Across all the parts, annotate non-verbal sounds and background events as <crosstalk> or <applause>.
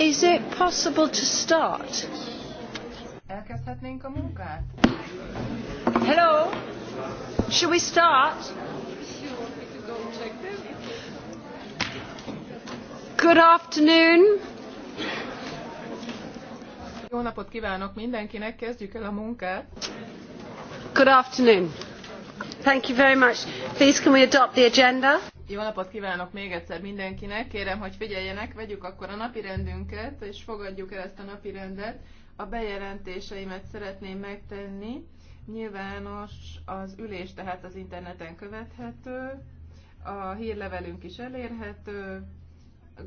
Is it possible to start? Hello? Should we start? Good afternoon. Jó napot kívánok mindenkinek, kezdjük el a munkát. Good afternoon. Thank you very much. Please can we adopt the agenda? Jó napot kívánok még egyszer mindenkinek. Kérem, hogy figyeljenek, vegyük akkor a napirendünket, és fogadjuk el ezt a napirendet. A bejelentéseimet szeretném megtenni. Nyilvános az ülés, tehát az interneten követhető. A hírlevelünk is elérhető.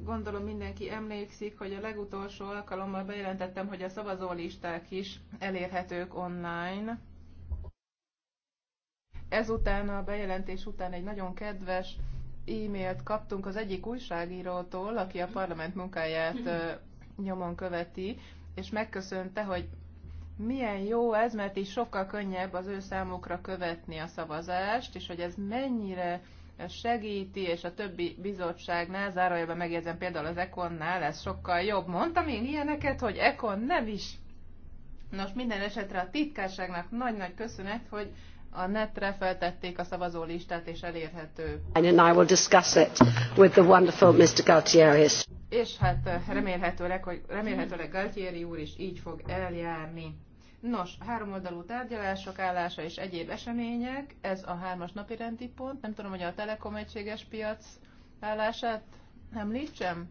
Gondolom mindenki emlékszik, hogy a legutolsó alkalommal bejelentettem, hogy a szavazólisták is elérhetők online ezután a bejelentés után egy nagyon kedves e-mailt kaptunk az egyik újságírótól, aki a parlament munkáját nyomon követi, és megköszönte, hogy milyen jó ez, mert így sokkal könnyebb az ő számukra követni a szavazást, és hogy ez mennyire segíti, és a többi bizottságnál, zárójelben megjegyzem például az econnál, ez sokkal jobb. Mondtam én ilyeneket, hogy Econ nem is. Nos, minden esetre a titkárságnak nagy-nagy köszönet, hogy a netre feltették a szavazó listát és elérhető. And I will discuss it with the wonderful Mr. Galtieris. És hát eh, remélhetőleg, hogy remélhetőleg Galtieri úr is így fog eljárni. Nos, háromoldalú tárgyalások állása és egyéb események, ez a hármas napi rendi pont. Nem tudom, hogy a Telekom egységes piac állását említsem?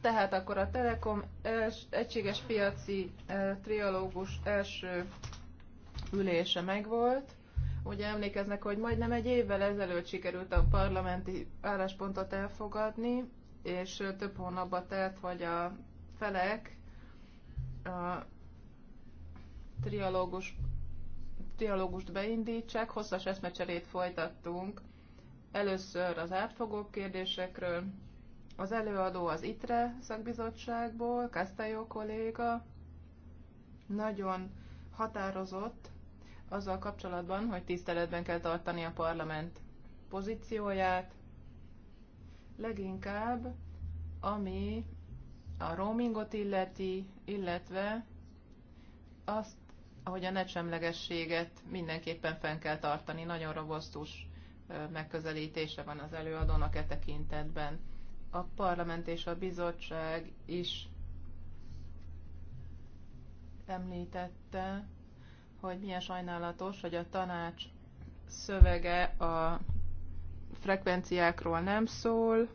Tehát akkor a Telekom egységes piaci eh, triológus első ülése megvolt. Ugye emlékeznek, hogy majdnem egy évvel ezelőtt sikerült a parlamenti álláspontot elfogadni, és több hónapba telt, hogy a felek a trialógus, trialógust beindítsák. Hosszas eszmecserét folytattunk. Először az átfogó kérdésekről, az előadó az ITRE szakbizottságból, Castelló kolléga, nagyon határozott azzal kapcsolatban, hogy tiszteletben kell tartani a parlament pozícióját, leginkább ami a roamingot illeti, illetve azt, ahogy a netsemlegességet mindenképpen fenn kell tartani. Nagyon robosztus megközelítése van az előadónak e tekintetben. A parlament és a bizottság is említette, hogy milyen sajnálatos, hogy a tanács szövege a frekvenciákról nem szól,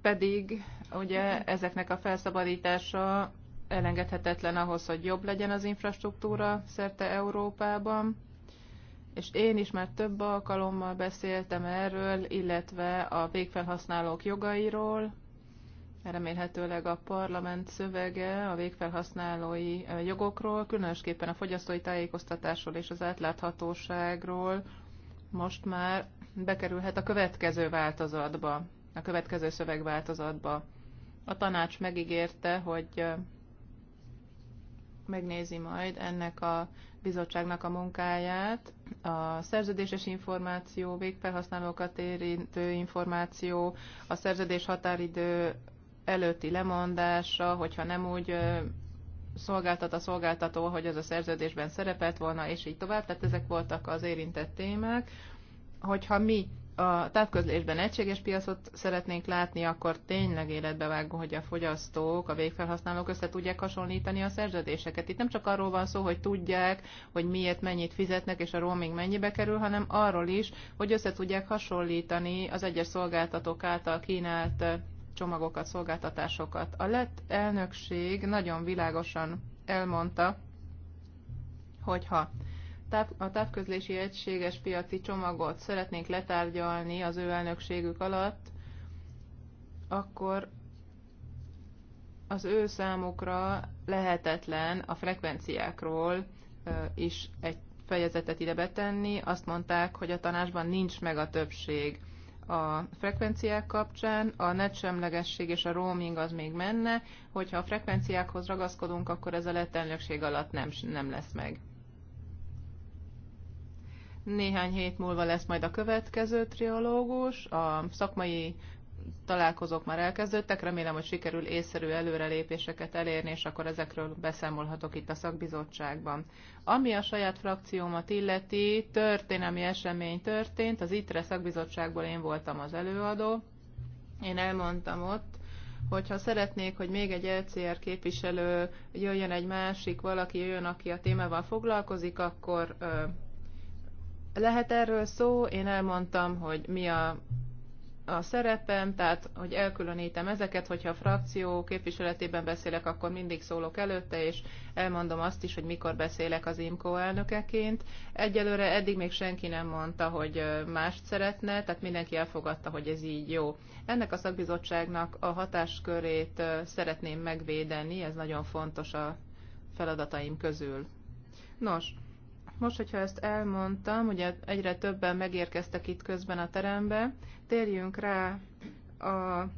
pedig ugye ezeknek a felszabadítása elengedhetetlen ahhoz, hogy jobb legyen az infrastruktúra szerte Európában. És én is már több alkalommal beszéltem erről, illetve a végfelhasználók jogairól, remélhetőleg a parlament szövege a végfelhasználói jogokról, különösképpen a fogyasztói tájékoztatásról és az átláthatóságról most már bekerülhet a következő változatba, a következő szövegváltozatba. A tanács megígérte, hogy megnézi majd ennek a bizottságnak a munkáját, a szerződéses információ, végfelhasználókat érintő információ, a szerződés határidő előtti lemondása, hogyha nem úgy szolgáltat a szolgáltató, hogy ez a szerződésben szerepelt volna, és így tovább. Tehát ezek voltak az érintett témák. Hogyha mi a távközlésben egységes piacot szeretnénk látni, akkor tényleg vágó, hogy a fogyasztók, a végfelhasználók össze tudják hasonlítani a szerződéseket. Itt nem csak arról van szó, hogy tudják, hogy miért mennyit fizetnek, és a roaming mennyibe kerül, hanem arról is, hogy össze tudják hasonlítani az egyes szolgáltatók által kínált csomagokat, szolgáltatásokat. A lett elnökség nagyon világosan elmondta, hogyha a távközlési egységes piaci csomagot szeretnénk letárgyalni az ő elnökségük alatt, akkor az ő számukra lehetetlen a frekvenciákról is egy fejezetet ide betenni. Azt mondták, hogy a tanácsban nincs meg a többség a frekvenciák kapcsán, a netsemlegesség és a roaming az még menne, hogyha a frekvenciákhoz ragaszkodunk, akkor ez a lett alatt nem, nem lesz meg. Néhány hét múlva lesz majd a következő triológus, a szakmai találkozók már elkezdődtek, remélem, hogy sikerül észszerű előrelépéseket elérni, és akkor ezekről beszámolhatok itt a szakbizottságban. Ami a saját frakciómat illeti, történelmi esemény történt, az ITRE szakbizottságból én voltam az előadó, én elmondtam ott, hogyha szeretnék, hogy még egy LCR képviselő jöjjön egy másik, valaki jöjjön, aki a témával foglalkozik, akkor lehet erről szó. Én elmondtam, hogy mi a a szerepem, tehát hogy elkülönítem ezeket, hogyha a frakció képviseletében beszélek, akkor mindig szólok előtte, és elmondom azt is, hogy mikor beszélek az IMCO elnökeként. Egyelőre eddig még senki nem mondta, hogy mást szeretne, tehát mindenki elfogadta, hogy ez így jó. Ennek a szakbizottságnak a hatáskörét szeretném megvédeni, ez nagyon fontos a feladataim közül. Nos, most, hogyha ezt elmondtam, ugye egyre többen megérkeztek itt közben a terembe, térjünk rá a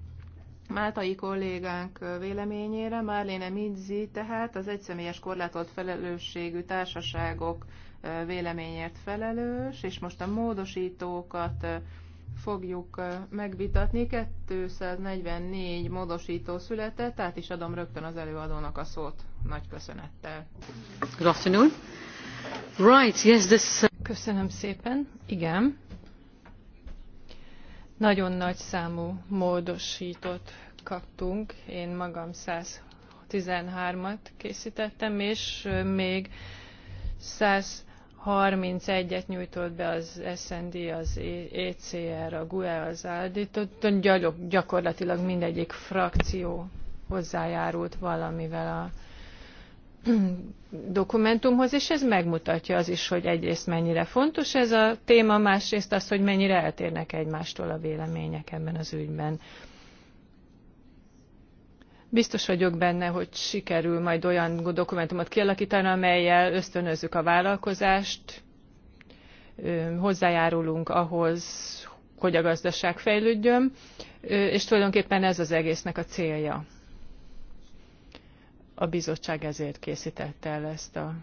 Máltai kollégánk véleményére, Márléne Midzi, tehát az egyszemélyes korlátolt felelősségű társaságok véleményért felelős, és most a módosítókat fogjuk megvitatni. 244 módosító született, tehát is adom rögtön az előadónak a szót nagy köszönettel. Good afternoon. Uh, Köszönöm szépen. Igen. Nagyon nagy számú módosítót kaptunk. Én magam 113-at készítettem, és még 131-et nyújtott be az SND, az ECR, e a GUE, az ALDI. Gyakorlatilag mindegyik frakció hozzájárult valamivel a dokumentumhoz, és ez megmutatja az is, hogy egyrészt mennyire fontos ez a téma, másrészt az, hogy mennyire eltérnek egymástól a vélemények ebben az ügyben. Biztos vagyok benne, hogy sikerül majd olyan dokumentumot kialakítani, amelyel ösztönözzük a vállalkozást, hozzájárulunk ahhoz, hogy a gazdaság fejlődjön, és tulajdonképpen ez az egésznek a célja. A bizottság ezért készítette el ezt a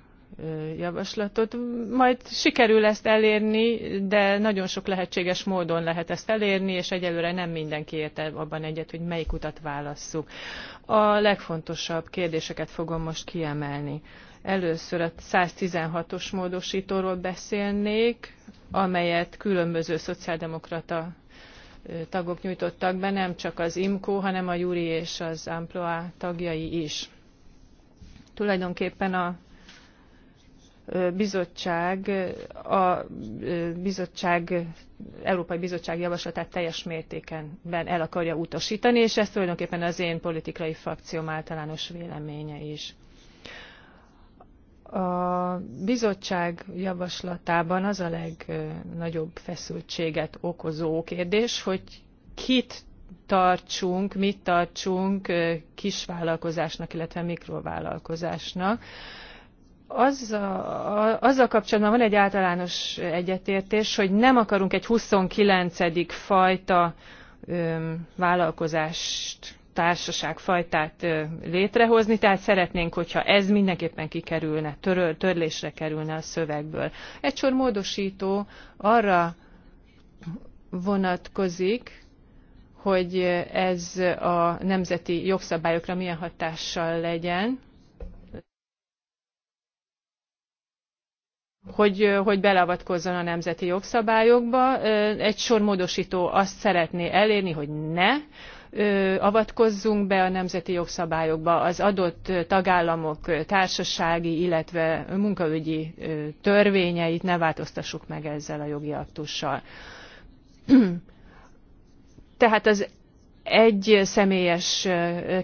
javaslatot. Majd sikerül ezt elérni, de nagyon sok lehetséges módon lehet ezt elérni, és egyelőre nem mindenki érte abban egyet, hogy melyik utat válasszuk. A legfontosabb kérdéseket fogom most kiemelni. Először a 116-os módosítóról beszélnék, amelyet különböző szociáldemokrata tagok nyújtottak be, nem csak az IMCO, hanem a Júri és az Amploa tagjai is tulajdonképpen a bizottság, a bizottság, Európai Bizottság javaslatát teljes mértékenben el akarja utasítani, és ez tulajdonképpen az én politikai frakcióm általános véleménye is. A bizottság javaslatában az a legnagyobb feszültséget okozó kérdés, hogy kit tartsunk, mit tartsunk kisvállalkozásnak, illetve mikrovállalkozásnak. Az a, azzal kapcsolatban van egy általános egyetértés, hogy nem akarunk egy 29. fajta vállalkozást, társaságfajtát létrehozni, tehát szeretnénk, hogyha ez mindenképpen kikerülne, töröl, törlésre kerülne a szövegből. Egy sor módosító arra vonatkozik, hogy ez a nemzeti jogszabályokra milyen hatással legyen, hogy, hogy beleavatkozzon a nemzeti jogszabályokba. Egy sor módosító azt szeretné elérni, hogy ne avatkozzunk be a nemzeti jogszabályokba az adott tagállamok társasági, illetve munkaügyi törvényeit ne változtassuk meg ezzel a jogi aktussal tehát az egy személyes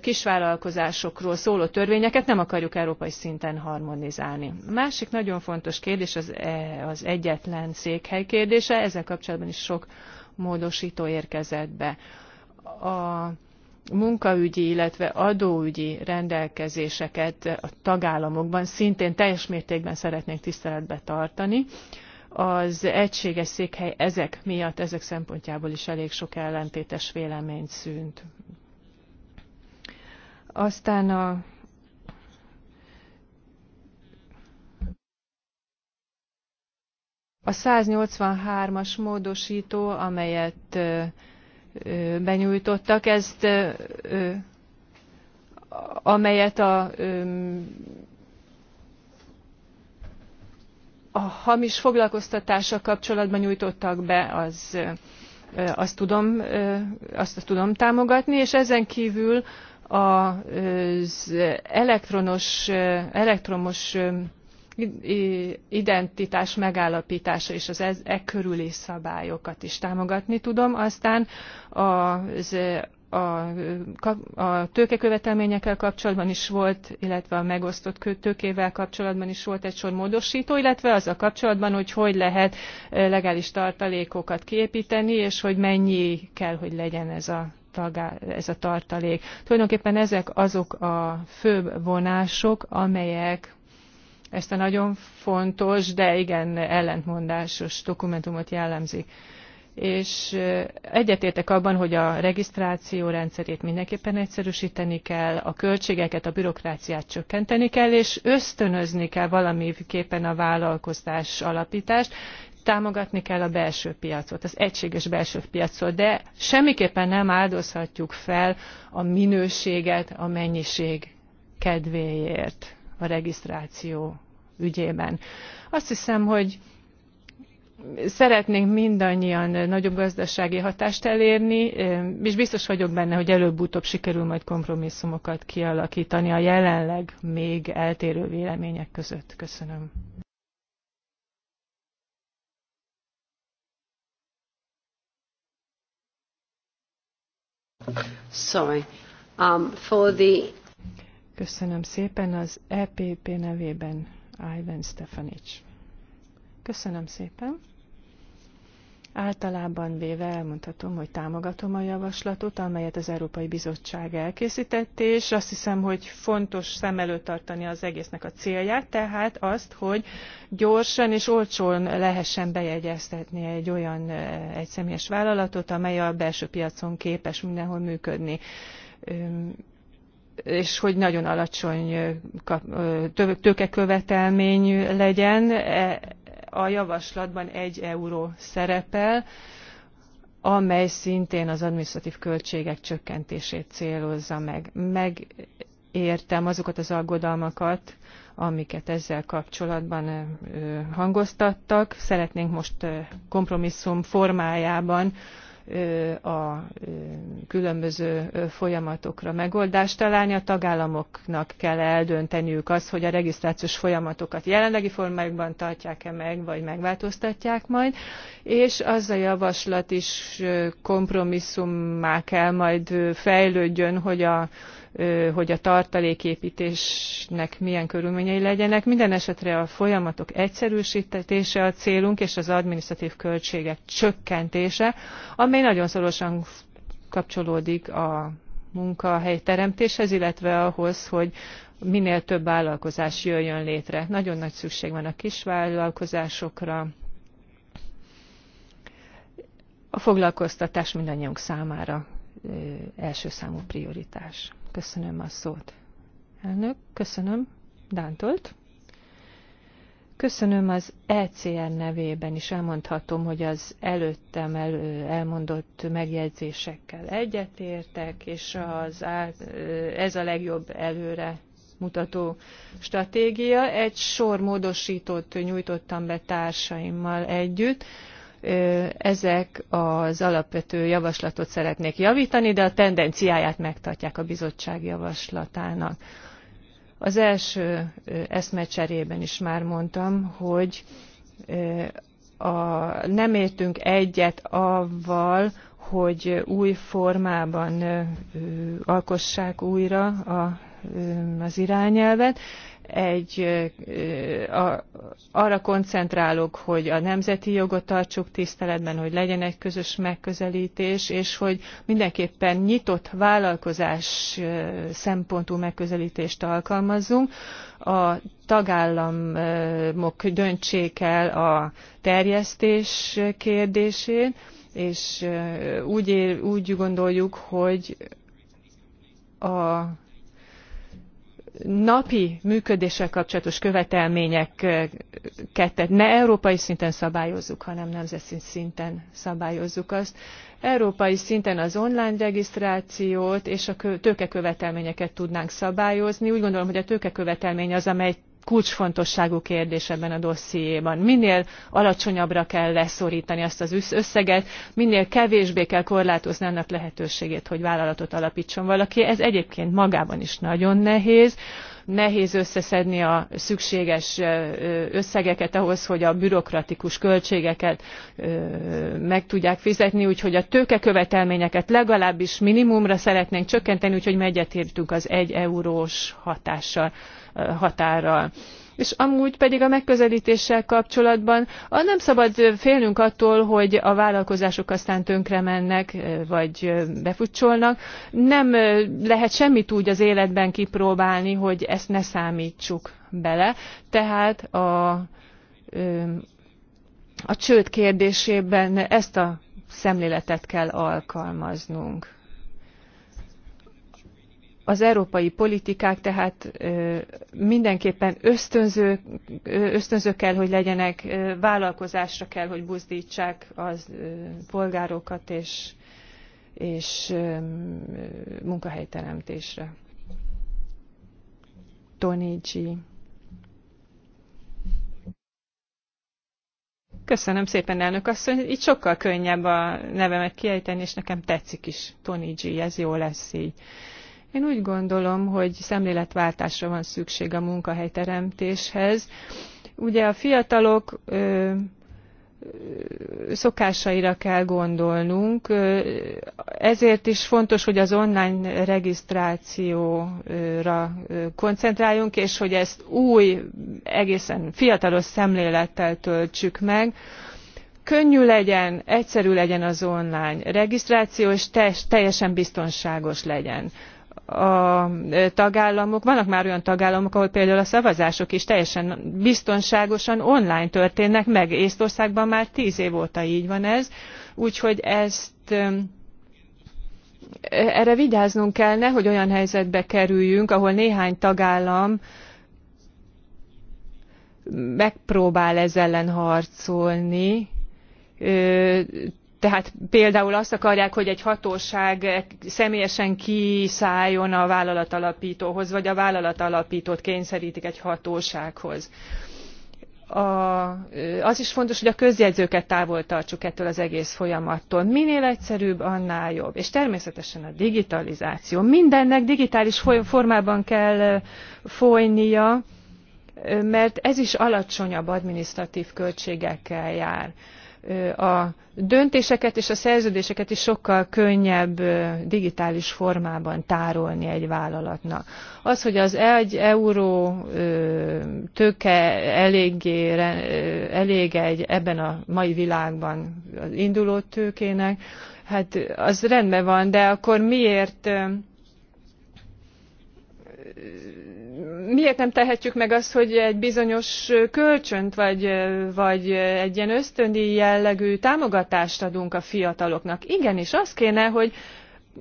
kisvállalkozásokról szóló törvényeket nem akarjuk európai szinten harmonizálni. Másik nagyon fontos kérdés az, e, az egyetlen székhely kérdése, ezzel kapcsolatban is sok módosító érkezett be. A munkaügyi, illetve adóügyi rendelkezéseket a tagállamokban szintén teljes mértékben szeretnénk tiszteletbe tartani az egységes székhely ezek miatt, ezek szempontjából is elég sok ellentétes véleményt szűnt. Aztán a A 183-as módosító, amelyet benyújtottak, ezt amelyet a a hamis foglalkoztatással kapcsolatban nyújtottak be, az, azt, tudom, azt tudom támogatni, és ezen kívül az elektronos, elektromos identitás megállapítása és az e, e körüli szabályokat is támogatni tudom. Aztán az a, a tőkekövetelményekkel kapcsolatban is volt, illetve a megosztott tőkével kapcsolatban is volt egy sor módosító, illetve az a kapcsolatban, hogy hogy lehet eh, legális tartalékokat kiépíteni, és hogy mennyi kell, hogy legyen ez a ez a tartalék. Tulajdonképpen ezek azok a főbb vonások, amelyek ezt a nagyon fontos, de igen ellentmondásos dokumentumot jellemzik és egyetértek abban, hogy a regisztráció rendszerét mindenképpen egyszerűsíteni kell, a költségeket, a bürokráciát csökkenteni kell, és ösztönözni kell valamiképpen a vállalkozás alapítást, támogatni kell a belső piacot, az egységes belső piacot, de semmiképpen nem áldozhatjuk fel a minőséget a mennyiség kedvéért a regisztráció ügyében. Azt hiszem, hogy szeretnénk mindannyian nagyobb gazdasági hatást elérni, és biztos vagyok benne, hogy előbb-utóbb sikerül majd kompromisszumokat kialakítani a jelenleg még eltérő vélemények között. Köszönöm. Sorry. Um, for the... Köszönöm szépen az EPP nevében Ivan Stefanics. Köszönöm szépen. Általában véve elmondhatom, hogy támogatom a javaslatot, amelyet az Európai Bizottság elkészített, és azt hiszem, hogy fontos szem előtt tartani az egésznek a célját, tehát azt, hogy gyorsan és olcsón lehessen bejegyeztetni egy olyan eh, egyszemélyes vállalatot, amely a belső piacon képes mindenhol működni és hogy nagyon alacsony eh, eh, tőkekövetelmény legyen, a javaslatban egy euró szerepel, amely szintén az administratív költségek csökkentését célozza meg. Megértem azokat az aggodalmakat, amiket ezzel kapcsolatban hangoztattak. Szeretnénk most kompromisszum formájában a különböző folyamatokra megoldást találni. A tagállamoknak kell eldönteniük azt, hogy a regisztrációs folyamatokat jelenlegi formájukban tartják-e meg, vagy megváltoztatják majd, és az a javaslat is kompromisszummá kell majd fejlődjön, hogy a hogy a tartaléképítésnek milyen körülményei legyenek. Minden esetre a folyamatok egyszerűsítése a célunk, és az administratív költségek csökkentése, amely nagyon szorosan kapcsolódik a munkahely teremtéshez, illetve ahhoz, hogy minél több vállalkozás jöjjön létre. Nagyon nagy szükség van a kisvállalkozásokra. A foglalkoztatás mindannyiunk számára első számú prioritás. Köszönöm a szót. Elnök, köszönöm. Dántolt. Köszönöm az ECR nevében is elmondhatom, hogy az előttem el, elmondott megjegyzésekkel egyetértek, és az ez a legjobb előre mutató stratégia. Egy sor módosítót nyújtottam be társaimmal együtt ezek az alapvető javaslatot szeretnék javítani, de a tendenciáját megtartják a bizottság javaslatának. Az első eszmecserében is már mondtam, hogy a, nem értünk egyet avval, hogy új formában alkossák újra a, az irányelvet egy, a, arra koncentrálok, hogy a nemzeti jogot tartsuk tiszteletben, hogy legyen egy közös megközelítés, és hogy mindenképpen nyitott vállalkozás szempontú megközelítést alkalmazzunk. A tagállamok döntsék el a terjesztés kérdését, és úgy, ér, úgy gondoljuk, hogy a napi működéssel kapcsolatos követelményeket ne európai szinten szabályozzuk, hanem nemzeti szinten szabályozzuk azt. Európai szinten az online regisztrációt és a tőkekövetelményeket tudnánk szabályozni. Úgy gondolom, hogy a tőkekövetelmény az, amely kulcsfontosságú kérdés ebben a dossziéban. Minél alacsonyabbra kell leszorítani azt az összeget, minél kevésbé kell korlátozni annak lehetőségét, hogy vállalatot alapítson valaki. Ez egyébként magában is nagyon nehéz nehéz összeszedni a szükséges összegeket ahhoz, hogy a bürokratikus költségeket meg tudják fizetni, úgyhogy a tőkekövetelményeket legalábbis minimumra szeretnénk csökkenteni, úgyhogy mi egyetértünk az egy eurós hatással, határral és amúgy pedig a megközelítéssel kapcsolatban a nem szabad félnünk attól, hogy a vállalkozások aztán tönkre mennek, vagy befutcsolnak. Nem lehet semmit úgy az életben kipróbálni, hogy ezt ne számítsuk bele. Tehát a, a csőd kérdésében ezt a szemléletet kell alkalmaznunk az európai politikák tehát mindenképpen ösztönző, ösztönző kell, hogy legyenek, vállalkozásra kell, hogy buzdítsák az polgárokat és, és munkahelyteremtésre. Tony G. Köszönöm szépen, elnök asszony. Itt sokkal könnyebb a nevemet kiejteni, és nekem tetszik is Tony G. Ez jó lesz így. Én úgy gondolom, hogy szemléletváltásra van szükség a munkahelyteremtéshez. Ugye a fiatalok ö, szokásaira kell gondolnunk, ezért is fontos, hogy az online regisztrációra koncentráljunk, és hogy ezt új, egészen fiatalos szemlélettel töltsük meg. Könnyű legyen, egyszerű legyen az online regisztráció, és teljesen biztonságos legyen a tagállamok, vannak már olyan tagállamok, ahol például a szavazások is teljesen biztonságosan online történnek meg. Észtországban már tíz év óta így van ez, úgyhogy ezt erre vigyáznunk kell, nehogy olyan helyzetbe kerüljünk, ahol néhány tagállam megpróbál ez ellen harcolni, tehát például azt akarják, hogy egy hatóság személyesen kiszálljon a vállalatalapítóhoz, vagy a vállalatalapítót kényszerítik egy hatósághoz. A, az is fontos, hogy a közjegyzőket távol tartsuk ettől az egész folyamattól. Minél egyszerűbb, annál jobb. És természetesen a digitalizáció. Mindennek digitális formában kell folynia, mert ez is alacsonyabb adminisztratív költségekkel jár a döntéseket és a szerződéseket is sokkal könnyebb digitális formában tárolni egy vállalatnak. Az, hogy az egy euró töke elég egy ebben a mai világban az induló tőkének, hát az rendben van, de akkor miért miért nem tehetjük meg azt, hogy egy bizonyos kölcsönt vagy, vagy egy ilyen ösztöndi jellegű támogatást adunk a fiataloknak? Igenis, az kéne, hogy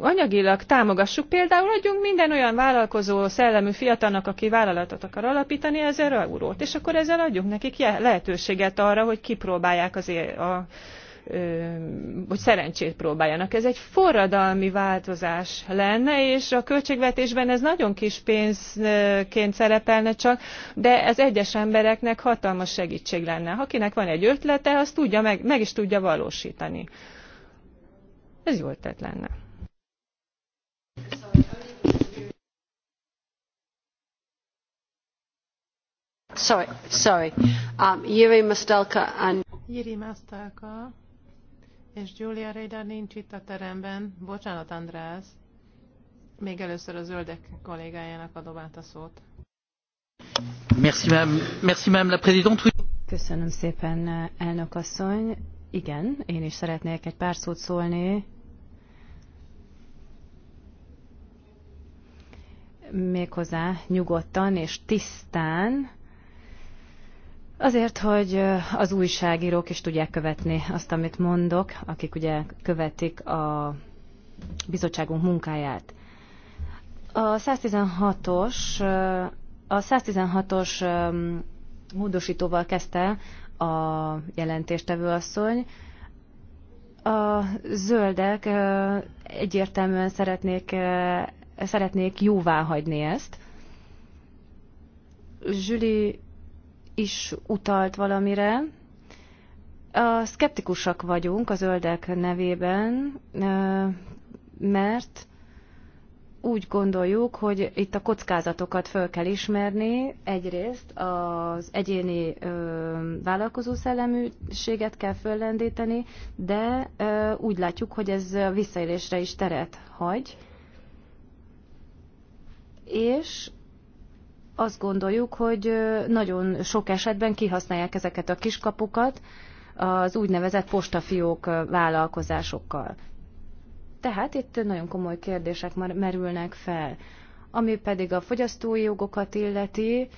anyagilag támogassuk, például adjunk minden olyan vállalkozó szellemű fiatalnak, aki vállalatot akar alapítani, ezer eurót, és akkor ezzel adjunk nekik lehetőséget arra, hogy kipróbálják az, a hogy szerencsét próbáljanak. Ez egy forradalmi változás lenne, és a költségvetésben ez nagyon kis pénzként szerepelne csak, de ez egyes embereknek hatalmas segítség lenne. Ha kinek van egy ötlete, azt tudja meg, meg is tudja valósítani. Ez jó ötlet lenne. Sorry, sorry. Um, Yuri Mastelka and Yuri Mastelka és Julia Reda nincs itt a teremben. Bocsánat, András. Még először a zöldek kollégájának adom át a szót. Merci, merci, la présidente. Köszönöm szépen, elnök asszony. Igen, én is szeretnék egy pár szót szólni. Méghozzá nyugodtan és tisztán Azért, hogy az újságírók is tudják követni azt, amit mondok, akik ugye követik a bizottságunk munkáját. A 116-os a 116-os módosítóval kezdte a jelentéstevő asszony. A zöldek egyértelműen szeretnék, szeretnék jóvá hagyni ezt. Zsüli is utalt valamire. A szkeptikusak vagyunk a zöldek nevében, mert úgy gondoljuk, hogy itt a kockázatokat föl kell ismerni. Egyrészt az egyéni ö, vállalkozó szelleműséget kell föllendíteni, de ö, úgy látjuk, hogy ez visszaélésre is teret hagy. És azt gondoljuk, hogy nagyon sok esetben kihasználják ezeket a kiskapukat az úgynevezett postafiók vállalkozásokkal. Tehát itt nagyon komoly kérdések már merülnek fel. Ami pedig a fogyasztói jogokat illeti,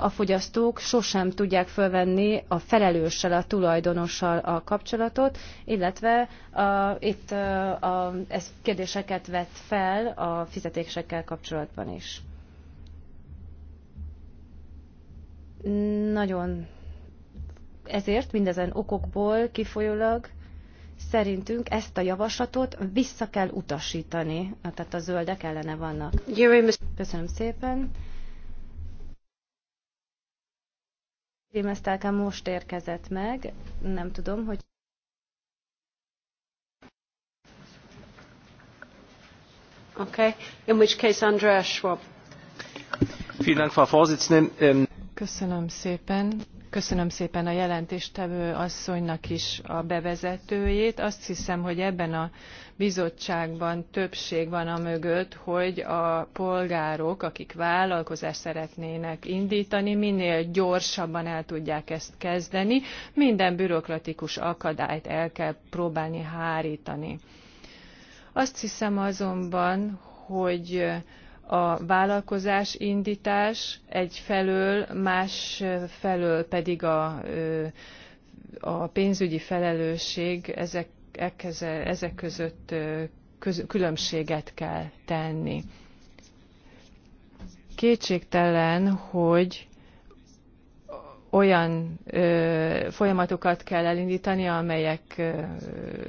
a fogyasztók sosem tudják fölvenni a felelőssel, a tulajdonossal a kapcsolatot, illetve a, itt a, a, ez kérdéseket vett fel a fizetésekkel kapcsolatban is. Nagyon ezért mindezen okokból kifolyólag szerintünk ezt a javaslatot vissza kell utasítani, tehát a zöldek ellene vannak. Köszönöm szépen. Rémesztelkem most érkezett meg, nem tudom, hogy Okay. In which case Andreas Schwab. Vielen Dank, Frau Vorsitzende. Ähm, Köszönöm szépen. Köszönöm szépen a jelentéstevő asszonynak is a bevezetőjét. Azt hiszem, hogy ebben a bizottságban többség van a mögött, hogy a polgárok, akik vállalkozást szeretnének indítani, minél gyorsabban el tudják ezt kezdeni. Minden bürokratikus akadályt el kell próbálni hárítani. Azt hiszem azonban, hogy a vállalkozás indítás egyfelől, felől pedig a, a pénzügyi felelősség, ezek, ezek között köz, különbséget kell tenni. Kétségtelen, hogy olyan ö, folyamatokat kell elindítani, amelyek ö,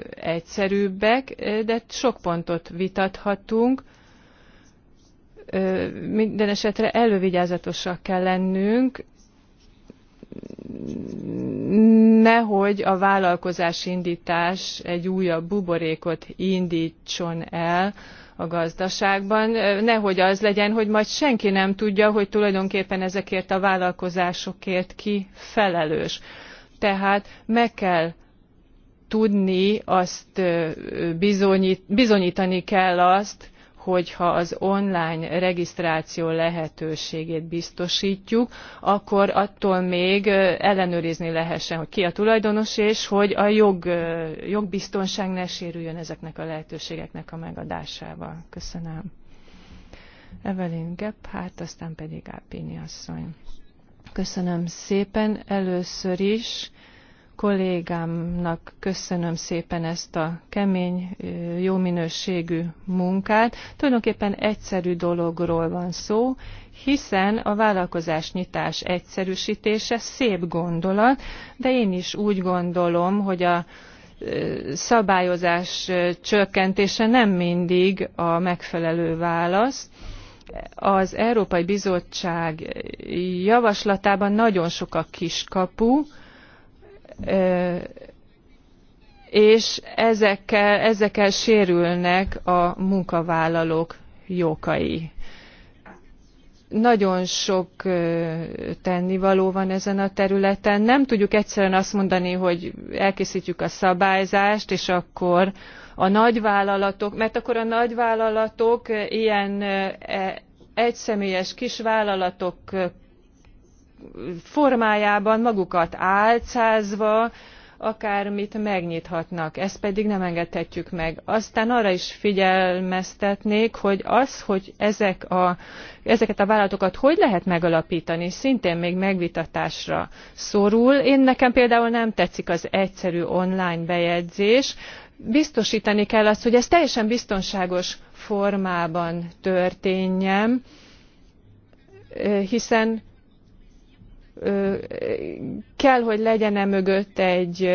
egyszerűbbek, de sok pontot vitathatunk, minden esetre elővigyázatosak kell lennünk, nehogy a vállalkozás indítás egy újabb buborékot indítson el a gazdaságban, nehogy az legyen, hogy majd senki nem tudja, hogy tulajdonképpen ezekért a vállalkozásokért ki felelős. Tehát meg kell tudni, azt bizonyít, bizonyítani kell azt, hogyha az online regisztráció lehetőségét biztosítjuk, akkor attól még ellenőrizni lehessen, hogy ki a tulajdonos, és hogy a jog, jogbiztonság ne sérüljön ezeknek a lehetőségeknek a megadásával. Köszönöm. Evelyn hát aztán pedig Ápini asszony. Köszönöm szépen először is kollégámnak köszönöm szépen ezt a kemény, jó minőségű munkát. Tulajdonképpen egyszerű dologról van szó, hiszen a vállalkozás nyitás egyszerűsítése szép gondolat, de én is úgy gondolom, hogy a szabályozás csökkentése nem mindig a megfelelő válasz az Európai Bizottság javaslatában nagyon sok a kiskapu, és ezekkel, ezekkel sérülnek a munkavállalók jogai. Nagyon sok tennivaló van ezen a területen. Nem tudjuk egyszerűen azt mondani, hogy elkészítjük a szabályzást, és akkor a nagyvállalatok, mert akkor a nagyvállalatok ilyen e, egyszemélyes kisvállalatok formájában magukat álcázva akármit megnyithatnak. Ezt pedig nem engedhetjük meg. Aztán arra is figyelmeztetnék, hogy az, hogy ezek a, ezeket a vállalatokat hogy lehet megalapítani, szintén még megvitatásra szorul. Én nekem például nem tetszik az egyszerű online bejegyzés. Biztosítani kell azt, hogy ez teljesen biztonságos formában történjen, hiszen kell, hogy legyen -e mögött egy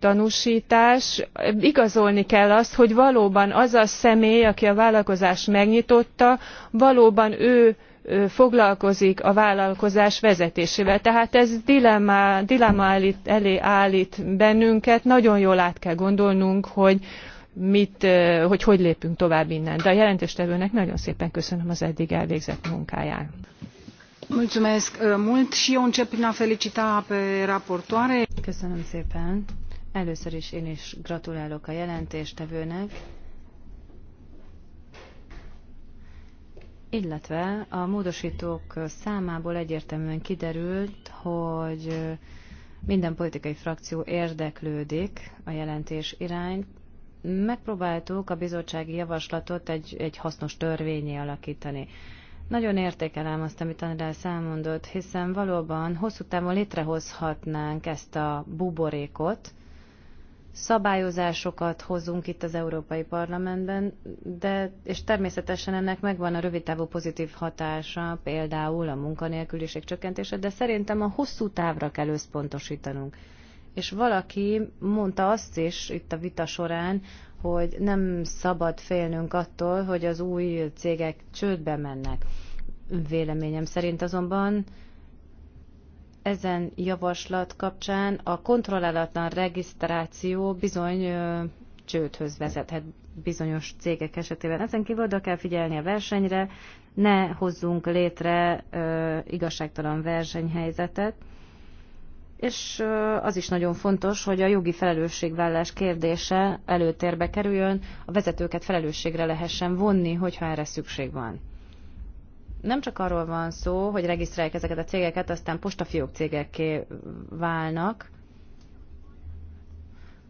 tanúsítás. Igazolni kell azt, hogy valóban az a személy, aki a vállalkozást megnyitotta, valóban ő foglalkozik a vállalkozás vezetésével. Tehát ez dilemma, dilemma állít, elé állít bennünket. Nagyon jól át kell gondolnunk, hogy mit, hogy hogy lépünk tovább innen. De a jelentéstevőnek nagyon szépen köszönöm az eddig elvégzett munkáját. Uh, mult și eu încep prin a felicita pe raportoare. Köszönöm szépen. Először is én is gratulálok a jelentéstevőnek, illetve a módosítók számából egyértelműen kiderült, hogy uh, minden politikai frakció érdeklődik a jelentés irányt, Megpróbáltuk a bizottsági javaslatot egy, egy hasznos törvényé alakítani. Nagyon értékelem azt, amit András elmondott, hiszen valóban hosszú távon létrehozhatnánk ezt a buborékot, szabályozásokat hozunk itt az Európai Parlamentben, de, és természetesen ennek megvan a rövidtávú pozitív hatása, például a munkanélküliség csökkentése, de szerintem a hosszú távra kell összpontosítanunk. És valaki mondta azt is itt a vita során, hogy nem szabad félnünk attól, hogy az új cégek csődbe mennek. Véleményem szerint azonban ezen javaslat kapcsán a kontrollálatlan regisztráció bizony csődhöz vezethet bizonyos cégek esetében. Ezen kívül oda kell figyelni a versenyre, ne hozzunk létre ö, igazságtalan versenyhelyzetet és az is nagyon fontos, hogy a jogi felelősségvállás kérdése előtérbe kerüljön, a vezetőket felelősségre lehessen vonni, hogyha erre szükség van. Nem csak arról van szó, hogy regisztrálják ezeket a cégeket, aztán postafiók cégekké válnak,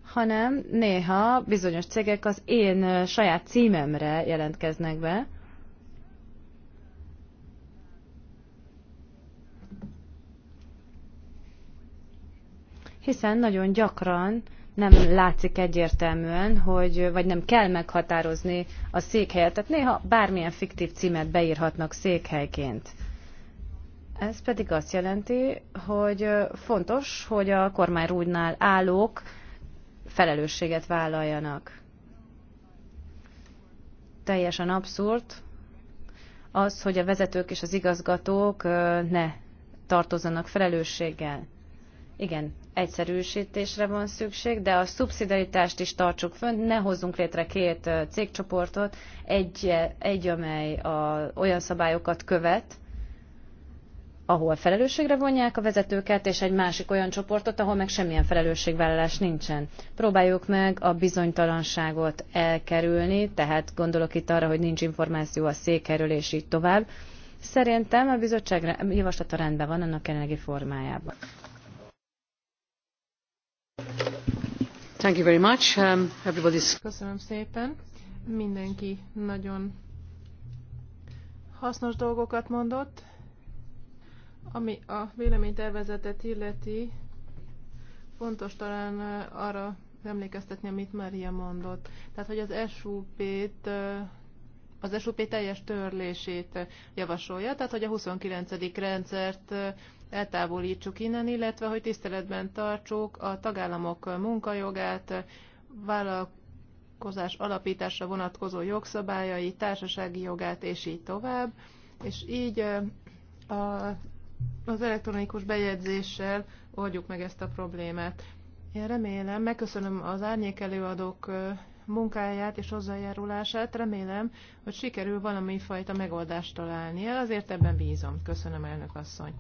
hanem néha bizonyos cégek az én saját címemre jelentkeznek be, hiszen nagyon gyakran nem látszik egyértelműen, hogy, vagy nem kell meghatározni a székhelyet. Tehát néha bármilyen fiktív címet beírhatnak székhelyként. Ez pedig azt jelenti, hogy fontos, hogy a kormányrúdnál állók felelősséget vállaljanak. Teljesen abszurd az, hogy a vezetők és az igazgatók ne tartozzanak felelősséggel. Igen, egyszerűsítésre van szükség, de a szubszidaritást is tartsuk fönn, ne hozzunk létre két cégcsoportot, egy, egy amely a, olyan szabályokat követ, ahol felelősségre vonják a vezetőket, és egy másik olyan csoportot, ahol meg semmilyen felelősségvállalás nincsen. Próbáljuk meg a bizonytalanságot elkerülni, tehát gondolok itt arra, hogy nincs információ a székerül, és így tovább. Szerintem a bizottság javaslata rendben van annak jelenlegi formájában. Um, Köszönöm szépen. Mindenki nagyon hasznos dolgokat mondott. Ami a véleménytervezetet illeti, fontos talán arra emlékeztetni, amit Maria mondott. Tehát, hogy az SUP-t az SUP teljes törlését javasolja, tehát hogy a 29. rendszert eltávolítsuk innen, illetve hogy tiszteletben tartsuk a tagállamok munkajogát, vállalkozás alapításra vonatkozó jogszabályai, társasági jogát, és így tovább. És így a, az elektronikus bejegyzéssel oldjuk meg ezt a problémát. Én remélem, megköszönöm az árnyék előadók munkáját és hozzájárulását. Remélem, hogy sikerül valami fajta megoldást találni. Azért ebben bízom. Köszönöm, elnök asszony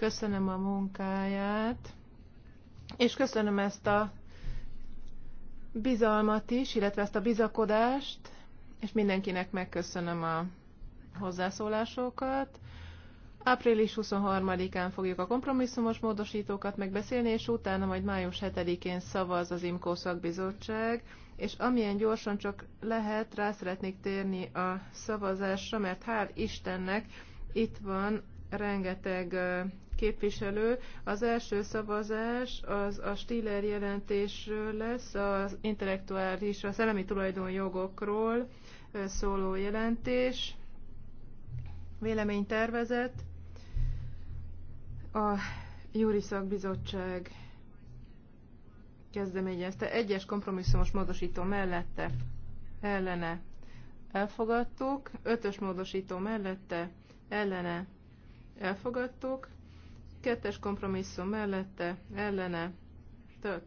köszönöm a munkáját, és köszönöm ezt a bizalmat is, illetve ezt a bizakodást, és mindenkinek megköszönöm a hozzászólásokat. Április 23-án fogjuk a kompromisszumos módosítókat megbeszélni, és utána majd május 7-én szavaz az IMKO szakbizottság, és amilyen gyorsan csak lehet, rá szeretnék térni a szavazásra, mert hál' Istennek itt van rengeteg képviselő. Az első szavazás az a Stiller jelentésről lesz, az intellektuális, a szellemi tulajdonjogokról szóló jelentés, véleménytervezet, a Júri Szakbizottság kezdeményezte egyes kompromisszumos módosító mellette ellene elfogadtuk, ötös módosító mellette ellene elfogadtuk, Kettes kompromisszum mellette, ellene, tört,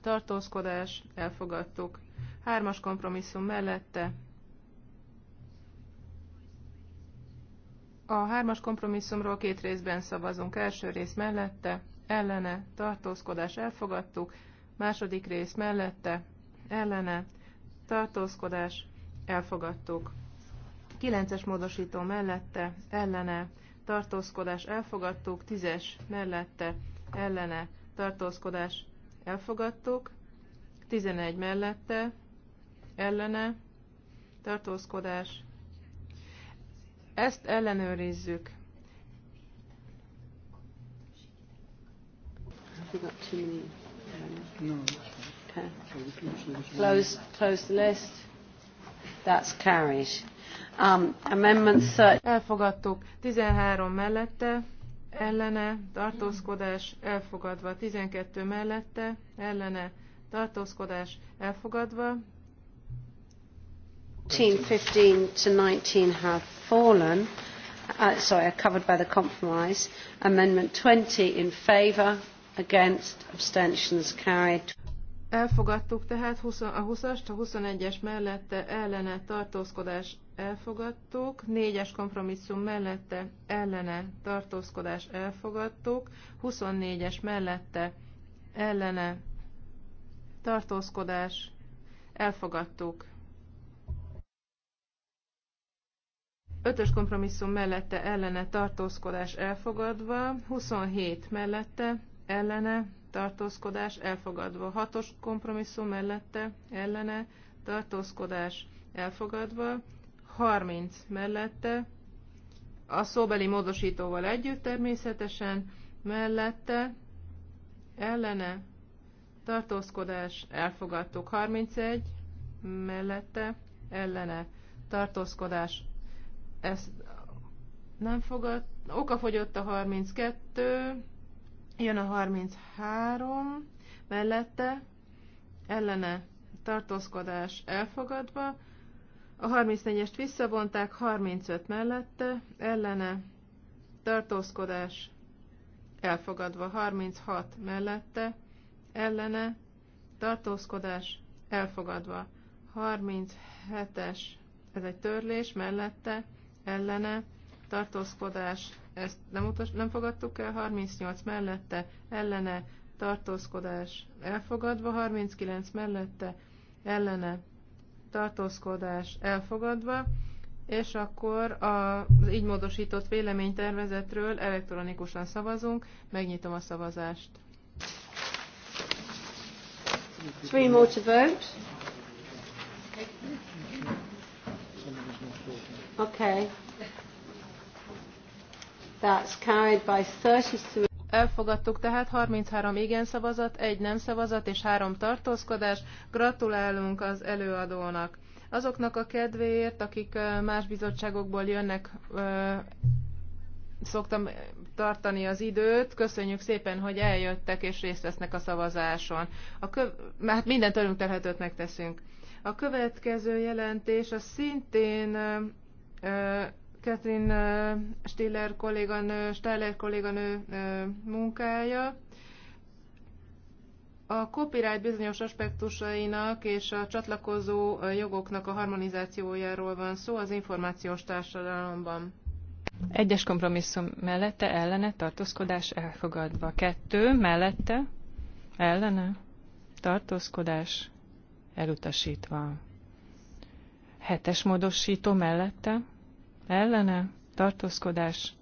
tartózkodás, elfogadtuk. Hármas kompromisszum mellette, A hármas kompromisszumról két részben szavazunk. Első rész mellette, ellene, tartózkodás elfogadtuk. Második rész mellette, ellene, tartózkodás elfogadtuk. Kilences módosító mellette, ellene, tartózkodás elfogadtuk, 10-es mellette ellene tartózkodás elfogadtuk, 11 mellette ellene tartózkodás. Ezt ellenőrizzük. Close, close the list. That's carried. Um, amendments, Elfogadtuk 13 mellette, ellene, tartózkodás, elfogadva 12 mellette, ellene, tartózkodás, elfogadva. 15, to 19 have fallen. Uh, sorry, are covered by the compromise. Amendment 20 in favour, against, abstentions carried. Elfogadtuk tehát a 20-ast, a 21-es mellette ellene tartózkodás elfogadtuk, 4-es kompromisszum mellette ellene tartózkodás elfogadtuk, 24-es mellette ellene tartózkodás elfogadtuk. 5-ös kompromisszum mellette ellene tartózkodás elfogadva, 27 mellette ellene tartózkodás elfogadva. Hatos kompromisszum mellette ellene tartózkodás elfogadva. 30 mellette a szóbeli módosítóval együtt természetesen mellette ellene tartózkodás elfogadtuk. 31 mellette ellene tartózkodás ezt nem fogad, okafogyott a 32, Jön a 33, mellette ellene tartózkodás elfogadva, a 34-est visszavonták, 35 mellette ellene tartózkodás elfogadva, 36 mellette ellene tartózkodás elfogadva, 37-es, ez egy törlés mellette ellene tartózkodás, ezt nem, utas, nem fogadtuk el, 38 mellette, ellene, tartózkodás, elfogadva, 39 mellette, ellene, tartózkodás, elfogadva, és akkor az így módosított véleménytervezetről elektronikusan szavazunk, megnyitom a szavazást. Three more to vote. Okay. That's carried by 33... Elfogadtuk tehát 33 igen szavazat, egy nem szavazat és három tartózkodás. Gratulálunk az előadónak. Azoknak a kedvéért, akik más bizottságokból jönnek, szoktam tartani az időt. Köszönjük szépen, hogy eljöttek és részt vesznek a szavazáson. A köv... Hát minden tőlünk telhetőt megteszünk. A következő jelentés a szintén Katrin Stiller kolléganő, Steller kolléganő munkája. A copyright bizonyos aspektusainak és a csatlakozó jogoknak a harmonizációjáról van szó az információs társadalomban. Egyes kompromisszum mellette, ellene, tartózkodás elfogadva. Kettő mellette, ellene, tartózkodás elutasítva. Hetes módosító mellette, ellene, tartózkodás,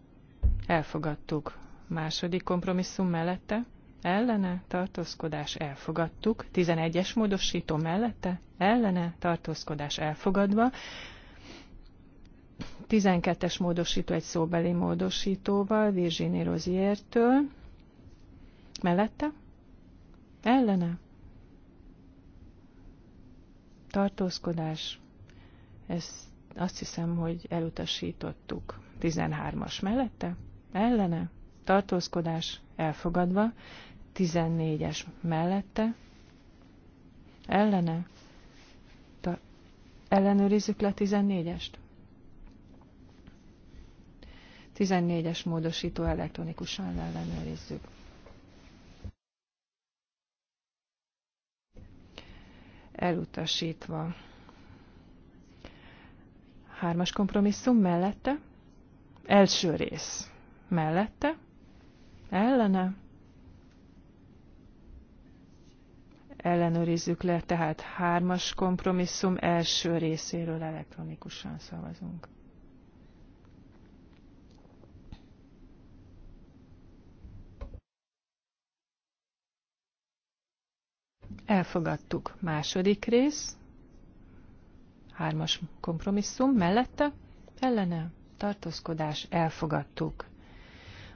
elfogadtuk. Második kompromisszum mellette, ellene, tartózkodás, elfogadtuk. 11-es módosító mellette, ellene, tartózkodás, elfogadva. 12-es módosító egy szóbeli módosítóval, Virginie Rozier-től. Mellette? Ellene? Tartózkodás. Ezt azt hiszem, hogy elutasítottuk. 13-as mellette, ellene, tartózkodás elfogadva, 14-es mellette, ellene, ta, ellenőrizzük le 14-est. 14-es módosító elektronikusan ellenőrizzük. Elutasítva. Hármas kompromisszum mellette. Első rész mellette. Ellene. Ellenőrizzük le, tehát hármas kompromisszum első részéről elektronikusan szavazunk. Elfogadtuk. Második rész. Hármas kompromisszum mellette, ellene, tartózkodás, elfogadtuk.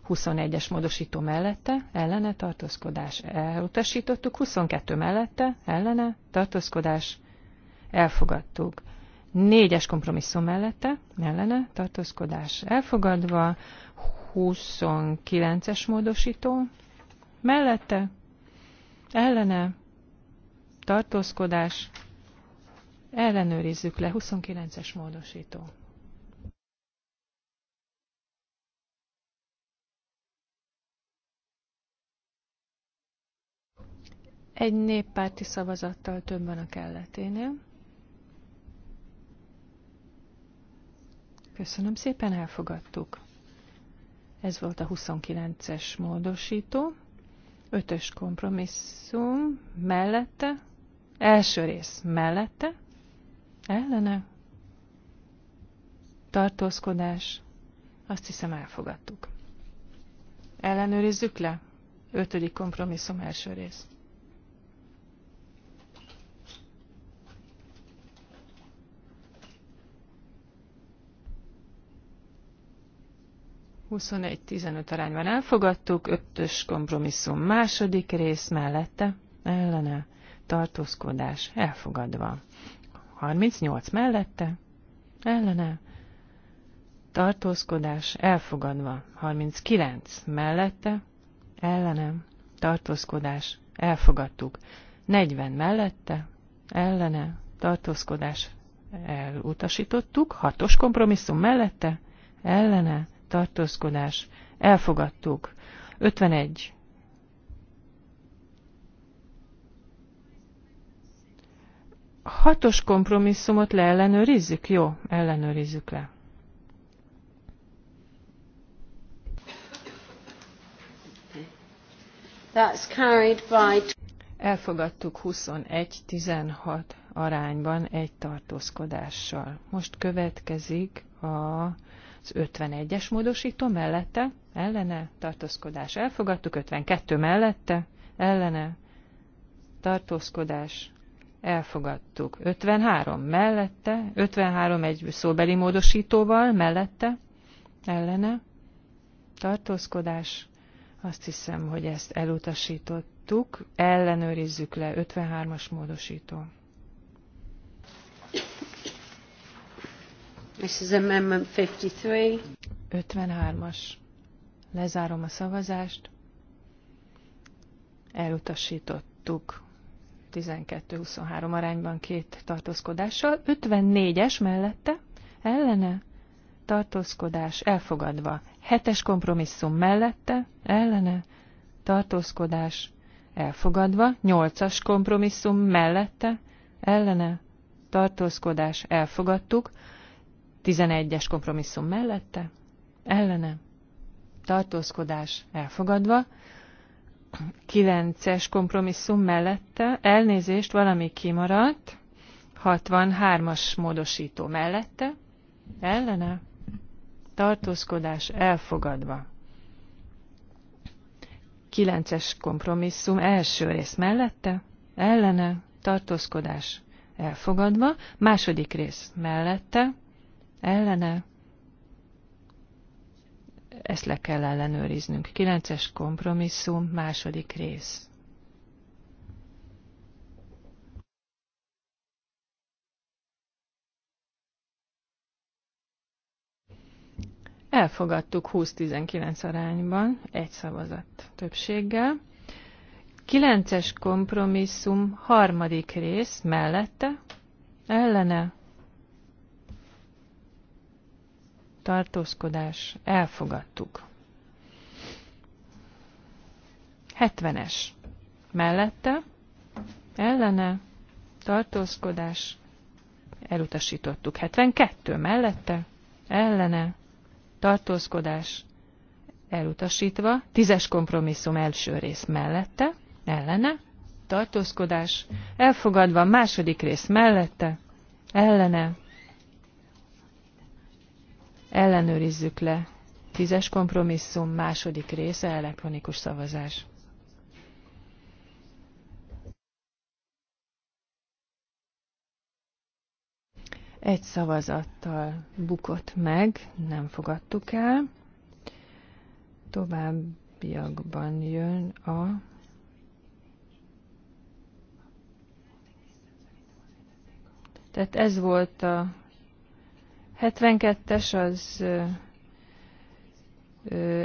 21-es módosító mellette, ellene, tartózkodás, elutasítottuk. 22 mellette, ellene, tartózkodás, elfogadtuk. 4-es kompromisszum mellette, ellene, tartózkodás, elfogadva. 29-es módosító mellette, ellene, tartózkodás, Ellenőrizzük le. 29-es módosító. Egy néppárti szavazattal több van a kelleténél. Köszönöm szépen, elfogadtuk. Ez volt a 29-es módosító. Ötös kompromisszum mellette. Első rész mellette ellene tartózkodás, azt hiszem elfogadtuk. Ellenőrizzük le. Ötödik kompromisszum első rész. Huszonegy 15 arányban elfogadtuk, ötös kompromisszum második rész mellette, ellene, tartózkodás elfogadva. 38 mellette, ellene, tartózkodás elfogadva. 39 mellette, ellene, tartózkodás elfogadtuk. 40 mellette, ellene, tartózkodás elutasítottuk. 6-os kompromisszum mellette, ellene, tartózkodás elfogadtuk. 51 hatos kompromisszumot leellenőrizzük? Jó, ellenőrizzük le. That's carried by... Elfogadtuk 21-16 arányban egy tartózkodással. Most következik az 51-es módosító mellette, ellene, tartózkodás. Elfogadtuk 52 mellette, ellene, tartózkodás elfogadtuk. 53 mellette, 53 egy szóbeli módosítóval, mellette, ellene, tartózkodás, azt hiszem, hogy ezt elutasítottuk, ellenőrizzük le, 53-as módosító. This is Amendment 53. 53-as. Lezárom a szavazást. Elutasítottuk 12-23 arányban két tartózkodással. 54-es mellette ellene tartózkodás elfogadva. 7-es kompromisszum mellette ellene tartózkodás elfogadva. 8-as kompromisszum mellette ellene tartózkodás elfogadtuk. 11-es kompromisszum mellette ellene tartózkodás elfogadva. 9-es kompromisszum mellette, elnézést, valami kimaradt, 63-as módosító mellette, ellene, tartózkodás elfogadva. 9-es kompromisszum első rész mellette, ellene, tartózkodás elfogadva, második rész mellette, ellene, ezt le kell ellenőriznünk. 9 kompromisszum, második rész. Elfogadtuk 20-19 arányban, egy szavazat többséggel. 9 kompromisszum, harmadik rész, mellette, ellene, tartózkodás, elfogadtuk. 70-es. Mellette, ellene, tartózkodás, elutasítottuk. 72 mellette, ellene, tartózkodás, elutasítva. 10-es kompromisszum első rész mellette, ellene, tartózkodás, elfogadva második rész mellette, ellene, ellenőrizzük le. Tízes kompromisszum második része elektronikus szavazás. Egy szavazattal bukott meg, nem fogadtuk el. Továbbiakban jön a Tehát ez volt a 72-es az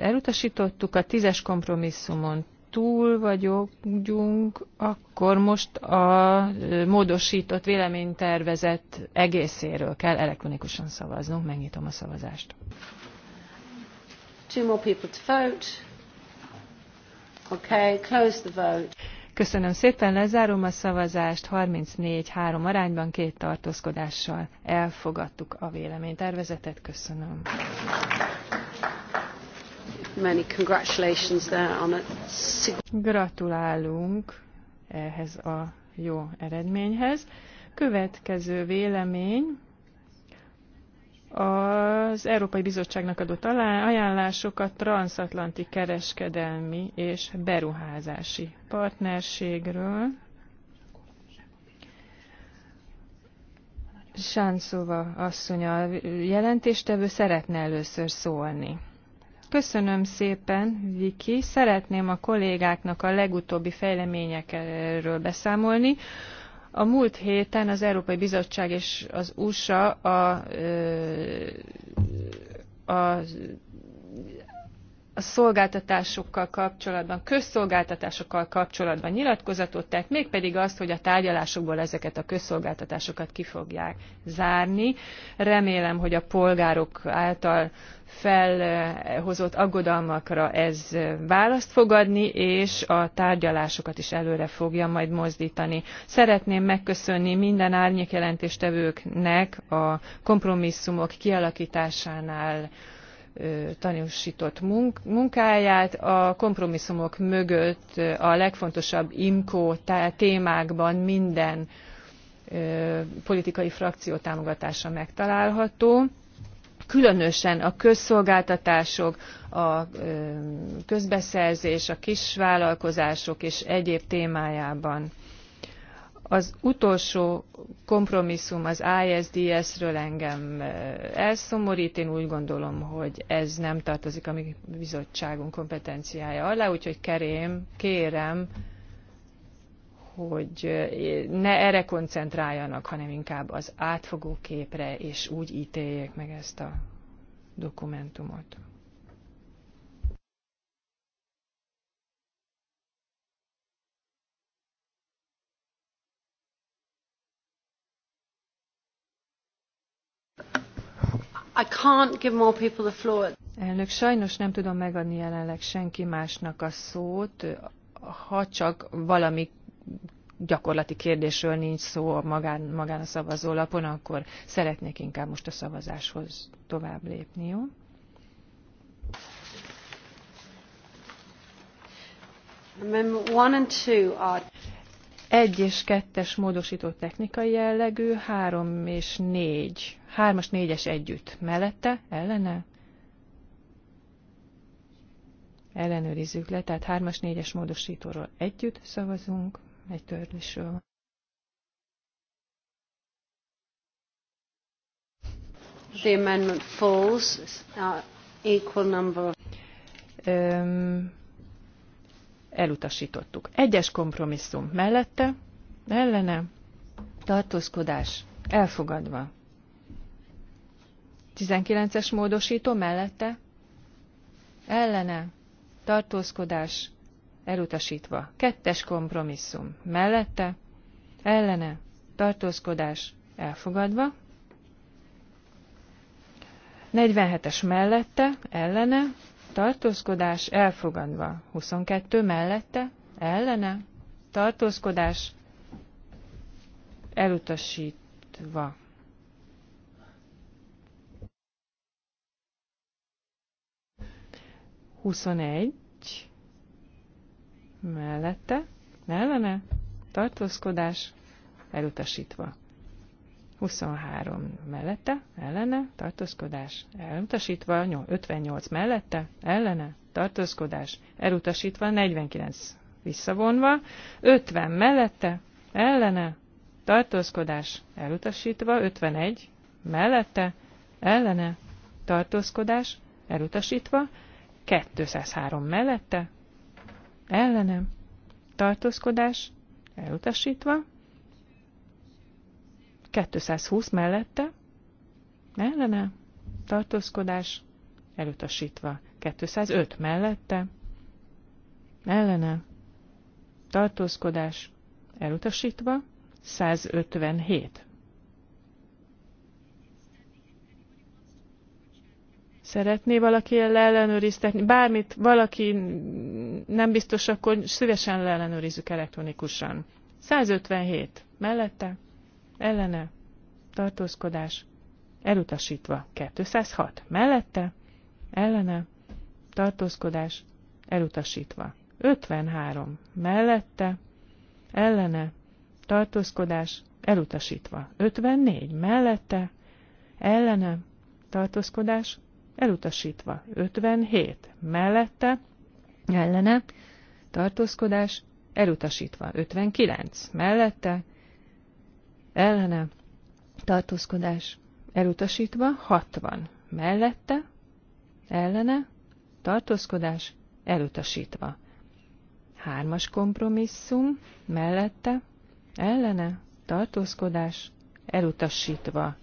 elutasítottuk, a 10-es kompromisszumon túl vagyunk, akkor most a módosított véleménytervezet egészéről kell elektronikusan szavaznunk. Megnyitom a szavazást. Two more people to vote. Okay, close the vote. Köszönöm szépen, lezárom a szavazást, 34-3 arányban két tartózkodással elfogadtuk a véleménytervezetet. Köszönöm. Many congratulations there on a... Gratulálunk ehhez a jó eredményhez. Következő vélemény az Európai Bizottságnak adott ajánlásokat transatlanti kereskedelmi és beruházási partnerségről. Sánszova asszony a jelentéstevő szeretne először szólni. Köszönöm szépen, Viki. Szeretném a kollégáknak a legutóbbi fejleményekről beszámolni. A múlt héten az Európai Bizottság és az USA a, a a szolgáltatásokkal kapcsolatban, közszolgáltatásokkal kapcsolatban nyilatkozatot tett, mégpedig azt, hogy a tárgyalásokból ezeket a közszolgáltatásokat ki fogják zárni. Remélem, hogy a polgárok által felhozott aggodalmakra ez választ fogadni, és a tárgyalásokat is előre fogja majd mozdítani. Szeretném megköszönni minden árnyékjelentéstevőknek a kompromisszumok kialakításánál tanúsított munkáját. A kompromisszumok mögött a legfontosabb imkó témákban minden politikai frakció támogatása megtalálható. Különösen a közszolgáltatások, a közbeszerzés, a kisvállalkozások és egyéb témájában az utolsó kompromisszum az ISDS-ről engem eh, elszomorít. Én úgy gondolom, hogy ez nem tartozik a mi bizottságunk kompetenciája alá, úgyhogy kerém, kérem, hogy eh, ne erre koncentráljanak, hanem inkább az átfogó képre, és úgy ítéljék meg ezt a dokumentumot. I can't give more people the floor. Elnök, sajnos nem tudom megadni jelenleg senki másnak a szót, ha csak valami gyakorlati kérdésről nincs szó a magán, magán a szavazólapon, akkor szeretnék inkább most a szavazáshoz tovább lépni, jó? Amendment 1 and 2 are 1 és 2-es módosító technikai jellegű, 3 és 4, 3-as, 4-es együtt. Mellette, ellene? Ellenőrizzük le, tehát 3-as, 4-es módosítóról együtt szavazunk, egy törlésről. The amendment falls, uh, equal number. Um, elutasítottuk. Egyes kompromisszum mellette, ellene, tartózkodás elfogadva. 19-es módosító mellette, ellene, tartózkodás elutasítva. Kettes kompromisszum mellette, ellene, tartózkodás elfogadva. 47-es mellette, ellene, tartózkodás elfogadva. 22 mellette, ellene, tartózkodás elutasítva. Huszonegy mellette, ellene, tartózkodás elutasítva. 23 mellette, ellene, tartózkodás, elutasítva, 58 mellette, ellene, tartózkodás, elutasítva, 49 visszavonva, 50 mellette, ellene, tartózkodás, elutasítva, 51 mellette, ellene, tartózkodás, elutasítva, 203 mellette, ellene, tartózkodás, elutasítva, 220 mellette, ellene, tartózkodás, elutasítva. 205 mellette, ellene, tartózkodás, elutasítva. 157. Szeretné valaki leellenőriztetni? Bármit, valaki nem biztos, akkor szívesen leellenőrizzük elektronikusan. 157. Mellette? ellene, tartózkodás, elutasítva. 206 mellette, ellene, tartózkodás, elutasítva. 53 mellette, ellene, tartózkodás, elutasítva. 54 mellette, ellene, tartózkodás, elutasítva. 57 mellette, ellene, tartózkodás, elutasítva. 59 mellette, ellene tartózkodás elutasítva, 60 mellette, ellene tartózkodás elutasítva. Hármas kompromisszum mellette, ellene tartózkodás elutasítva.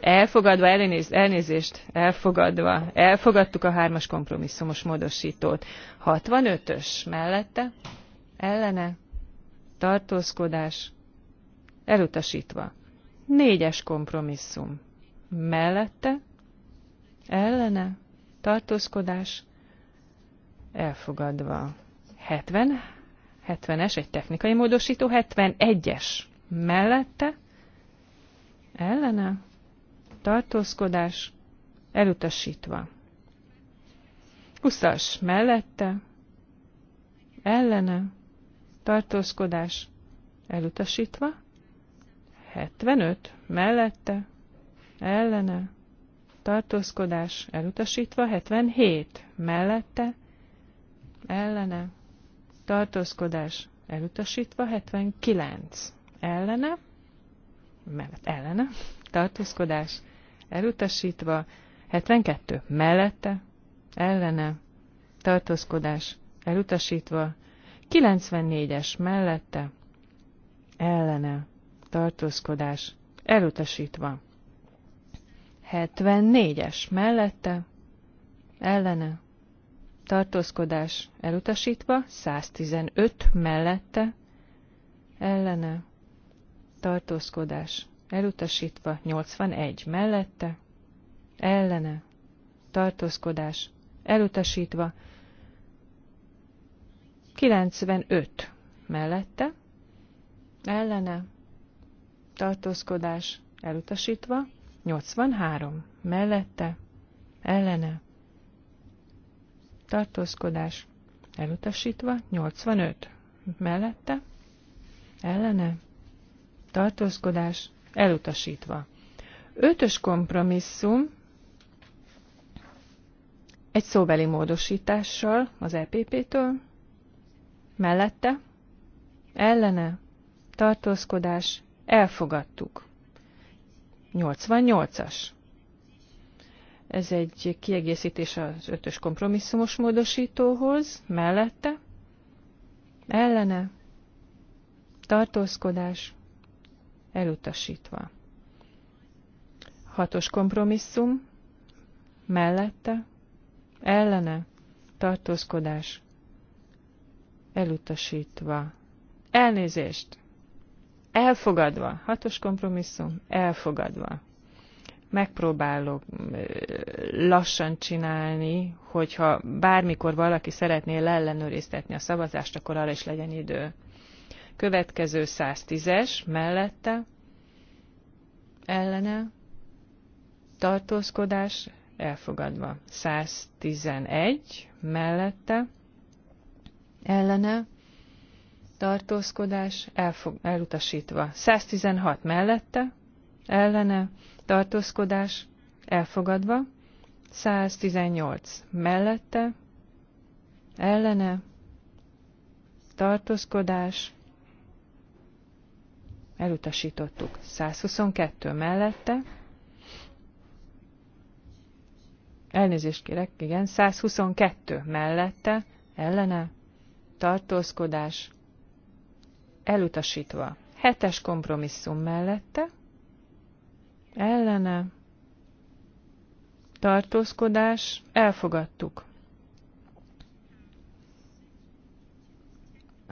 Elfogadva, elnéz, elnézést, elfogadva. Elfogadtuk a hármas kompromisszumos módosítót. 65-ös mellette, ellene, tartózkodás, elutasítva. Négyes kompromisszum. Mellette, ellene, tartózkodás, elfogadva. 70, 70-es, egy technikai módosító, 71-es. Mellette, ellene, tartózkodás, elutasítva. 20-as mellette, ellene, tartózkodás, elutasítva. 75 mellette, ellene, tartózkodás elutasítva, 77 mellette, ellene, tartózkodás elutasítva, 79 ellene, mellett ellene, tartózkodás elutasítva, 72 mellette, ellene, tartózkodás elutasítva, 94-es mellette, ellene, tartózkodás elutasítva. 74-es mellette, ellene, tartózkodás elutasítva, 115 mellette, ellene, tartózkodás elutasítva, 81 mellette, ellene, tartózkodás elutasítva, 95 mellette, ellene, tartózkodás elutasítva, 83 mellette, ellene, tartózkodás elutasítva, 85 mellette, ellene, tartózkodás elutasítva. Ötös kompromisszum egy szóbeli módosítással az EPP-től, mellette, ellene, tartózkodás Elfogadtuk. 88-as. Ez egy kiegészítés az ötös kompromisszumos módosítóhoz, mellette, ellene, tartózkodás, elutasítva. Hatos kompromisszum, mellette, ellene, tartózkodás, elutasítva. Elnézést! elfogadva, hatos kompromisszum, elfogadva. Megpróbálok lassan csinálni, hogyha bármikor valaki szeretné leellenőriztetni a szavazást, akkor arra is legyen idő. Következő 110-es mellette, ellene, tartózkodás, elfogadva. 111 mellette, ellene, tartózkodás elfog, elutasítva. 116 mellette, ellene, tartózkodás elfogadva. 118 mellette, ellene, tartózkodás elutasítottuk. 122 mellette, elnézést kérek, igen, 122 mellette, ellene, tartózkodás elutasítva. Hetes kompromisszum mellette, ellene, tartózkodás, elfogadtuk.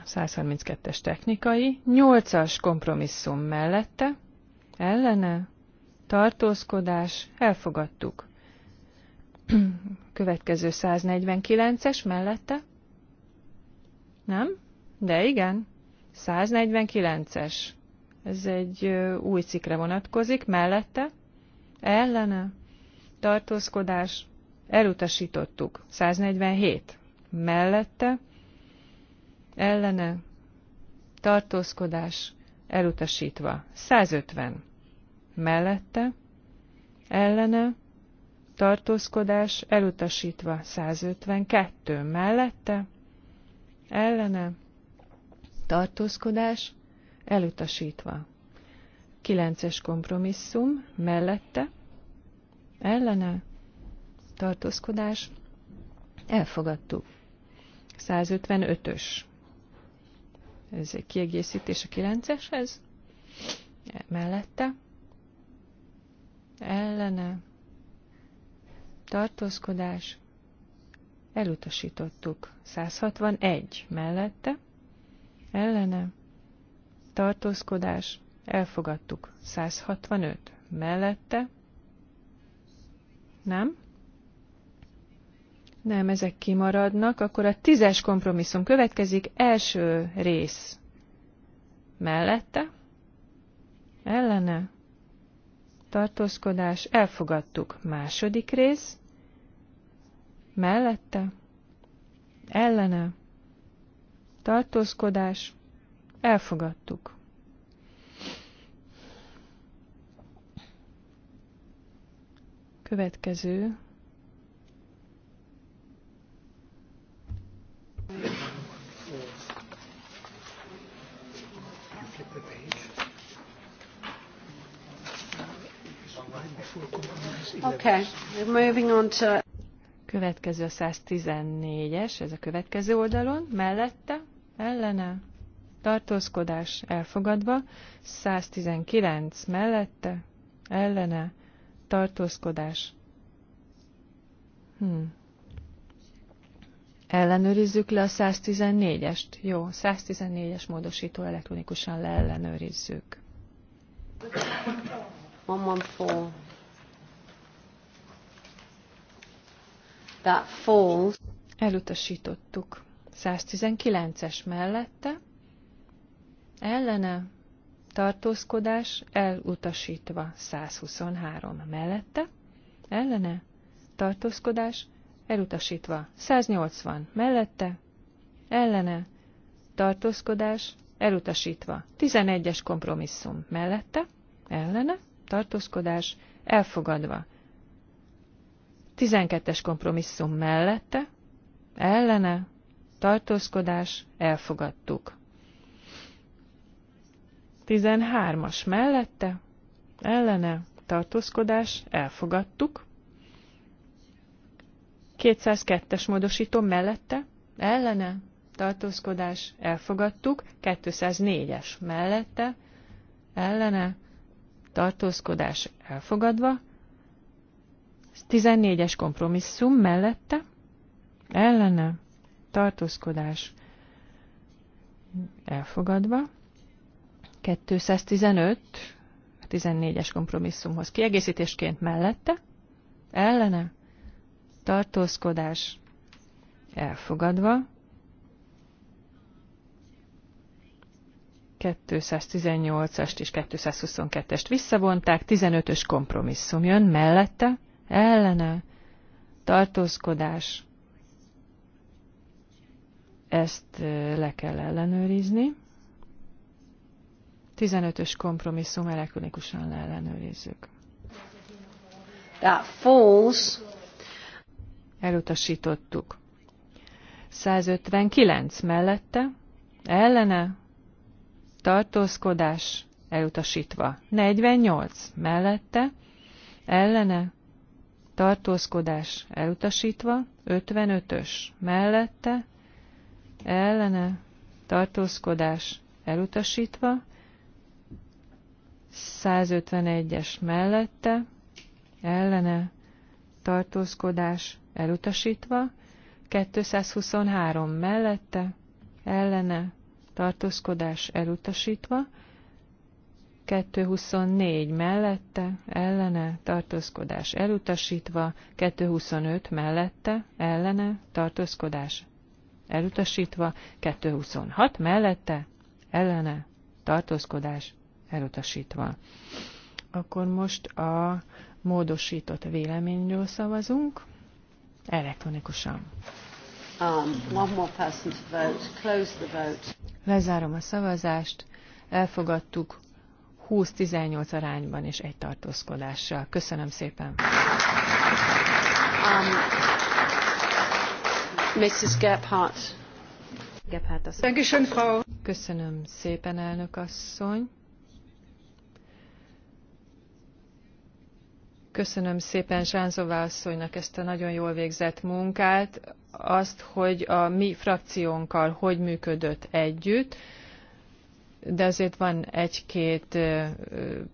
132-es technikai, 8-as kompromisszum mellette, ellene, tartózkodás, elfogadtuk. Következő 149-es mellette? Nem? De igen. 149-es. Ez egy új cikre vonatkozik. Mellette? Ellene? Tartózkodás? Elutasítottuk. 147. Mellette? Ellene? Tartózkodás? Elutasítva. 150. Mellette? Ellene? Tartózkodás? Elutasítva. 152. Mellette? Ellene? tartózkodás, elutasítva. Kilences kompromisszum, mellette, ellene, tartózkodás, elfogadtuk. 155-ös. Ez egy kiegészítés a 9-eshez. Mellette. Ellene. Tartózkodás. Elutasítottuk. 161 mellette ellene, tartózkodás, elfogadtuk. 165 mellette, nem? Nem, ezek kimaradnak. Akkor a tízes kompromisszum következik, első rész mellette, ellene, tartózkodás, elfogadtuk. Második rész, mellette, ellene, tartózkodás, elfogadtuk. Következő. Okay, moving on to... Következő a 114-es, ez a következő oldalon, mellette, ellene, tartózkodás elfogadva, 119 mellette, ellene, tartózkodás. Hmm. Ellenőrizzük le a 114-est. Jó, 114-es módosító elektronikusan leellenőrizzük. 114. That falls. Elutasítottuk. 119-es mellette, ellene, tartózkodás elutasítva 123 mellette, ellene, tartózkodás elutasítva 180 mellette, ellene, tartózkodás elutasítva 11-es kompromisszum mellette, ellene, tartózkodás elfogadva 12-es kompromisszum mellette, ellene, tartózkodás, elfogadtuk. 13-as mellette, ellene, tartózkodás, elfogadtuk. 202-es módosító mellette, ellene, tartózkodás, elfogadtuk. 204-es mellette, ellene, tartózkodás, elfogadva. 14-es kompromisszum mellette, ellene, tartózkodás elfogadva. 215, 14-es kompromisszumhoz kiegészítésként mellette, ellene, tartózkodás elfogadva. 218 est és 222-est visszavonták, 15-ös kompromisszum jön mellette, ellene, tartózkodás ezt le kell ellenőrizni. 15-ös kompromisszum elektronikusan leellenőrizzük. That falls. Elutasítottuk. 159 mellette, ellene, tartózkodás, elutasítva. 48 mellette, ellene, tartózkodás, elutasítva. 55-ös mellette, ellene tartózkodás elutasítva, 151-es mellette ellene tartózkodás elutasítva, 223 mellette ellene tartózkodás elutasítva, 224 mellette, ellene, tartózkodás elutasítva, 225 mellette, ellene, tartózkodás elutasítva, 226 mellette, ellene, tartózkodás, elutasítva. Akkor most a módosított véleményről szavazunk elektronikusan. Um, one more person to vote. Close the vote. Lezárom a szavazást. Elfogadtuk 20-18 arányban és egy tartózkodással. Köszönöm szépen. Um, Mrs. Köszönöm szépen, elnök asszony. Köszönöm szépen Zsánzová asszonynak ezt a nagyon jól végzett munkát, azt, hogy a mi frakciónkkal hogy működött együtt, de azért van egy-két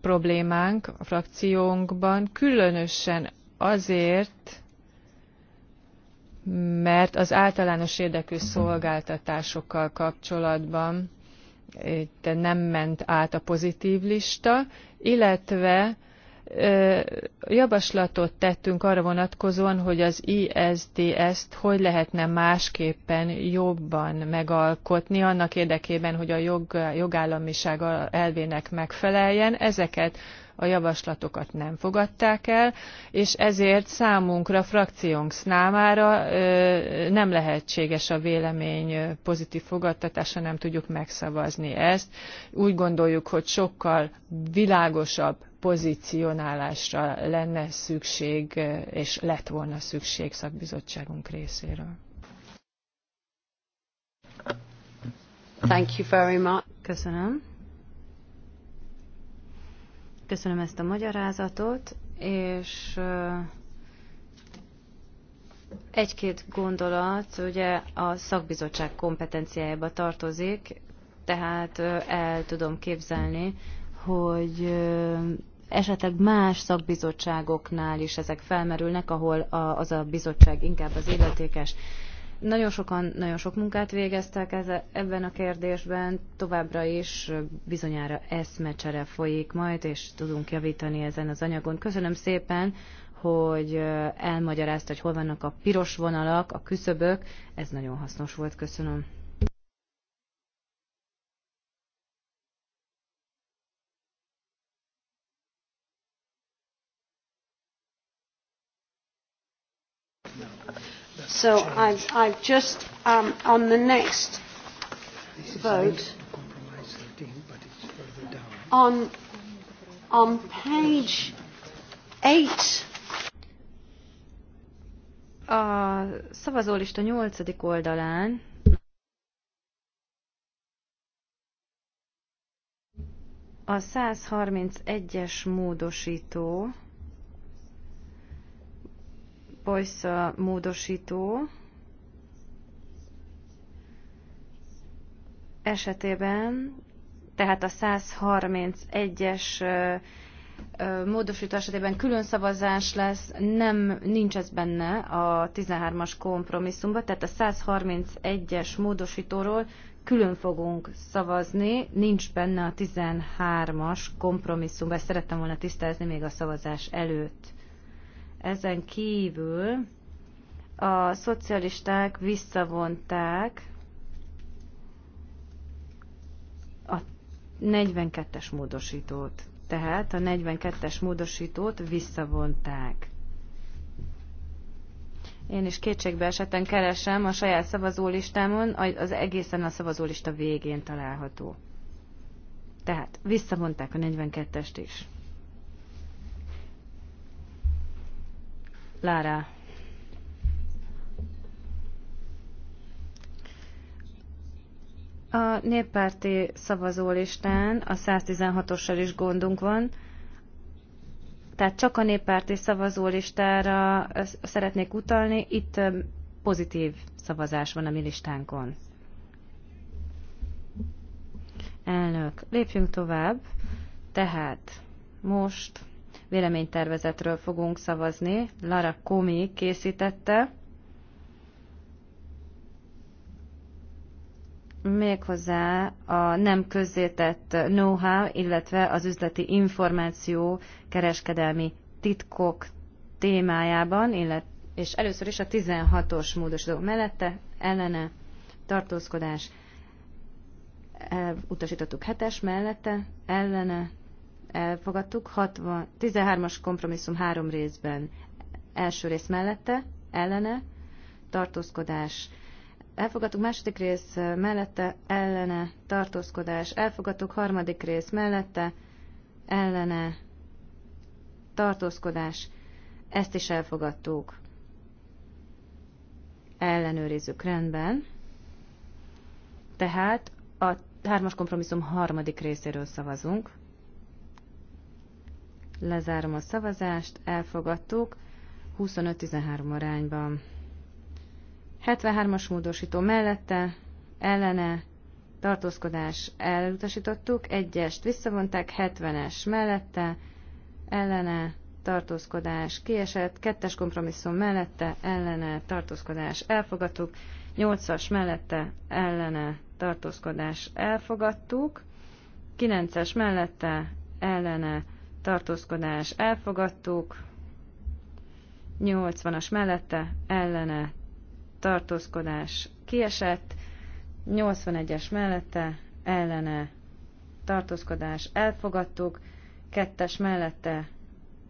problémánk a frakciónkban, különösen azért, mert az általános érdekű szolgáltatásokkal kapcsolatban nem ment át a pozitív lista, illetve javaslatot tettünk arra vonatkozóan, hogy az ISDS-t hogy lehetne másképpen jobban megalkotni annak érdekében, hogy a jog, jogállamiság elvének megfeleljen. Ezeket a javaslatokat nem fogadták el, és ezért számunkra, frakciónk számára nem lehetséges a vélemény pozitív fogadtatása, nem tudjuk megszavazni ezt. Úgy gondoljuk, hogy sokkal világosabb pozícionálásra lenne szükség, és lett volna szükség szakbizottságunk részéről. Thank you very much. Köszönöm. Köszönöm ezt a magyarázatot, és egy-két gondolat ugye a szakbizottság kompetenciájába tartozik, tehát el tudom képzelni, hogy esetleg más szakbizottságoknál is ezek felmerülnek, ahol az a bizottság inkább az illetékes. Nagyon sokan nagyon sok munkát végeztek ebben a kérdésben, továbbra is bizonyára eszmecsere folyik majd, és tudunk javítani ezen az anyagon. Köszönöm szépen, hogy elmagyarázta, hogy hol vannak a piros vonalak, a küszöbök. Ez nagyon hasznos volt, köszönöm. So I've, I've just, um, on the next vote, on, on page eight. a szavazólista nyolcadik oldalán a 131-es módosító Bojsza módosító esetében, tehát a 131-es módosító esetében külön szavazás lesz, nem, nincs ez benne a 13-as kompromisszumban, tehát a 131-es módosítóról külön fogunk szavazni, nincs benne a 13-as kompromisszumban, ezt szerettem volna tisztázni még a szavazás előtt. Ezen kívül a szocialisták visszavonták a 42-es módosítót. Tehát a 42-es módosítót visszavonták. Én is kétségbe esetten keresem a saját szavazólistámon, az egészen a szavazólista végén található. Tehát visszavonták a 42-est is. Lára. A néppárti szavazólistán a 116-ossal is gondunk van, tehát csak a néppárti szavazólistára szeretnék utalni, itt pozitív szavazás van a mi listánkon. Elnök, lépjünk tovább. Tehát most véleménytervezetről fogunk szavazni. Lara Komi készítette. méghozzá a nem közzétett know-how, illetve az üzleti információ kereskedelmi titkok témájában, illet, és először is a 16-os módosító mellette ellene tartózkodás, utasítottuk 7-es mellette ellene elfogadtuk. 13-as kompromisszum három részben. Első rész mellette, ellene, tartózkodás. Elfogadtuk második rész mellette, ellene, tartózkodás. Elfogadtuk harmadik rész mellette, ellene, tartózkodás. Ezt is elfogadtuk. Ellenőrizzük rendben. Tehát a hármas kompromisszum harmadik részéről szavazunk. Lezárom a szavazást, elfogadtuk 25-13 arányban. 73-as módosító mellette, ellene, tartózkodás elutasítottuk, 1-est visszavonták, 70-es mellette, ellene, tartózkodás kiesett, 2 kompromisszum mellette, ellene, tartózkodás elfogadtuk, 8-as mellette, ellene, tartózkodás elfogadtuk, 9-es mellette, ellene, tartózkodás elfogadtuk, 80-as mellette ellene tartózkodás kiesett, 81-es mellette ellene tartózkodás elfogadtuk, kettes mellette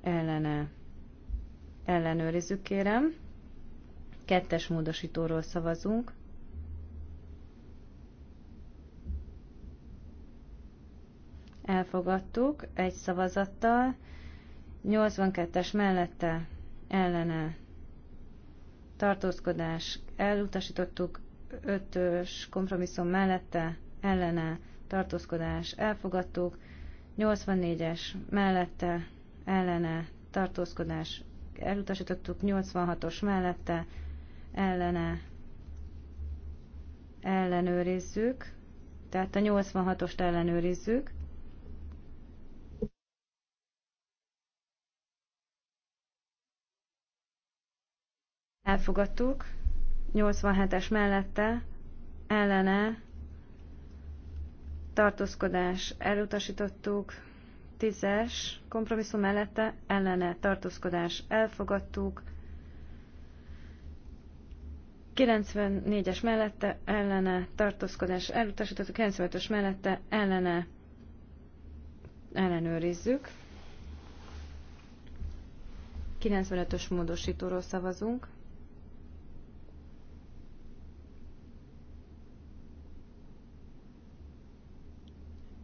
ellene ellenőrizzük kérem, kettes módosítóról szavazunk, elfogadtuk egy szavazattal, 82-es mellette ellene tartózkodás elutasítottuk, 5-ös kompromisszum mellette ellene tartózkodás elfogadtuk, 84-es mellette ellene tartózkodás elutasítottuk, 86-os mellette ellene ellenőrizzük, tehát a 86-ost ellenőrizzük. Elfogadtuk. 87-es mellette ellene tartózkodás elutasítottuk. 10-es kompromisszum mellette ellene tartózkodás elfogadtuk. 94-es mellette ellene tartózkodás elutasítottuk, 95-ös mellette ellene ellenőrizzük. 95-ös módosítóról szavazunk.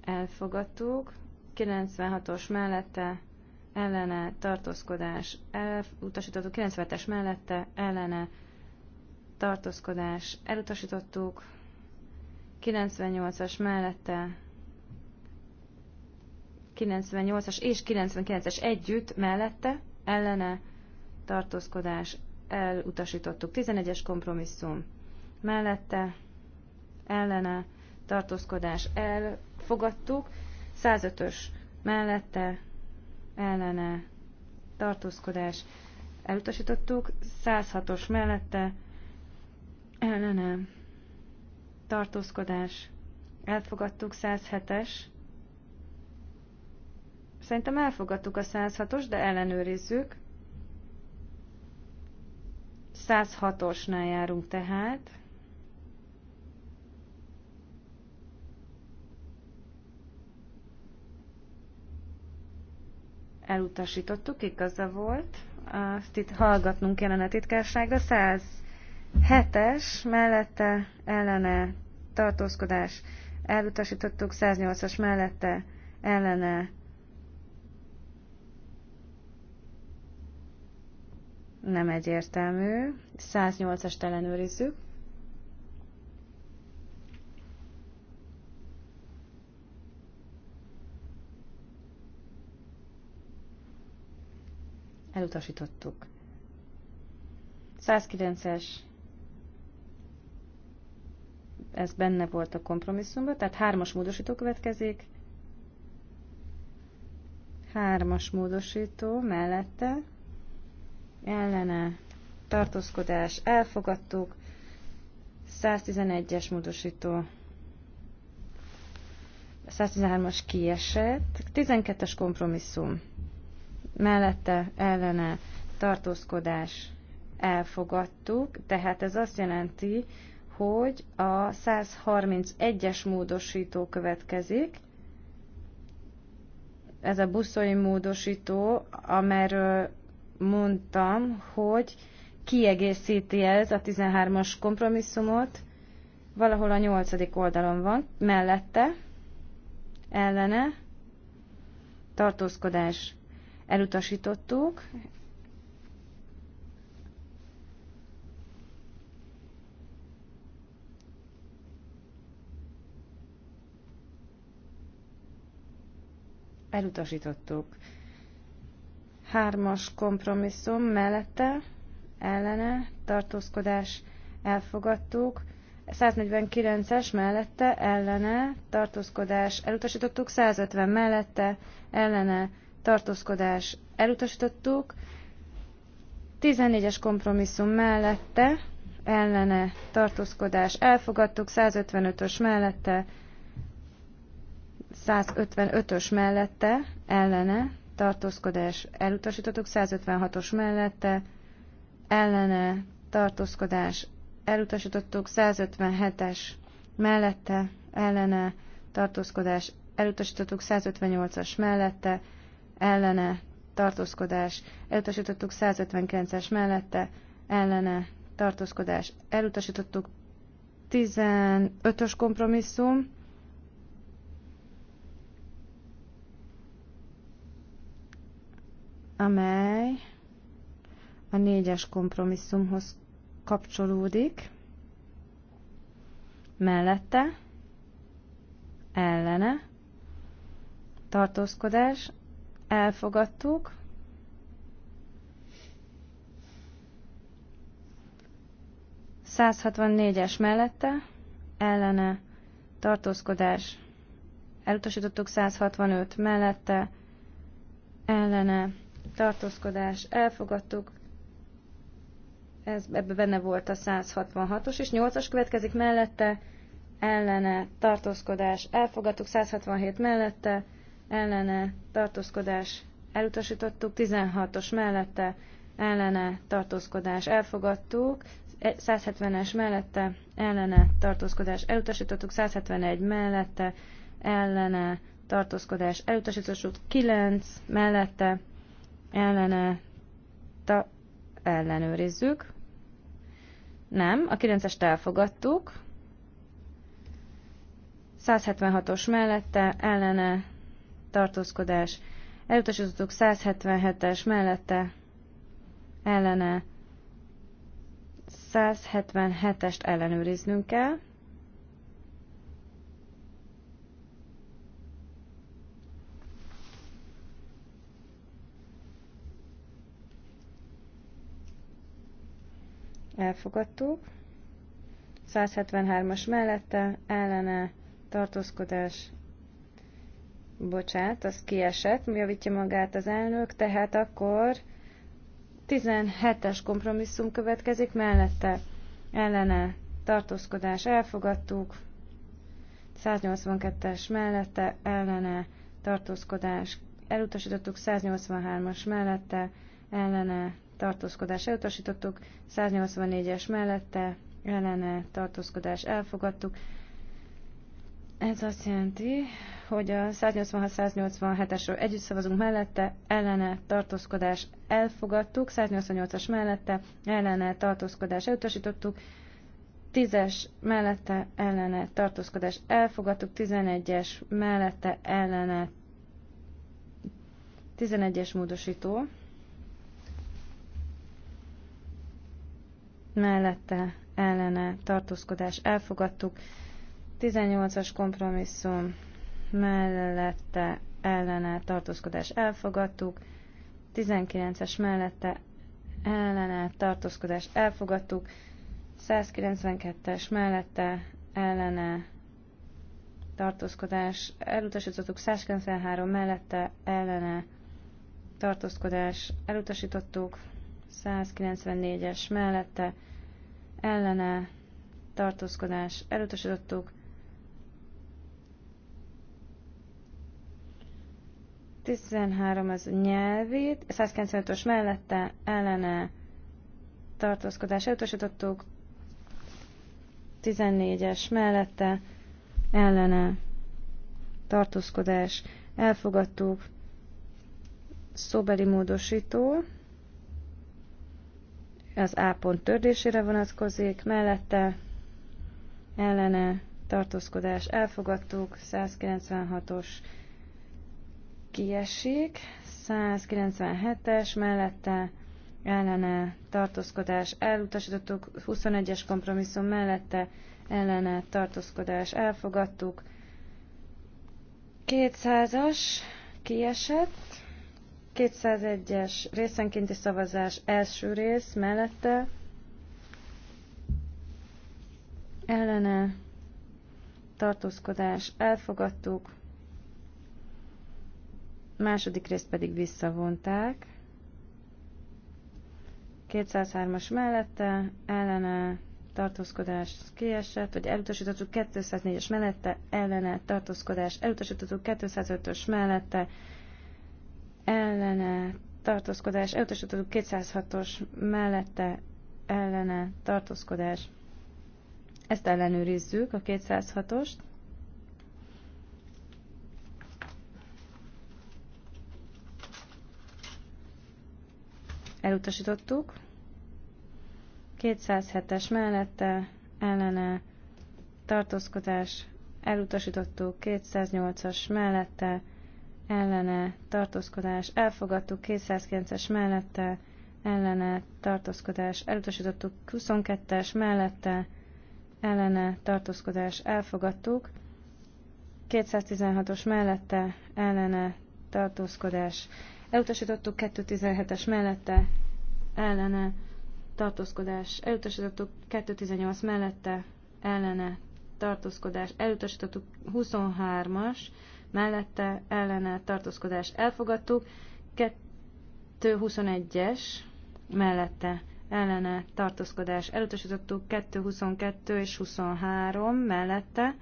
elfogadtuk, 96-os mellette ellene tartózkodás elutasítottuk, 97-es mellette ellene tartózkodás elutasítottuk, 98-as mellette 98-as és 99-es együtt mellette ellene tartózkodás elutasítottuk. 11-es kompromisszum mellette ellene tartózkodás el fogadtuk. 105-ös mellette ellene tartózkodás elutasítottuk, 106-os mellette ellene tartózkodás elfogadtuk, 107-es Szerintem elfogadtuk a 106-os, de ellenőrizzük. 106-osnál járunk tehát. elutasítottuk, igaza volt. Azt itt hallgatnunk kellene a titkárságra. 107-es mellette ellene tartózkodás elutasítottuk, 108-as mellette ellene nem egyértelmű. 108-ast ellenőrizzük. Elutasítottuk. 109-es, ez benne volt a kompromisszumban, tehát hármas módosító következik. Hármas módosító mellette, ellene, tartózkodás, elfogadtuk. 111-es módosító 113-as kiesett, 12-es kompromisszum mellette ellene tartózkodás elfogadtuk, tehát ez azt jelenti, hogy a 131-es módosító következik. Ez a buszói módosító, amelyről mondtam, hogy kiegészíti ez a 13-as kompromisszumot, valahol a 8. oldalon van, mellette, ellene, tartózkodás elutasítottuk. Elutasítottuk. Hármas kompromisszum mellette, ellene, tartózkodás, elfogadtuk. 149-es mellette, ellene, tartózkodás, elutasítottuk. 150 mellette, ellene, tartózkodás elutasítottuk, 14-es kompromisszum mellette, ellene tartózkodás elfogadtuk, 155-ös mellette, 155-ös mellette, ellene tartózkodás elutasítottuk, 156-os mellette, ellene tartózkodás elutasítottuk, 157-es mellette, ellene tartózkodás elutasítottuk, 158-as mellette, ellene tartózkodás, elutasítottuk 159-es mellette, ellene tartózkodás, elutasítottuk 15-ös kompromisszum, amely a négyes kompromisszumhoz kapcsolódik, mellette, ellene, tartózkodás, elfogadtuk. es mellette ellene tartózkodás elutasítottuk 165 mellette ellene tartózkodás elfogadtuk ez, ebbe benne volt a 166-os, és 8-as következik mellette, ellene tartózkodás, elfogadtuk 167 mellette, ellene tartózkodás elutasítottuk, 16-os mellette ellene tartózkodás elfogadtuk, 170-es e, mellette ellene tartózkodás elutasítottuk, 171 mellette ellene tartózkodás elutasítottuk, 9 mellette ellene ta, ellenőrizzük. Nem, a 9-est elfogadtuk. 176-os mellette ellene tartózkodás, elutasítottuk 177-es mellette, ellene 177-est ellenőriznünk kell. Elfogadtuk. 173-as mellette, ellene, tartózkodás, Bocsát, az kiesett, javítja magát az elnök, tehát akkor 17-es kompromisszum következik, mellette ellene tartózkodás elfogadtuk, 182-es mellette ellene tartózkodás elutasítottuk, 183-as mellette ellene tartózkodás elutasítottuk, 184-es mellette ellene tartózkodás elfogadtuk, ez azt jelenti, hogy a 186-187-esről együtt szavazunk mellette, ellene tartózkodás elfogadtuk, 188-as mellette, ellene tartózkodás elutasítottuk, 10-es mellette ellene tartózkodás elfogadtuk, 11-es mellette ellene 11-es módosító, mellette ellene tartózkodás elfogadtuk, 18-as kompromisszum mellette ellene tartózkodás elfogadtuk, 19-es mellette ellene tartózkodás elfogadtuk, 192-es mellette ellene tartózkodás elutasítottuk, 193 mellette ellene tartózkodás elutasítottuk, 194-es mellette ellene tartózkodás elutasítottuk, 13 az nyelvét, 195-ös mellette ellene tartózkodás elutasítottuk, 14-es mellette ellene tartózkodás elfogadtuk, szóbeli módosító, az A pont tördésére vonatkozik, mellette ellene tartózkodás elfogadtuk, 196-os kiesik, 197-es mellette ellene tartózkodás elutasítottuk, 21-es kompromisszum mellette ellene tartózkodás elfogadtuk, 200-as kiesett, 201-es részenkénti szavazás első rész mellette ellene tartózkodás elfogadtuk, második részt pedig visszavonták. 203-as mellette, ellene tartózkodás kiesett, vagy elutasítottuk 204-es mellette, ellene tartózkodás elutasítottuk 205-ös mellette, ellene tartózkodás elutasítottuk 206-os mellette, ellene tartózkodás. Ezt ellenőrizzük, a 206-ost. elutasítottuk. 207-es mellette ellene tartózkodás elutasítottuk, 208-as mellette ellene tartózkodás elfogadtuk, 209-es mellette ellene tartózkodás elutasítottuk, 22-es mellette ellene tartózkodás elfogadtuk, 216-os mellette ellene tartózkodás elutasítottuk 217-es mellette, ellene, tartózkodás, elutasítottuk 218 mellette, ellene, tartózkodás, elutasítottuk 23-as, mellette, ellene, tartózkodás, elfogadtuk, 221-es, mellette, ellene, tartózkodás, elutasítottuk 222 és 23 mellette,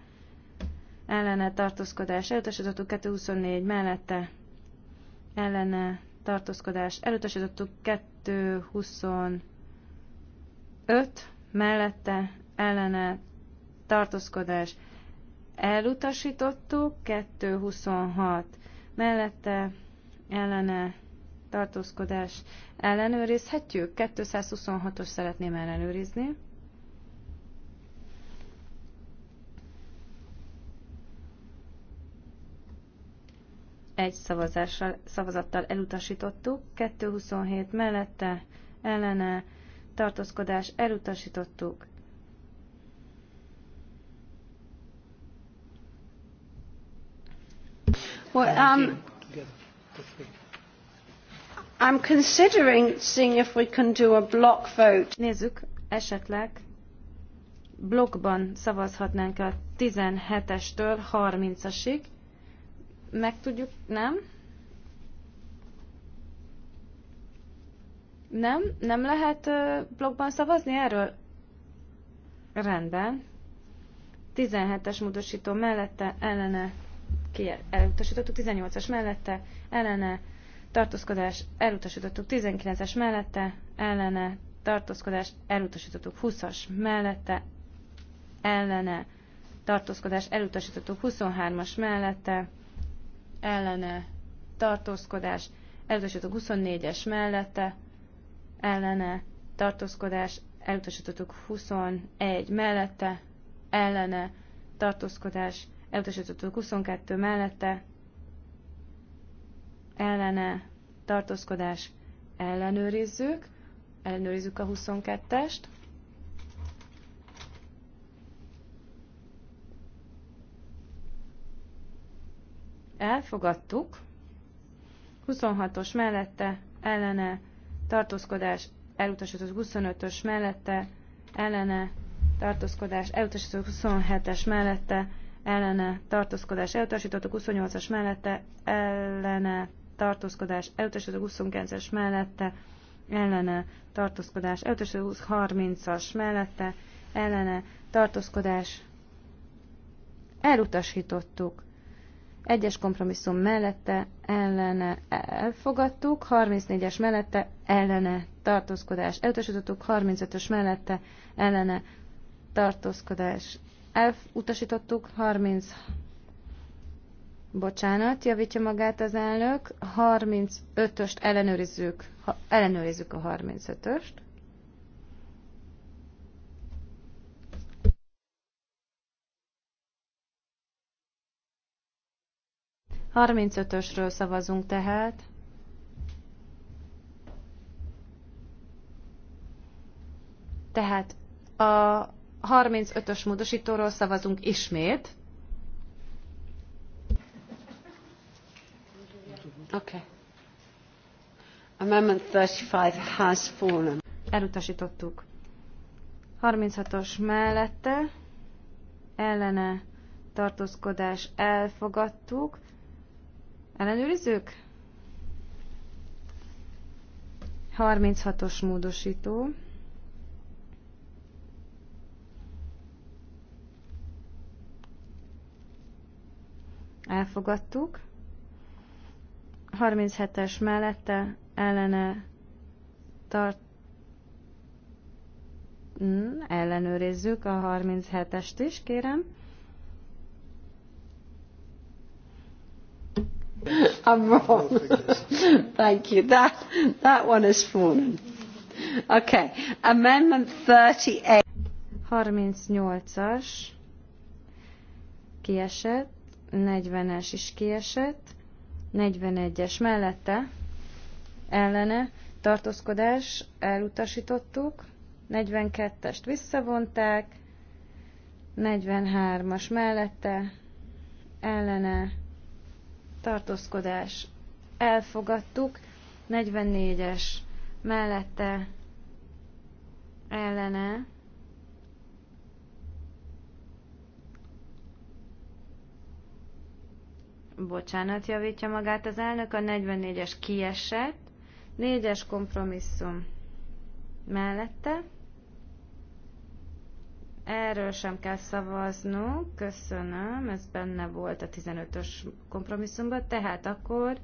ellene, tartózkodás, elutasítottuk 224 mellette, ellene tartózkodás elutasítottuk 225 mellette ellene tartózkodás elutasítottuk 226 mellette ellene tartózkodás ellenőrizhetjük 226-os szeretném ellenőrizni egy szavazással, szavazattal elutasítottuk, 227 mellette, ellene, tartózkodás elutasítottuk. Well, um, I'm considering seeing if we can do a block vote. Nézzük, esetleg blokkban szavazhatnánk a 17-estől 30-asig. Meg tudjuk, nem? Nem? Nem lehet blogban szavazni erről? Rendben. 17-es módosító mellette, ellene, ki elutasítottuk, 18-as mellette, ellene, tartózkodás, elutasítottuk, 19-es mellette, ellene, tartózkodás, elutasítottuk, 20-as mellette, ellene, tartózkodás, elutasítottuk, 23-as mellette, ellene tartózkodás, elutasítottuk 24-es mellette, ellene tartózkodás, elutasítottuk 21 mellette, ellene tartózkodás, elutasítottuk 22 mellette, ellene tartózkodás, ellenőrizzük, ellenőrizzük a 22-est, elfogadtuk. 26-os mellette ellene tartózkodás elutasított 25-ös mellette ellene tartózkodás elutasított 27-es mellette ellene tartózkodás elutasítottuk 28-as mellette ellene tartózkodás elutasítottuk 29-es mellette ellene tartózkodás elutasítottuk 30-as mellette ellene tartózkodás elutasítottuk egyes kompromisszum mellette ellene elfogadtuk, 34-es mellette ellene tartózkodás elutasítottuk, 35-ös mellette ellene tartózkodás elutasítottuk, 30 Bocsánat, javítja magát az elnök. 35-öst ellenőrizzük, ha ellenőrizzük a 35-öst. 35-ösről szavazunk tehát. Tehát a 35-ös módosítóról szavazunk ismét. Okay. Amendment 35 has fallen. Elutasítottuk. 36-os mellette ellene tartózkodás elfogadtuk. Ellenőrizzük? 36-os módosító. Elfogadtuk. 37-es mellette ellene tart hmm, ellenőrizzük a 37-est is, kérem. I'm wrong. Thank you. That, that one has fallen. Okay. Amendment 38. 38-as kiesett, 40-es is kiesett, 41-es mellette ellene tartózkodás elutasítottuk, 42-est visszavonták, 43-as mellette ellene tartózkodás elfogadtuk, 44-es mellette ellene bocsánat, javítja magát az elnök, a 44-es kiesett, 4-es kompromisszum mellette, Erről sem kell szavaznunk, köszönöm, ez benne volt a 15-ös kompromisszumban, tehát akkor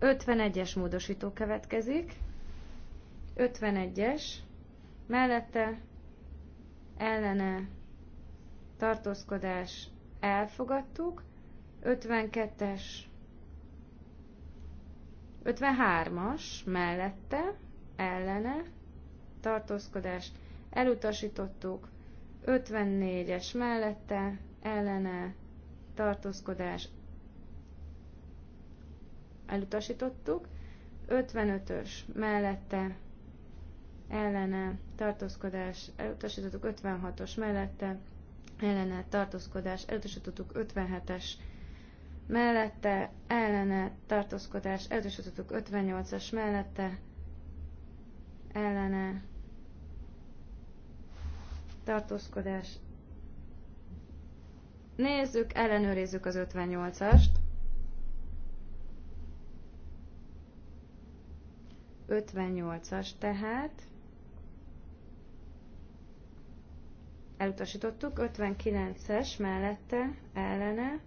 51-es módosító következik, 51-es, mellette ellene tartózkodás elfogadtuk, 52-es, 53-as mellette ellene tartózkodást elutasítottuk, 54-es mellette ellene tartózkodás elutasítottuk, 55-ös mellette ellene tartózkodás elutasítottuk, 56-os mellette ellene tartózkodás elutasítottuk, 57-es mellette ellene tartózkodás elutasítottuk, 58-as mellette ellene tartózkodás. Nézzük, ellenőrizzük az 58-ast. 58-as tehát. Elutasítottuk. 59-es mellette, ellene,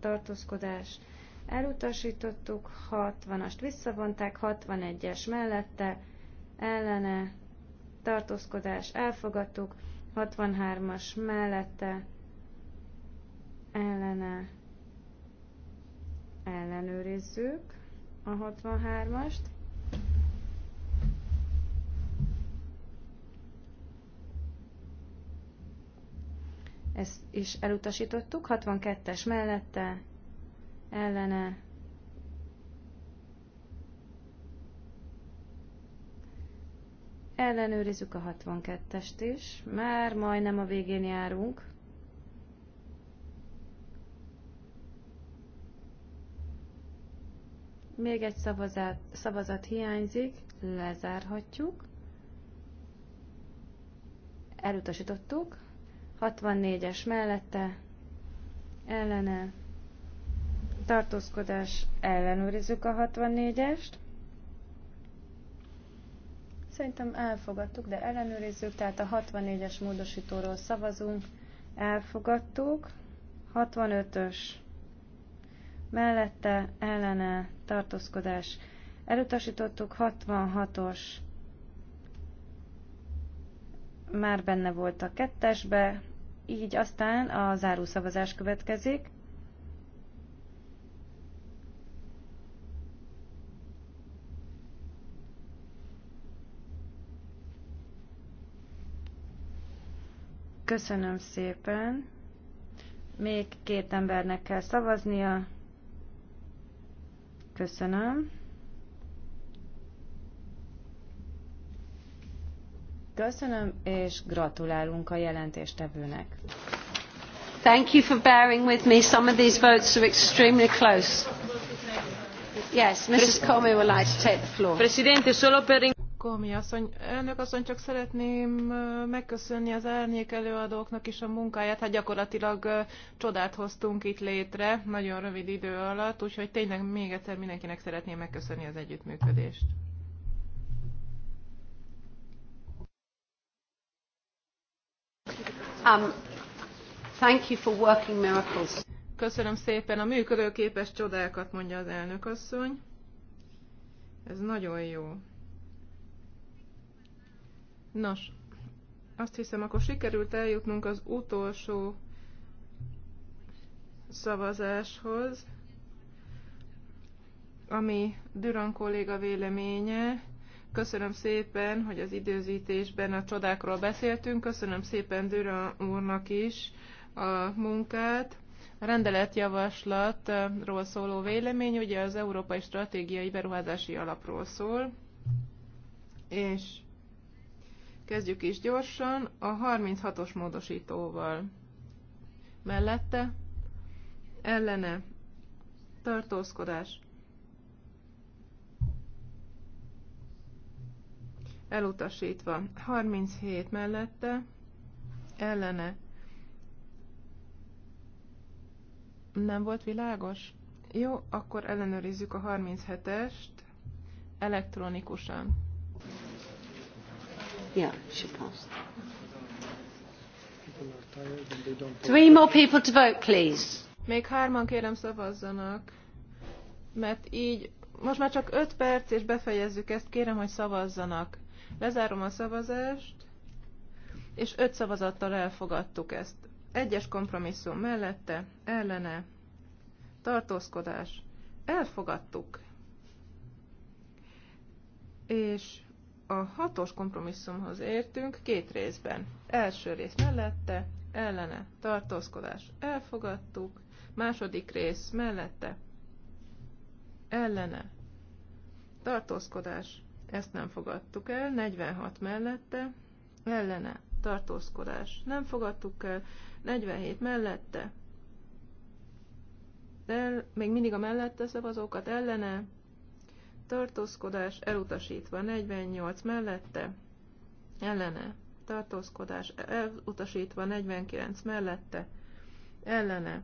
tartózkodás. Elutasítottuk. 60-ast visszavonták. 61-es mellette, ellene, tartózkodás. Elfogadtuk. 63-as mellette ellene ellenőrizzük a 63-ast. Ezt is elutasítottuk. 62-es mellette ellene Ellenőrizzük a 62-est is. Már majdnem a végén járunk. Még egy szavazat, szavazat hiányzik, lezárhatjuk. Elutasítottuk. 64-es mellette, ellene, tartózkodás, ellenőrizzük a 64-est. Szerintem elfogadtuk, de ellenőrizzük, tehát a 64-es módosítóról szavazunk, elfogadtuk. 65-ös mellette ellene tartózkodás elutasítottuk, 66-os már benne volt a kettesbe, így aztán a záró szavazás következik. Köszönöm szépen. Még két embernek kell szavaznia. Köszönöm. Köszönöm, és gratulálunk a jelentéstevőnek. Thank you for bearing with me. Some of these votes are extremely close. Yes, Mrs. Comey would like to take the floor. Presidente, solo per in- Komi asszony, elnök asszony, csak szeretném megköszönni az árnyék előadóknak is a munkáját. Hát gyakorlatilag csodát hoztunk itt létre nagyon rövid idő alatt, úgyhogy tényleg még egyszer mindenkinek szeretném megköszönni az együttműködést. Um, thank you for working miracles. Köszönöm szépen a működőképes csodákat, mondja az elnök asszony. Ez nagyon jó. Nos, azt hiszem, akkor sikerült eljutnunk az utolsó szavazáshoz, ami Düran kolléga véleménye. Köszönöm szépen, hogy az időzítésben a csodákról beszéltünk. Köszönöm szépen Düran úrnak is a munkát. A rendeletjavaslatról szóló vélemény ugye az Európai Stratégiai Beruházási Alapról szól, és Kezdjük is gyorsan a 36-os módosítóval. Mellette ellene tartózkodás. Elutasítva. 37 mellette ellene nem volt világos? Jó, akkor ellenőrizzük a 37-est elektronikusan. Yeah, she passed. Three more people to vote, please. Még hárman kérem szavazzanak, mert így most már csak öt perc, és befejezzük ezt, kérem, hogy szavazzanak. Lezárom a szavazást, és öt szavazattal elfogadtuk ezt. Egyes kompromisszum mellette, ellene, tartózkodás. Elfogadtuk. És a hatos kompromisszumhoz értünk két részben. Első rész mellette, ellene, tartózkodás, elfogadtuk. Második rész mellette, ellene, tartózkodás, ezt nem fogadtuk el. 46 mellette, ellene, tartózkodás, nem fogadtuk el. 47 mellette, el, még mindig a mellette szavazókat ellene, tartózkodás elutasítva 48 mellette, ellene tartózkodás elutasítva 49 mellette, ellene.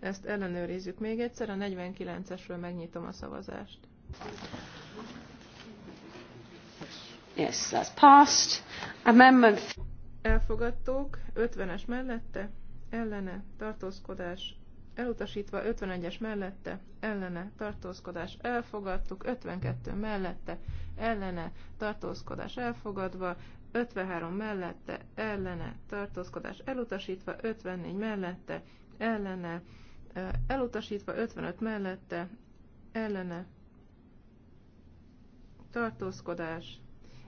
Ezt ellenőrizzük még egyszer, a 49-esről megnyitom a szavazást. Yes, that's passed. Amendment. Elfogadtuk, 50-es mellette, ellene, tartózkodás elutasítva 51-es mellette, ellene, tartózkodás elfogadtuk, 52 mellette, ellene, tartózkodás elfogadva, 53 mellette, ellene, tartózkodás elutasítva, 54 mellette, ellene, elutasítva, 55 mellette, ellene, tartózkodás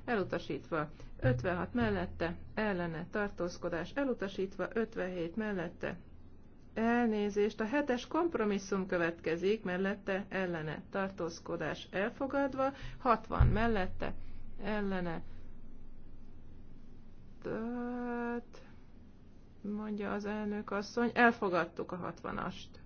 elutasítva, 56 mellette, ellene, tartózkodás elutasítva, 57 mellette, elnézést, a hetes kompromisszum következik, mellette ellene tartózkodás elfogadva, 60 mellette ellene. Tehát, mondja az elnök asszony, elfogadtuk a 60-ast.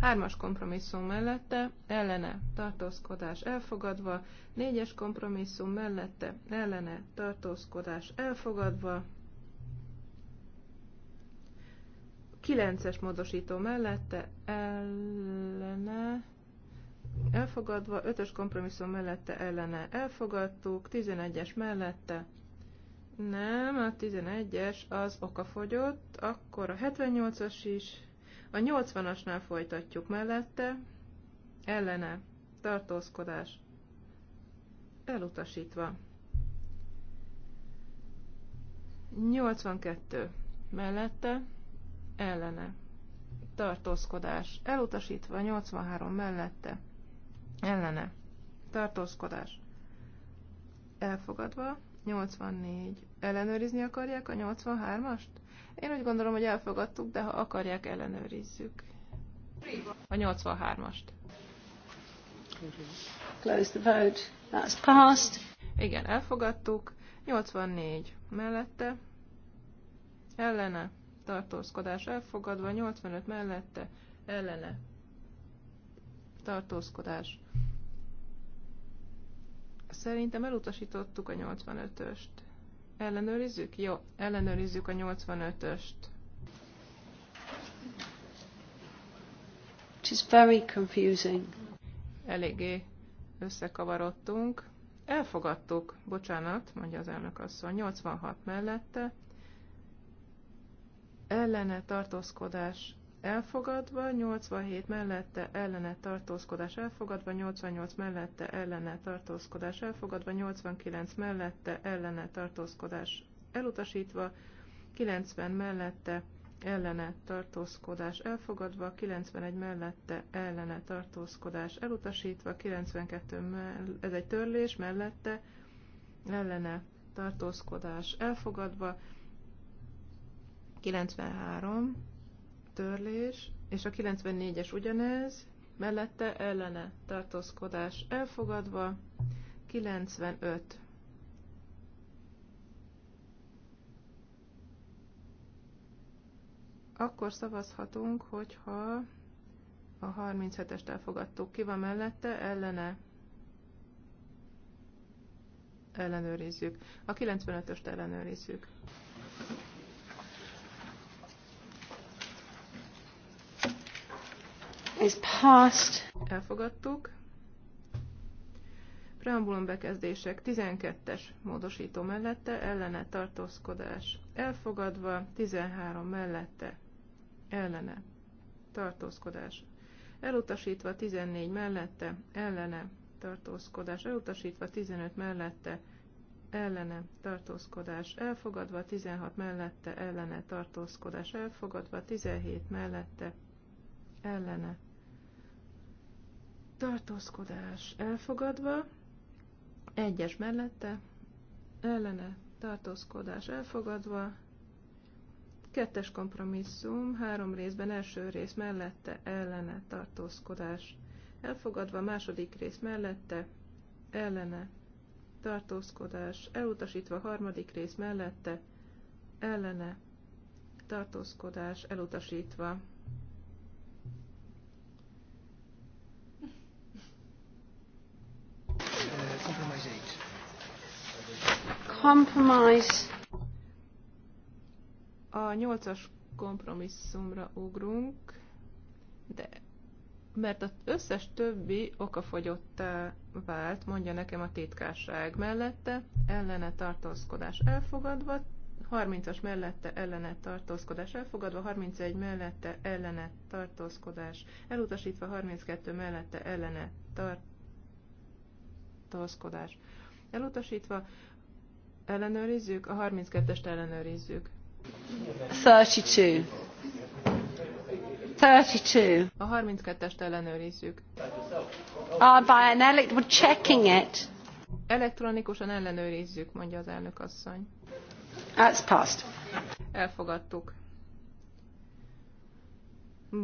Hármas kompromisszum mellette, ellene tartózkodás elfogadva, négyes kompromisszum mellette, ellene tartózkodás elfogadva, 9-es módosító mellette ellene elfogadva, 5-ös kompromisszum mellette ellene elfogadtuk, 11-es mellette nem, a 11-es az okafogyott, akkor a 78-as is, a 80-asnál folytatjuk mellette, ellene, tartózkodás, elutasítva. 82 mellette, ellene tartózkodás elutasítva 83 mellette ellene tartózkodás elfogadva 84 ellenőrizni akarják a 83-ast? Én úgy gondolom, hogy elfogadtuk, de ha akarják, ellenőrizzük. A 83-ast. Close the vote. That's passed. Igen, elfogadtuk. 84 mellette. Ellene tartózkodás elfogadva, 85 mellette ellene tartózkodás. Szerintem elutasítottuk a 85-öst. Ellenőrizzük? Jó, ellenőrizzük a 85-öst. It is very confusing. Eléggé összekavarodtunk. Elfogadtuk, bocsánat, mondja az elnök asszony, 86 mellette, ellene tartózkodás elfogadva, 87 mellette ellene tartózkodás elfogadva, 88 mellette ellene tartózkodás elfogadva, 89 mellette ellene tartózkodás elutasítva, 90 mellette ellene tartózkodás elfogadva, 91 mellette ellene tartózkodás elutasítva, 92 mell- ez egy törlés mellette ellene tartózkodás elfogadva, 93, törlés, és a 94-es ugyanez, mellette ellene tartózkodás elfogadva, 95. Akkor szavazhatunk, hogyha a 37-est elfogadtuk. Ki van mellette? Ellene. Ellenőrizzük. A 95-öst ellenőrizzük. is passed. Elfogadtuk. Preambulum bekezdések 12-es módosító mellette ellene tartózkodás. Elfogadva 13 mellette ellene tartózkodás. Elutasítva 14 mellette ellene tartózkodás. Elutasítva 15 mellette ellene tartózkodás. Elfogadva 16 mellette ellene tartózkodás. Elfogadva 17 mellette ellene tartózkodás elfogadva, egyes mellette, ellene tartózkodás elfogadva, kettes kompromisszum, három részben, első rész mellette, ellene tartózkodás elfogadva, második rész mellette, ellene tartózkodás elutasítva, harmadik rész mellette, ellene tartózkodás elutasítva. compromise. A nyolcas kompromisszumra ugrunk, de mert az összes többi okafogyottá vált, mondja nekem a titkárság mellette, ellene tartózkodás elfogadva, 30-as mellette ellene tartózkodás elfogadva, 31 mellette ellene tartózkodás elutasítva, 32 mellette ellene tartózkodás elutasítva, Ellenőrizzük? A 32-est ellenőrizzük. 32. 32. A 32-est ellenőrizzük. Oh, by an elect- checking it. Elektronikusan ellenőrizzük, mondja az elnök asszony. That's passed. Elfogadtuk.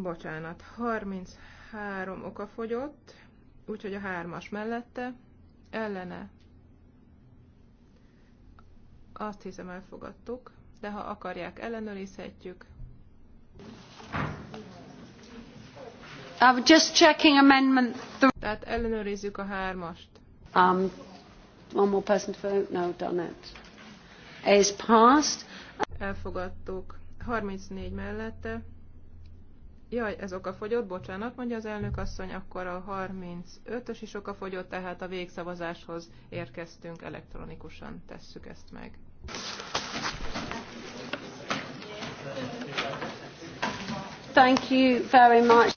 Bocsánat, 33 oka fogyott, úgyhogy a hármas mellette, ellene azt hiszem elfogadtuk, de ha akarják, ellenőrizhetjük. I'm just checking amendment. Tehát ellenőrizzük a hármast. Um, one more person to vote? No, done it. Is passed. Elfogadtuk. 34 mellette. Jaj, ez oka fogyott, bocsánat, mondja az elnök asszony, akkor a 35-ös is oka fogyott, tehát a végszavazáshoz érkeztünk, elektronikusan tesszük ezt meg. Thank you very much.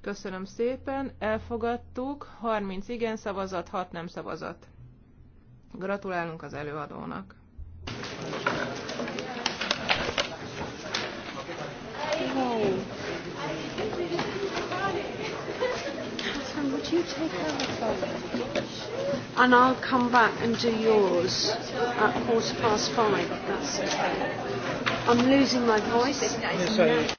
Köszönöm szépen, elfogadtuk. 30 igen szavazat, 6 nem szavazat. Gratulálunk az előadónak. And I'll come back and do yours at quarter past five. That's okay. I'm losing my voice. Yes,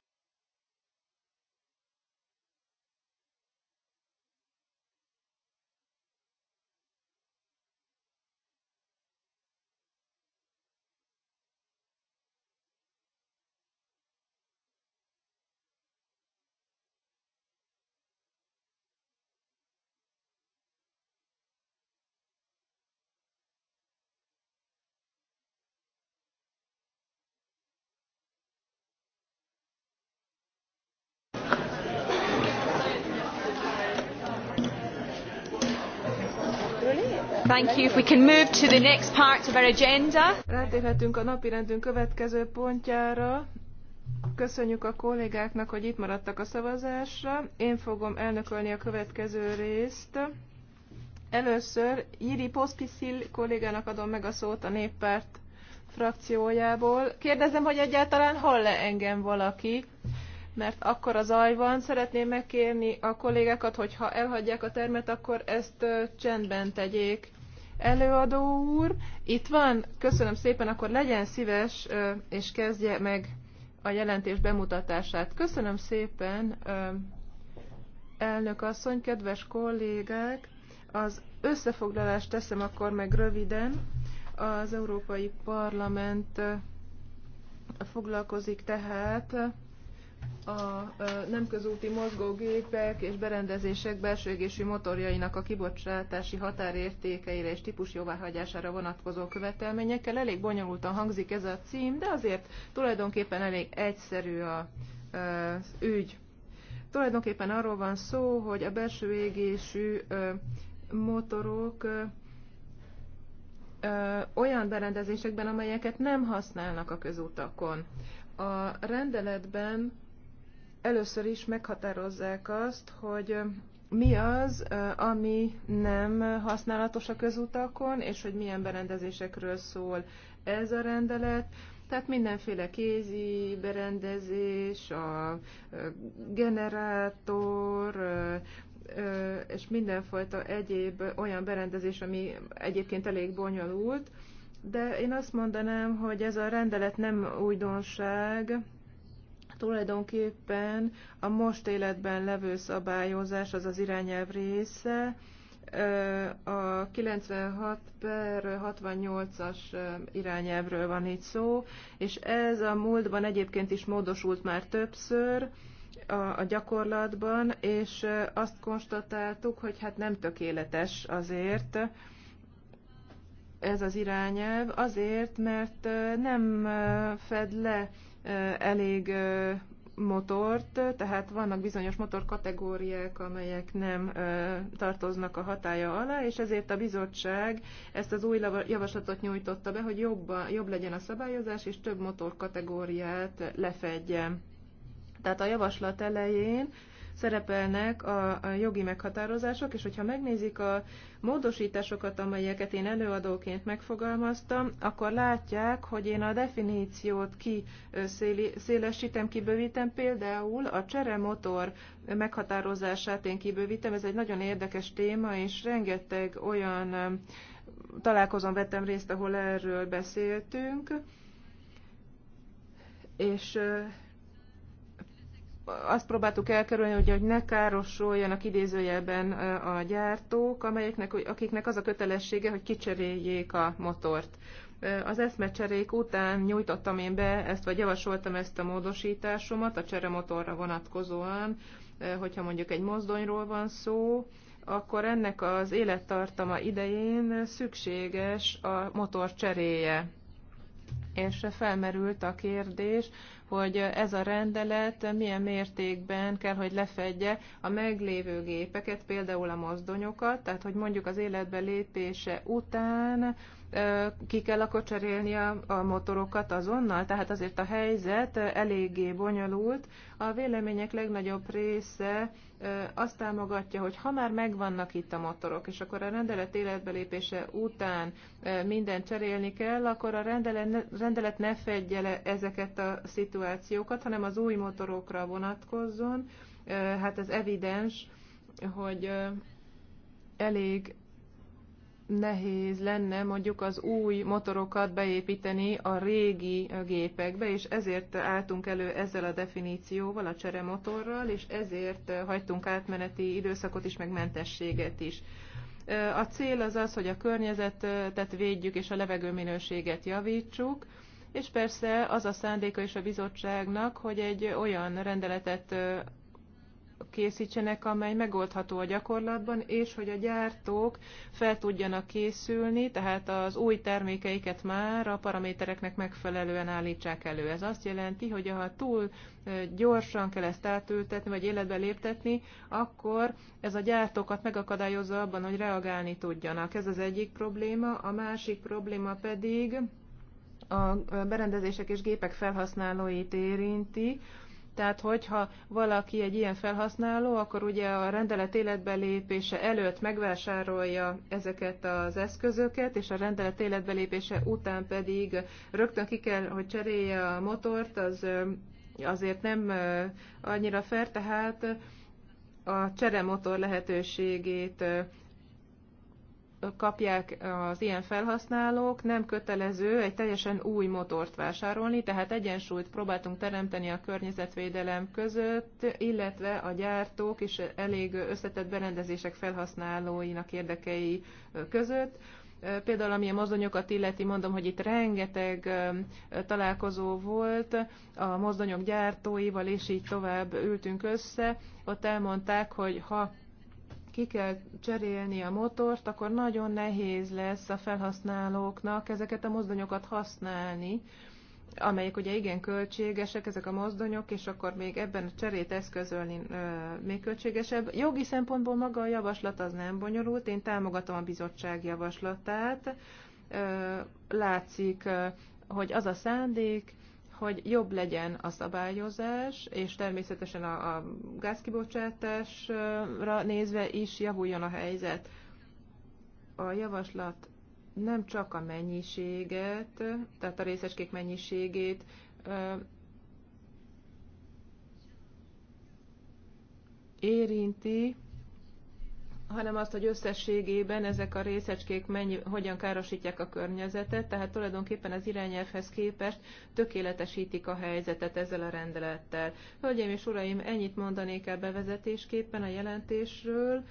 Thank you. If we can move to the next part of our agenda. Rátérhetünk a napirendünk következő pontjára. Köszönjük a kollégáknak, hogy itt maradtak a szavazásra. Én fogom elnökölni a következő részt. Először Jiri Pospisil kollégának adom meg a szót a néppárt frakciójából. Kérdezem, hogy egyáltalán hall-e engem valaki, mert akkor az zaj van. Szeretném megkérni a kollégákat, hogy ha elhagyják a termet, akkor ezt csendben tegyék. Előadó úr, itt van, köszönöm szépen, akkor legyen szíves, és kezdje meg a jelentés bemutatását. Köszönöm szépen, elnök asszony, kedves kollégák, az összefoglalást teszem akkor meg röviden. Az Európai Parlament foglalkozik tehát a nem közúti mozgógépek és berendezések belső égési motorjainak a kibocsátási határértékeire és típus jóváhagyására vonatkozó követelményekkel. Elég bonyolultan hangzik ez a cím, de azért tulajdonképpen elég egyszerű a, az ügy. Tulajdonképpen arról van szó, hogy a belső égésű motorok olyan berendezésekben, amelyeket nem használnak a közutakon. A rendeletben először is meghatározzák azt, hogy mi az, ami nem használatos a közutakon, és hogy milyen berendezésekről szól ez a rendelet. Tehát mindenféle kézi berendezés, a generátor, és mindenfajta egyéb olyan berendezés, ami egyébként elég bonyolult. De én azt mondanám, hogy ez a rendelet nem újdonság, Tulajdonképpen a most életben levő szabályozás az az irányelv része, a 96 per 68-as irányelvről van itt szó, és ez a múltban egyébként is módosult már többször a, a gyakorlatban, és azt konstatáltuk, hogy hát nem tökéletes azért ez az irányelv, azért, mert nem fed le elég motort, tehát vannak bizonyos motorkategóriák, amelyek nem ö, tartoznak a hatája alá, és ezért a bizottság ezt az új javaslatot nyújtotta be, hogy jobba, jobb legyen a szabályozás, és több motorkategóriát lefedje. Tehát a javaslat elején ö, szerepelnek a, a jogi meghatározások, és hogyha megnézik a módosításokat, amelyeket én előadóként megfogalmaztam, akkor látják, hogy én a definíciót kiszélesítem, kibővítem, például a cseremotor meghatározását én kibővítem, ez egy nagyon érdekes téma, és rengeteg olyan találkozón vettem részt, ahol erről beszéltünk, és azt próbáltuk elkerülni, hogy, hogy ne károsoljanak idézőjelben a gyártók, amelyeknek, akiknek az a kötelessége, hogy kicseréljék a motort. Az eszmecserék után nyújtottam én be ezt, vagy javasoltam ezt a módosításomat a cseremotorra vonatkozóan, hogyha mondjuk egy mozdonyról van szó, akkor ennek az élettartama idején szükséges a motor cseréje és felmerült a kérdés, hogy ez a rendelet milyen mértékben kell, hogy lefedje a meglévő gépeket, például a mozdonyokat, tehát hogy mondjuk az életbe lépése után ki kell akkor cserélni a, a motorokat azonnal, tehát azért a helyzet eléggé bonyolult. A vélemények legnagyobb része azt támogatja, hogy ha már megvannak itt a motorok, és akkor a rendelet életbelépése után mindent cserélni kell, akkor a rendelet, rendelet ne fedje le ezeket a szituációkat, hanem az új motorokra vonatkozzon. Hát ez evidens, hogy elég nehéz lenne mondjuk az új motorokat beépíteni a régi gépekbe, és ezért álltunk elő ezzel a definícióval, a cseremotorral, és ezért hagytunk átmeneti időszakot is, meg mentességet is. A cél az az, hogy a környezetet védjük és a levegőminőséget javítsuk, és persze az a szándéka is a bizottságnak, hogy egy olyan rendeletet készítsenek, amely megoldható a gyakorlatban, és hogy a gyártók fel tudjanak készülni, tehát az új termékeiket már a paramétereknek megfelelően állítsák elő. Ez azt jelenti, hogy ha túl gyorsan kell ezt átültetni, vagy életbe léptetni, akkor ez a gyártókat megakadályozza abban, hogy reagálni tudjanak. Ez az egyik probléma. A másik probléma pedig a berendezések és gépek felhasználóit érinti, tehát, hogyha valaki egy ilyen felhasználó, akkor ugye a rendelet életbe lépése előtt megvásárolja ezeket az eszközöket, és a rendelet életbe lépése után pedig rögtön ki kell, hogy cserélje a motort, az azért nem annyira fair, tehát a cseremotor lehetőségét kapják az ilyen felhasználók, nem kötelező egy teljesen új motort vásárolni, tehát egyensúlyt próbáltunk teremteni a környezetvédelem között, illetve a gyártók és elég összetett berendezések felhasználóinak érdekei között. Például ami a mozdonyokat illeti, mondom, hogy itt rengeteg találkozó volt a mozdonyok gyártóival, és így tovább ültünk össze. Ott elmondták, hogy ha ki kell cserélni a motort, akkor nagyon nehéz lesz a felhasználóknak ezeket a mozdonyokat használni, amelyek ugye igen költségesek, ezek a mozdonyok, és akkor még ebben a cserét eszközölni ö, még költségesebb. Jogi szempontból maga a javaslat az nem bonyolult, én támogatom a bizottság javaslatát, ö, látszik, ö, hogy az a szándék, hogy jobb legyen a szabályozás, és természetesen a, a gázkibocsátásra nézve is javuljon a helyzet. A javaslat nem csak a mennyiséget, tehát a részecskék mennyiségét érinti, hanem azt, hogy összességében ezek a részecskék mennyi, hogyan károsítják a környezetet, tehát tulajdonképpen az irányelvhez képest tökéletesítik a helyzetet ezzel a rendelettel. Hölgyeim és uraim, ennyit mondanék el bevezetésképpen a jelentésről.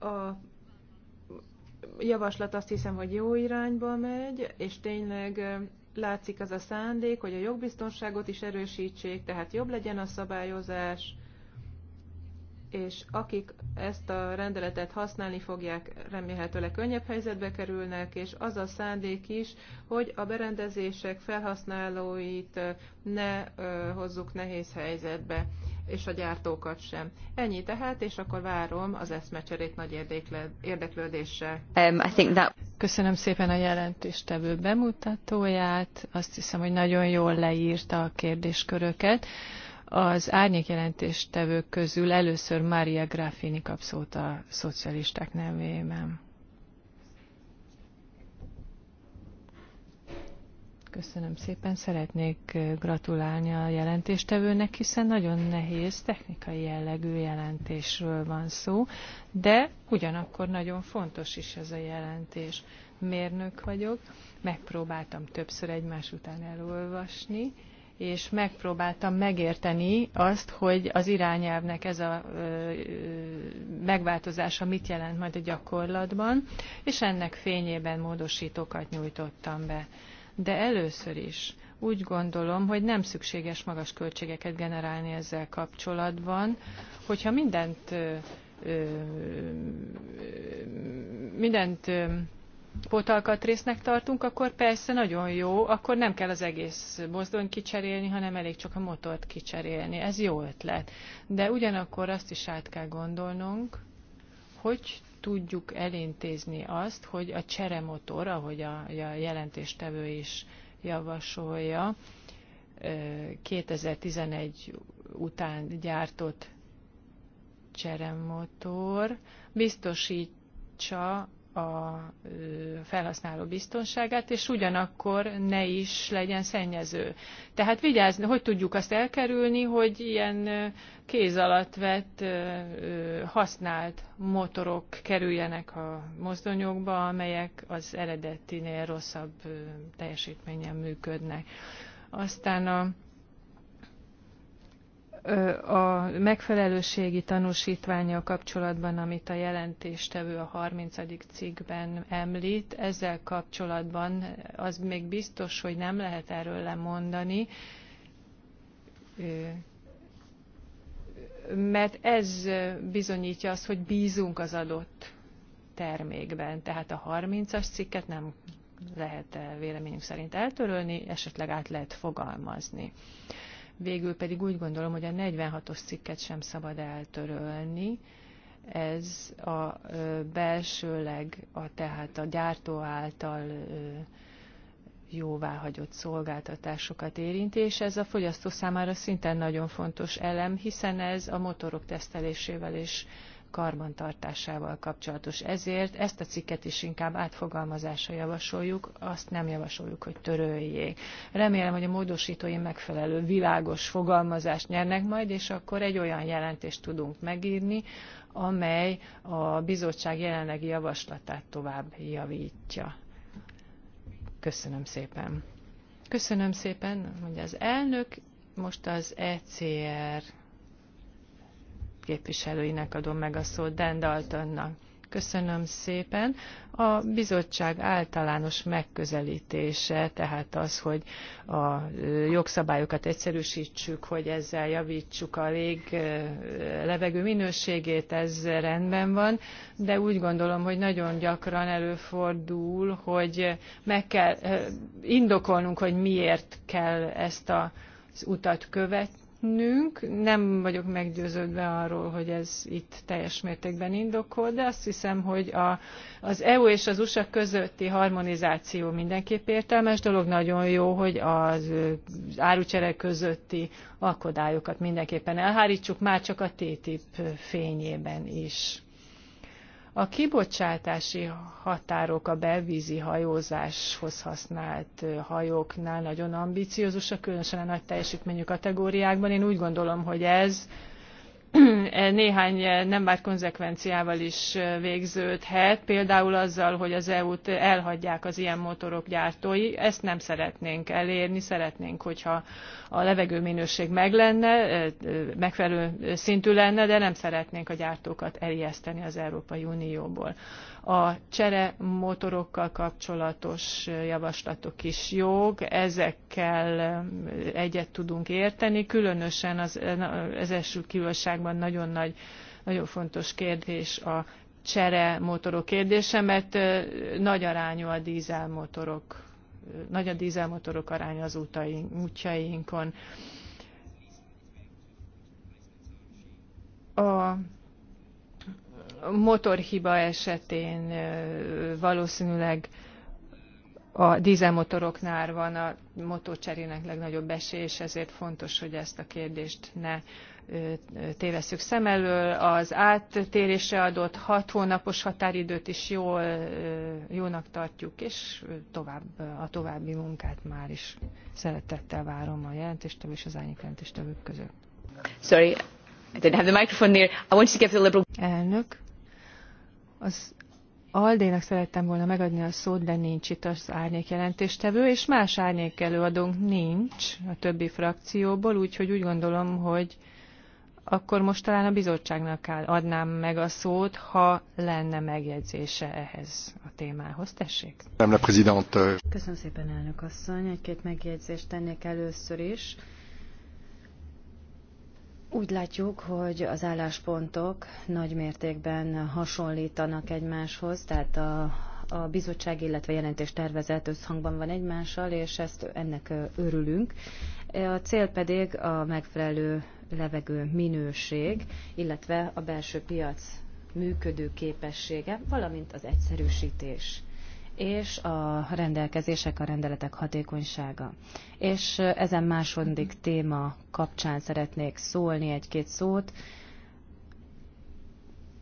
A javaslat azt hiszem, hogy jó irányba megy, és tényleg látszik az a szándék, hogy a jogbiztonságot is erősítsék, tehát jobb legyen a szabályozás, és akik ezt a rendeletet használni fogják, remélhetőleg könnyebb helyzetbe kerülnek, és az a szándék is, hogy a berendezések felhasználóit ne hozzuk nehéz helyzetbe, és a gyártókat sem. Ennyi tehát, és akkor várom az eszmecserét nagy érdeklődéssel. Um, I think that... Köszönöm szépen a jelentéstevő bemutatóját, azt hiszem, hogy nagyon jól leírta a kérdésköröket. Az árnyékjelentéstevők közül először Mária Graffini kap szót a szocialisták nevében. Köszönöm szépen. Szeretnék gratulálni a jelentéstevőnek, hiszen nagyon nehéz, technikai jellegű jelentésről van szó, de ugyanakkor nagyon fontos is ez a jelentés. Mérnök vagyok, megpróbáltam többször egymás után elolvasni, és megpróbáltam megérteni azt, hogy az irányelvnek ez a megváltozása mit jelent majd a gyakorlatban, és ennek fényében módosítókat nyújtottam be. De először is úgy gondolom, hogy nem szükséges magas költségeket generálni ezzel kapcsolatban, hogyha mindent mindent pótalkatrésznek tartunk, akkor persze nagyon jó, akkor nem kell az egész mozdony kicserélni, hanem elég csak a motort kicserélni. Ez jó ötlet. De ugyanakkor azt is át kell gondolnunk, hogy tudjuk elintézni azt, hogy a cseremotor, ahogy a, a jelentéstevő is javasolja, 2011 után gyártott cseremotor biztosítsa a felhasználó biztonságát, és ugyanakkor ne is legyen szennyező. Tehát vigyázni, hogy tudjuk azt elkerülni, hogy ilyen kéz alatt vett használt motorok kerüljenek a mozdonyokba, amelyek az eredetinél rosszabb teljesítményen működnek. Aztán a a megfelelőségi tanúsítványa kapcsolatban, amit a jelentéstevő a 30. cikkben említ, ezzel kapcsolatban az még biztos, hogy nem lehet erről lemondani, mert ez bizonyítja azt, hogy bízunk az adott termékben. Tehát a 30-as cikket nem lehet véleményünk szerint eltörölni, esetleg át lehet fogalmazni. Végül pedig úgy gondolom, hogy a 46-os cikket sem szabad eltörölni. Ez a belsőleg, a, tehát a gyártó által jóváhagyott szolgáltatásokat érinti, és ez a fogyasztó számára szintén nagyon fontos elem, hiszen ez a motorok tesztelésével és karbantartásával kapcsolatos. Ezért ezt a cikket is inkább átfogalmazásra javasoljuk, azt nem javasoljuk, hogy töröljék. Remélem, hogy a módosítói megfelelő világos fogalmazást nyernek majd, és akkor egy olyan jelentést tudunk megírni, amely a bizottság jelenlegi javaslatát tovább javítja. Köszönöm szépen. Köszönöm szépen, hogy az elnök most az ECR képviselőinek adom meg a szót, Dan Daltonnak. Köszönöm szépen. A bizottság általános megközelítése, tehát az, hogy a jogszabályokat egyszerűsítsük, hogy ezzel javítsuk a lég levegő minőségét, ez rendben van, de úgy gondolom, hogy nagyon gyakran előfordul, hogy meg kell indokolnunk, hogy miért kell ezt a az utat követni, lépnünk. Nem vagyok meggyőződve arról, hogy ez itt teljes mértékben indokol, de azt hiszem, hogy a, az EU és az USA közötti harmonizáció mindenképp értelmes dolog. Nagyon jó, hogy az árucsere közötti akadályokat mindenképpen elhárítsuk, már csak a TTIP fényében is. A kibocsátási határok a belvízi hajózáshoz használt hajóknál nagyon ambiciózusak, különösen a nagy teljesítményű kategóriákban. Én úgy gondolom, hogy ez <clears throat> néhány eh, nem várt konzekvenciával is eh, végződhet, például azzal, hogy az EU-t elhagyják az ilyen motorok gyártói. Ezt nem szeretnénk elérni, szeretnénk, hogyha a levegőminőség meg lenne, eh, megfelelő szintű lenne, de nem szeretnénk a gyártókat elijeszteni az Európai Unióból. A csere motorokkal kapcsolatos javaslatok is jók, ezekkel egyet tudunk érteni, különösen az, az első Németországban nagyon nagy, nagyon fontos kérdés a csere motorok kérdése, mert nagy arányú a dízelmotorok, nagy a dízelmotorok aránya az utaink, útjainkon. A motorhiba esetén valószínűleg a dízelmotoroknál van a motorcserének legnagyobb esély, és ezért fontos, hogy ezt a kérdést ne tévesszük szem elől, az áttérésre adott hat hónapos határidőt is jól, jónak tartjuk, és tovább, a további munkát már is szeretettel várom a jelentéstől és az ányik jelentéstől között. Sorry, I didn't have the microphone near. I want to give the liberal... Elnök, az Aldénak szerettem volna megadni a szót, de nincs itt az árnyék jelentéstevő, és más árnyék előadónk nincs a többi frakcióból, úgyhogy úgy gondolom, hogy akkor most talán a bizottságnak adnám meg a szót, ha lenne megjegyzése ehhez a témához. Tessék! Köszönöm szépen, elnök asszony. Egy-két megjegyzést tennék először is. Úgy látjuk, hogy az álláspontok nagy mértékben hasonlítanak egymáshoz, tehát a, a bizottság, illetve jelentés tervezet összhangban van egymással, és ezt ennek örülünk. A cél pedig a megfelelő levegő minőség, illetve a belső piac működő képessége, valamint az egyszerűsítés és a rendelkezések, a rendeletek hatékonysága. És eh, ezen második téma kapcsán szeretnék szólni egy-két szót.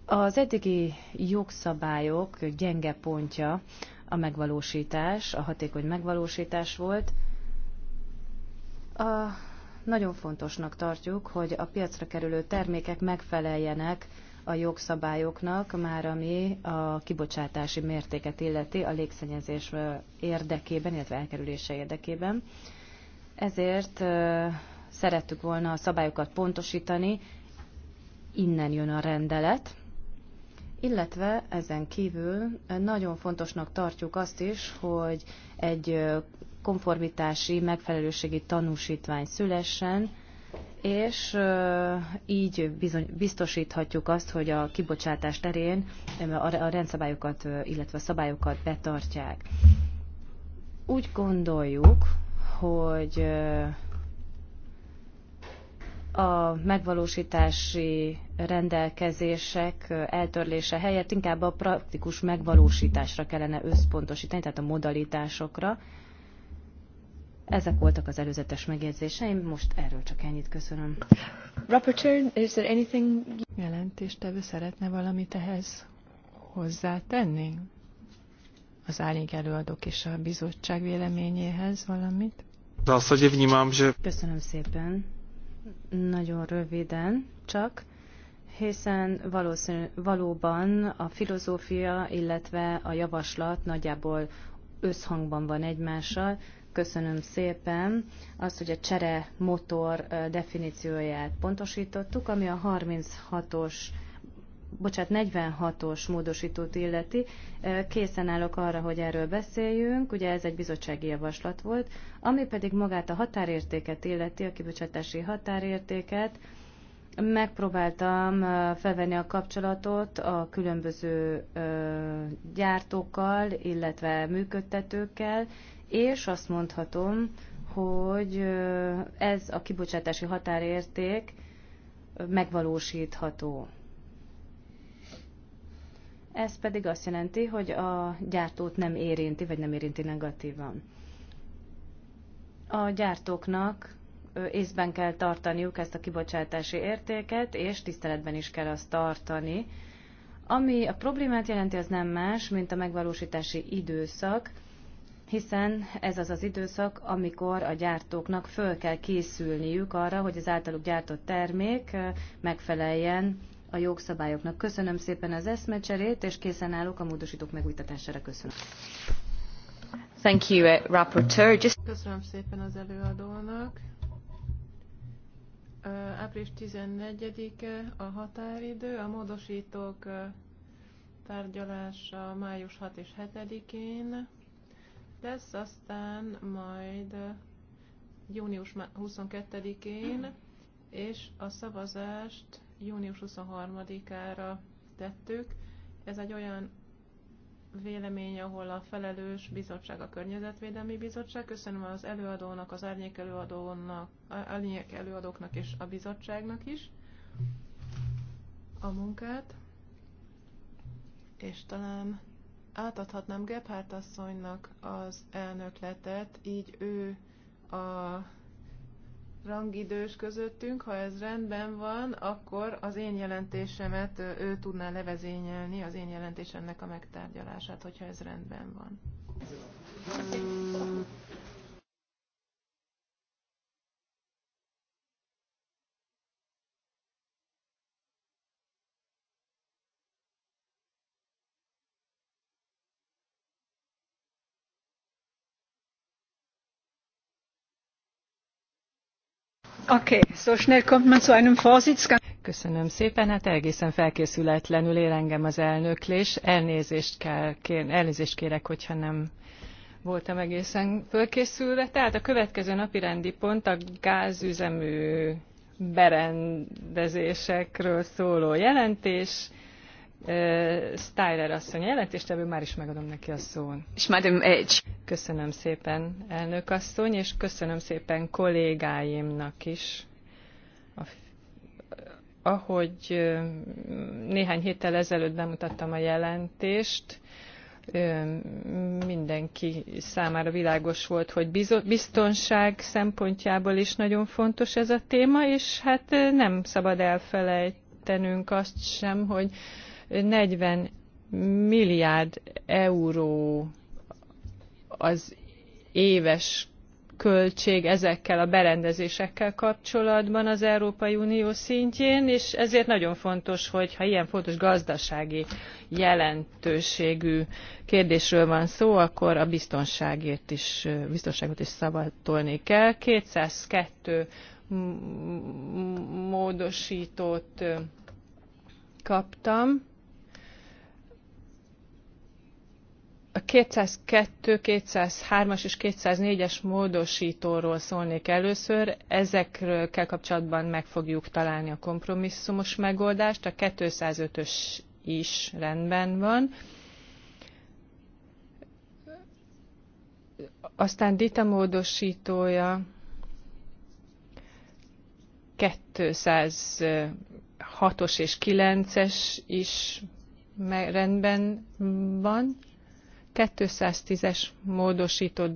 Az eddigi jogszabályok gyenge pontja a megvalósítás, a hatékony megvalósítás volt. A nagyon fontosnak tartjuk, hogy a piacra kerülő termékek megfeleljenek a jogszabályoknak, már ami a kibocsátási mértéket illeti a légszennyezés érdekében, illetve elkerülése érdekében. Ezért szerettük volna a szabályokat pontosítani, innen jön a rendelet, illetve ezen kívül nagyon fontosnak tartjuk azt is, hogy egy konformitási, megfelelőségi tanúsítvány szülessen, és így bizony, biztosíthatjuk azt, hogy a kibocsátás terén a rendszabályokat, illetve a szabályokat betartják. Úgy gondoljuk, hogy a megvalósítási rendelkezések eltörlése helyett inkább a praktikus megvalósításra kellene összpontosítani, tehát a modalitásokra, ezek voltak az előzetes megjegyzéseim, most erről csak ennyit köszönöm. Rapporteur, is there anything... Jelentéstevő szeretne valamit ehhez hozzátenni? Az állink előadók és a bizottság véleményéhez valamit? Köszönöm szépen. Nagyon röviden csak hiszen valószínű, valóban a filozófia, illetve a javaslat nagyjából összhangban van egymással, Köszönöm szépen azt, hogy a csere motor definícióját pontosítottuk, ami a 36-os bocsánat, 46-os módosítót illeti. Készen állok arra, hogy erről beszéljünk, ugye ez egy bizottsági javaslat volt, ami pedig magát a határértéket illeti, a kibocsátási határértéket. Megpróbáltam felvenni a kapcsolatot a különböző gyártókkal, illetve működtetőkkel, és azt mondhatom, hogy ez a kibocsátási határérték megvalósítható. Ez pedig azt jelenti, hogy a gyártót nem érinti, vagy nem érinti negatívan. A gyártóknak észben kell tartaniuk ezt a kibocsátási értéket, és tiszteletben is kell azt tartani. Ami a problémát jelenti, az nem más, mint a megvalósítási időszak, hiszen ez az az időszak, amikor a gyártóknak föl kell készülniük arra, hogy az általuk gyártott termék megfeleljen a jogszabályoknak. Köszönöm szépen az eszmecserét, és készen állok a módosítók megújtatására. Köszönöm. Thank you, eh, Rapporteur. Just... Köszönöm szépen az előadónak. Április 14-e a határidő, a módosítók tárgyalása május 6 és 7-én lesz, aztán majd június 22-én, és a szavazást június 23-ára tettük. Ez egy olyan vélemény, ahol a felelős bizottság a Környezetvédelmi Bizottság. Köszönöm az előadónak, az árnyék, előadónak, árnyék előadóknak és a bizottságnak is a munkát. És talán átadhatnám Gebhardt asszonynak az elnökletet, így ő a rangidős közöttünk, ha ez rendben van, akkor az én jelentésemet ő tudná levezényelni, az én jelentésemnek a megtárgyalását, hogyha ez rendben van. Mm. Okay, so schnell kommt man zu einem Vorsitz. Köszönöm szépen, hát egészen felkészületlenül ér engem az elnöklés. Elnézést, kell, kér, elnézést kérek, hogyha nem voltam egészen fölkészülve. Tehát a következő napi rendi pont a gázüzemű berendezésekről szóló jelentés. Styler asszony jelentéstevő, már is megadom neki a szót. És Madam H. Köszönöm szépen, elnök asszony, és köszönöm szépen kollégáimnak is. A, ahogy néhány héttel ezelőtt bemutattam a jelentést, mindenki számára világos volt, hogy biztonság szempontjából is nagyon fontos ez a téma, és hát nem szabad elfelejtenünk azt sem, hogy 40 milliárd euró az éves költség ezekkel a berendezésekkel kapcsolatban az Európai Unió szintjén, és ezért nagyon fontos, hogy ha ilyen fontos gazdasági jelentőségű kérdésről van szó, akkor a biztonságért is, biztonságot is szabadtolni kell. 202 módosítót kaptam A 202, 203-as és 204-es módosítóról szólnék először. Ezekkel kapcsolatban meg fogjuk találni a kompromisszumos megoldást. A 205-ös is rendben van. Aztán Dita módosítója 206-os és 9-es is rendben van. 210-es módosító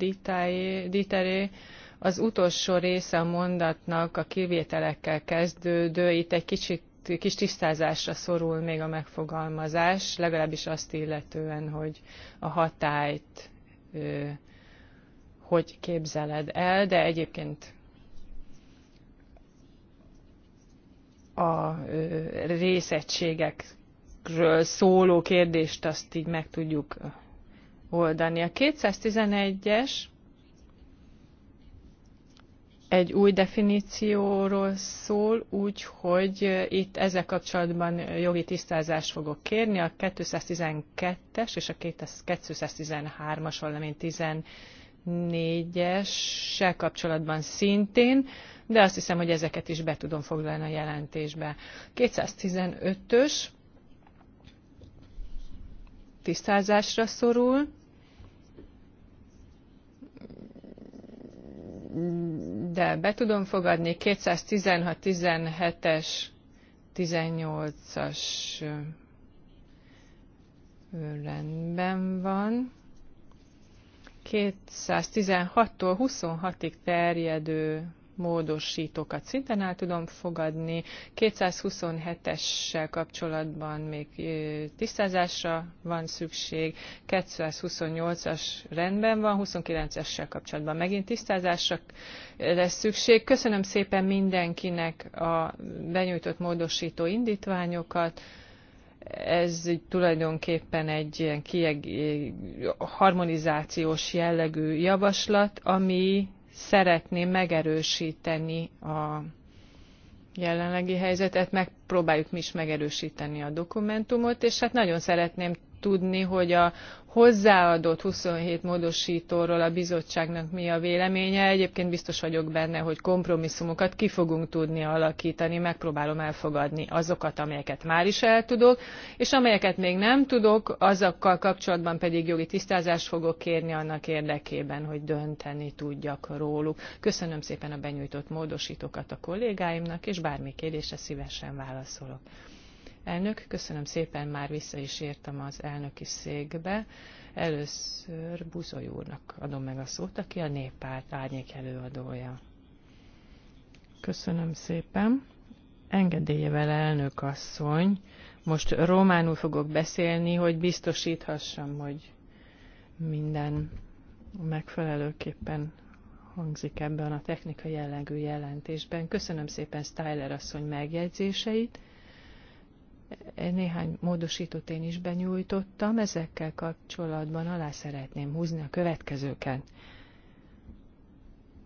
díteré az utolsó része a mondatnak a kivételekkel kezdődő, itt egy kicsit kis tisztázásra szorul még a megfogalmazás, legalábbis azt illetően, hogy a hatályt ö, hogy képzeled el, de egyébként a ö, részegységekről szóló kérdést azt így meg tudjuk oldani. A 211-es egy új definícióról szól, úgyhogy itt ezzel kapcsolatban jogi tisztázást fogok kérni. A 212-es és a 213-as, valamint 14-essel kapcsolatban szintén, de azt hiszem, hogy ezeket is be tudom foglalni a jelentésbe. 215-ös tisztázásra szorul de be tudom fogadni 216, 17-es, 18-as rendben van. 216-tól 26-ig terjedő módosítókat szinten el tudom fogadni. 227-essel kapcsolatban még tisztázásra van szükség, 228-as rendben van, 29-essel kapcsolatban megint tisztázásra lesz szükség. Köszönöm szépen mindenkinek a benyújtott módosító indítványokat ez tulajdonképpen egy ilyen kieg- harmonizációs jellegű javaslat, ami szeretném megerősíteni a jelenlegi helyzetet, megpróbáljuk mi is megerősteni a dokumentumot, és hát nagyon szeretném tudni, hogy a hozzáadott 27 módosítóról a bizottságnak mi a véleménye. Egyébként biztos vagyok benne, hogy kompromisszumokat ki fogunk tudni alakítani, megpróbálom elfogadni azokat, amelyeket már is el tudok, és amelyeket még nem tudok, azokkal kapcsolatban pedig jogi tisztázást fogok kérni annak érdekében, hogy dönteni tudjak róluk. Köszönöm szépen a benyújtott módosítókat a kollégáimnak, és bármi kérdésre szívesen válaszolok. Elnök, köszönöm szépen, már vissza is értem az elnöki székbe. Először Buzoly úrnak adom meg a szót, aki a néppárt árnyék előadója. Köszönöm szépen. Engedélyevel elnök asszony. Most románul fogok beszélni, hogy biztosíthassam, hogy minden megfelelőképpen hangzik ebben a technikai jellegű jelentésben. Köszönöm szépen Styler asszony megjegyzéseit néhány módosítót én is benyújtottam, ezekkel kapcsolatban alá szeretném húzni a következőket.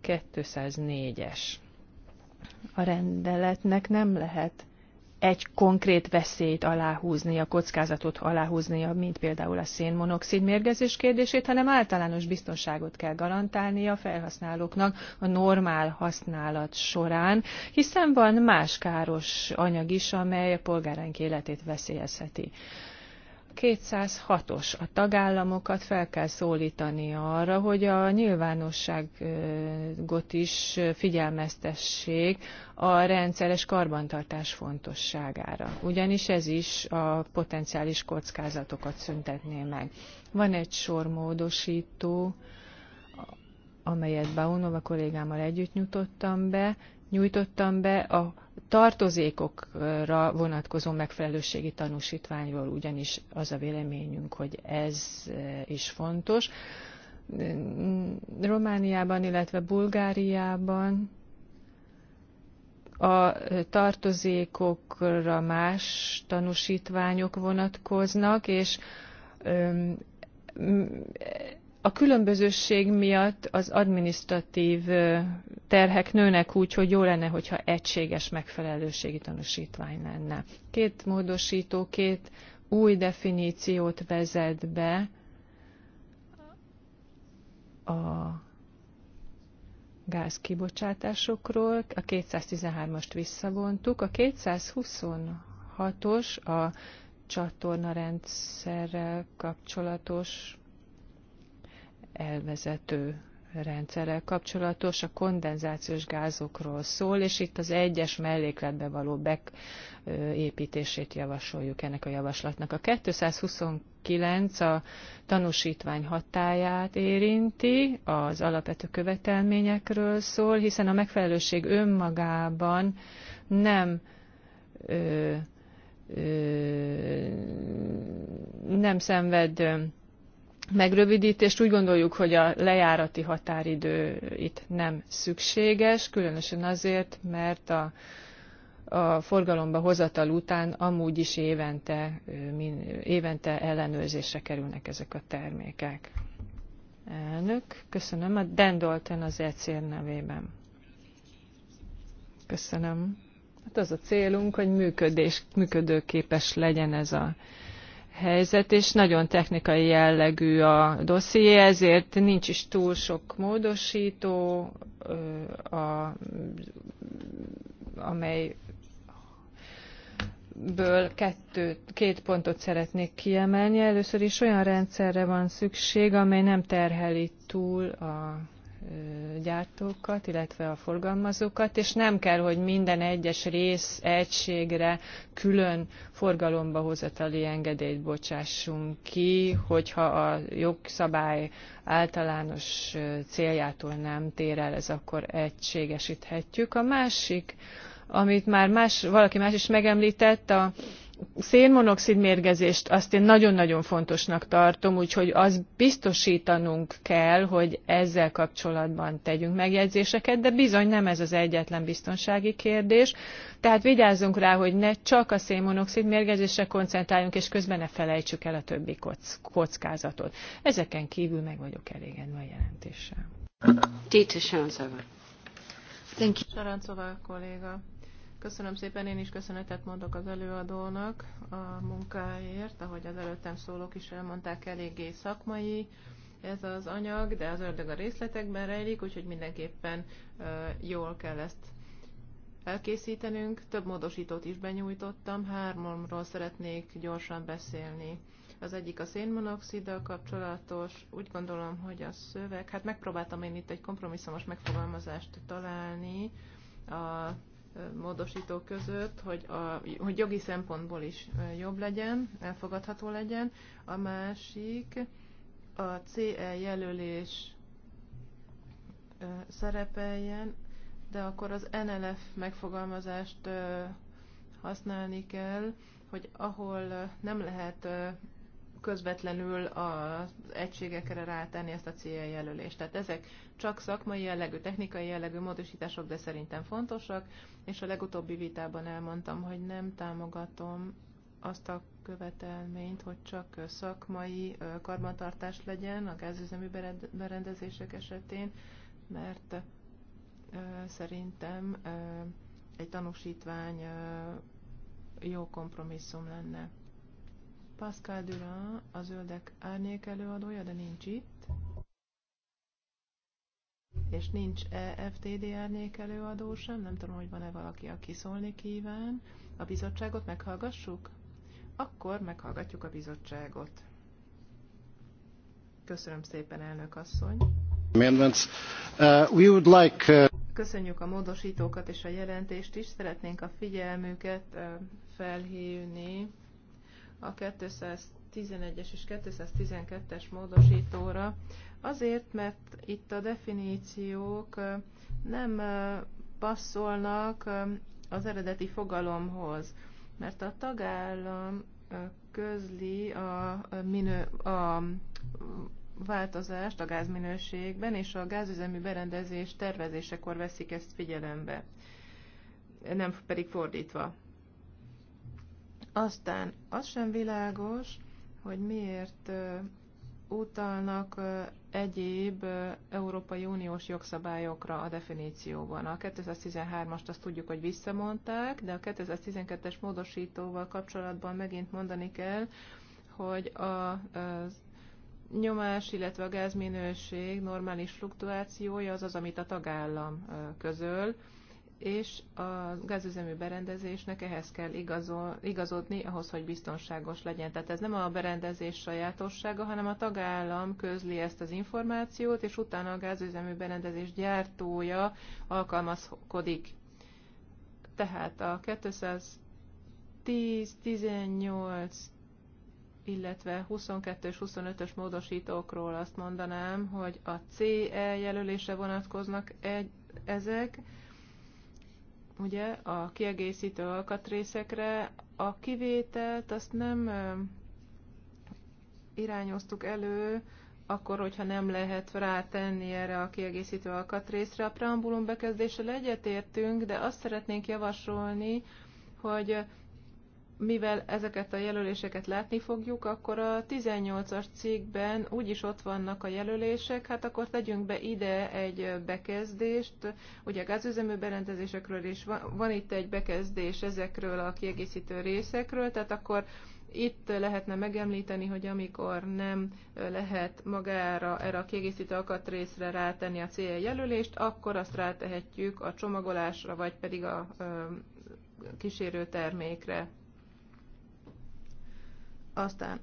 204-es. A rendeletnek nem lehet egy konkrét veszélyt aláhúzni, a kockázatot aláhúzni, mint például a szénmonoxid mérgezés kérdését, hanem általános biztonságot kell garantálni a felhasználóknak a normál használat során, hiszen van más káros anyag is, amely a polgáraink életét veszélyezheti. 206-os. A tagállamokat fel kell szólítani arra, hogy a nyilvánosságot is figyelmeztessék a rendszeres karbantartás fontosságára. Ugyanis ez is a potenciális kockázatokat szüntetné meg. Van egy sor módosító, amelyet Baunova kollégámmal együtt nyújtottam be, nyújtottam be a tartozékokra vonatkozó megfelelőségi tanúsítványról ugyanis az a véleményünk, hogy ez e, is fontos. Romániában, illetve Bulgáriában a tartozékokra más tanúsítványok vonatkoznak, és a különbözőség miatt az adminisztratív terhek nőnek úgy, hogy jó lenne, hogyha egységes megfelelőségi tanúsítvány lenne. Két módosító, két új definíciót vezet be a gázkibocsátásokról. A 213-ast visszavontuk. A 226-os a csatornarendszerrel kapcsolatos elvezető rendszerrel kapcsolatos, a kondenzációs gázokról szól, és itt az egyes mellékletbe való beépítését javasoljuk ennek a javaslatnak. A 229 a tanúsítvány hatáját érinti, az alapvető követelményekről szól, hiszen a megfelelőség önmagában nem ö, ö, nem szenved megrövidítést. Úgy gondoljuk, hogy a lejárati határidő itt nem szükséges, különösen azért, mert a, a forgalomba hozatal után amúgy is évente, évente ellenőrzésre kerülnek ezek a termékek. Elnök, köszönöm. A Dendolten az ECR nevében. Köszönöm. Hát az a célunk, hogy működés, működőképes legyen ez a helyzet, és nagyon technikai jellegű a dosszié, ezért nincs is túl sok módosító, a, amely ből kettő, két pontot szeretnék kiemelni. Először is olyan rendszerre van szükség, amely nem terheli túl a gyártókat, illetve a forgalmazókat, és nem kell, hogy minden egyes rész egységre külön forgalomba hozatali engedélyt bocsássunk ki, hogyha a jogszabály általános céljától nem tér el, ez akkor egységesíthetjük. A másik, amit már más, valaki más is megemlített, a szénmonoxid mérgezést azt én nagyon-nagyon fontosnak tartom, úgyhogy az biztosítanunk kell, hogy ezzel kapcsolatban tegyünk megjegyzéseket, de bizony nem ez az egyetlen biztonsági kérdés. Tehát vigyázzunk rá, hogy ne csak a szénmonoxid mérgezésre koncentráljunk, és közben ne felejtsük el a többi kockázatot. Ezeken kívül meg vagyok elégedve a jelentéssel. Dieter Sáncova. Thank you. kolléga. Köszönöm szépen, én is köszönetet mondok az előadónak a munkáért, ahogy az előttem szólók is elmondták, eléggé szakmai ez az anyag, de az ördög a részletekben rejlik, úgyhogy mindenképpen jól kell ezt elkészítenünk. Több módosítót is benyújtottam, hármomról szeretnék gyorsan beszélni. Az egyik a szénmonoxiddal kapcsolatos, úgy gondolom, hogy a szöveg, hát megpróbáltam én itt egy kompromisszumos megfogalmazást találni a módosító között, hogy, a, hogy jogi szempontból is jobb legyen, elfogadható legyen. A másik a CE jelölés szerepeljen, de akkor az NLF megfogalmazást használni kell, hogy ahol nem lehet közvetlenül az egységekre rátenni ezt a céljelölést. Tehát ezek csak szakmai jellegű, technikai jellegű módosítások, de szerintem fontosak, és a legutóbbi vitában elmondtam, hogy nem támogatom azt a követelményt, hogy csak szakmai karbantartás legyen a gázüzemű berendezések esetén, mert szerintem egy tanúsítvány jó kompromisszum lenne. Pascal Durand, a zöldek árnyék előadója, de nincs itt. És nincs EFTD árnyék előadó sem, nem tudom, hogy van-e valaki, aki szólni kíván. A bizottságot meghallgassuk? Akkor meghallgatjuk a bizottságot. Köszönöm szépen, elnök asszony. Uh, uh, Köszönjük a módosítókat és a jelentést is. Szeretnénk a figyelmüket uh, felhívni a 211-es és 212-es módosítóra, azért, mert itt a definíciók nem passzolnak az eredeti fogalomhoz, mert a tagállam közli a, minő, a változást a gázminőségben, és a gázüzemű berendezés tervezésekor veszik ezt figyelembe, nem pedig fordítva. Aztán az sem világos, hogy miért utalnak egyéb Európai Uniós jogszabályokra a definícióban. A 2013-ast azt tudjuk, hogy visszamondták, de a 2012-es módosítóval kapcsolatban megint mondani kell, hogy a nyomás, illetve a gázminőség normális fluktuációja az az, amit a tagállam közöl és a gázüzemű berendezésnek ehhez kell igazol, igazodni, ahhoz, hogy biztonságos legyen. Tehát ez nem a berendezés sajátossága, hanem a tagállam közli ezt az információt, és utána a gázüzemű berendezés gyártója alkalmazkodik. Tehát a 210, 18, illetve 22 és 25-ös módosítókról azt mondanám, hogy a CE jelölése vonatkoznak egy, ezek, ugye a kiegészítő alkatrészekre a kivételt azt nem irányoztuk elő, akkor, hogyha nem lehet rátenni erre a kiegészítő alkatrészre. A preambulum bekezdéssel egyetértünk, de azt szeretnénk javasolni, hogy mivel ezeket a jelöléseket látni fogjuk, akkor a 18-as cikkben úgyis ott vannak a jelölések, hát akkor tegyünk be ide egy bekezdést, ugye a gázüzemű berendezésekről is van, van itt egy bekezdés ezekről a kiegészítő részekről, tehát akkor itt lehetne megemlíteni, hogy amikor nem lehet magára erre a kiegészítő alkatrészre rátenni a CE jelölést, akkor azt rátehetjük a csomagolásra, vagy pedig a kísérő termékre. Aztán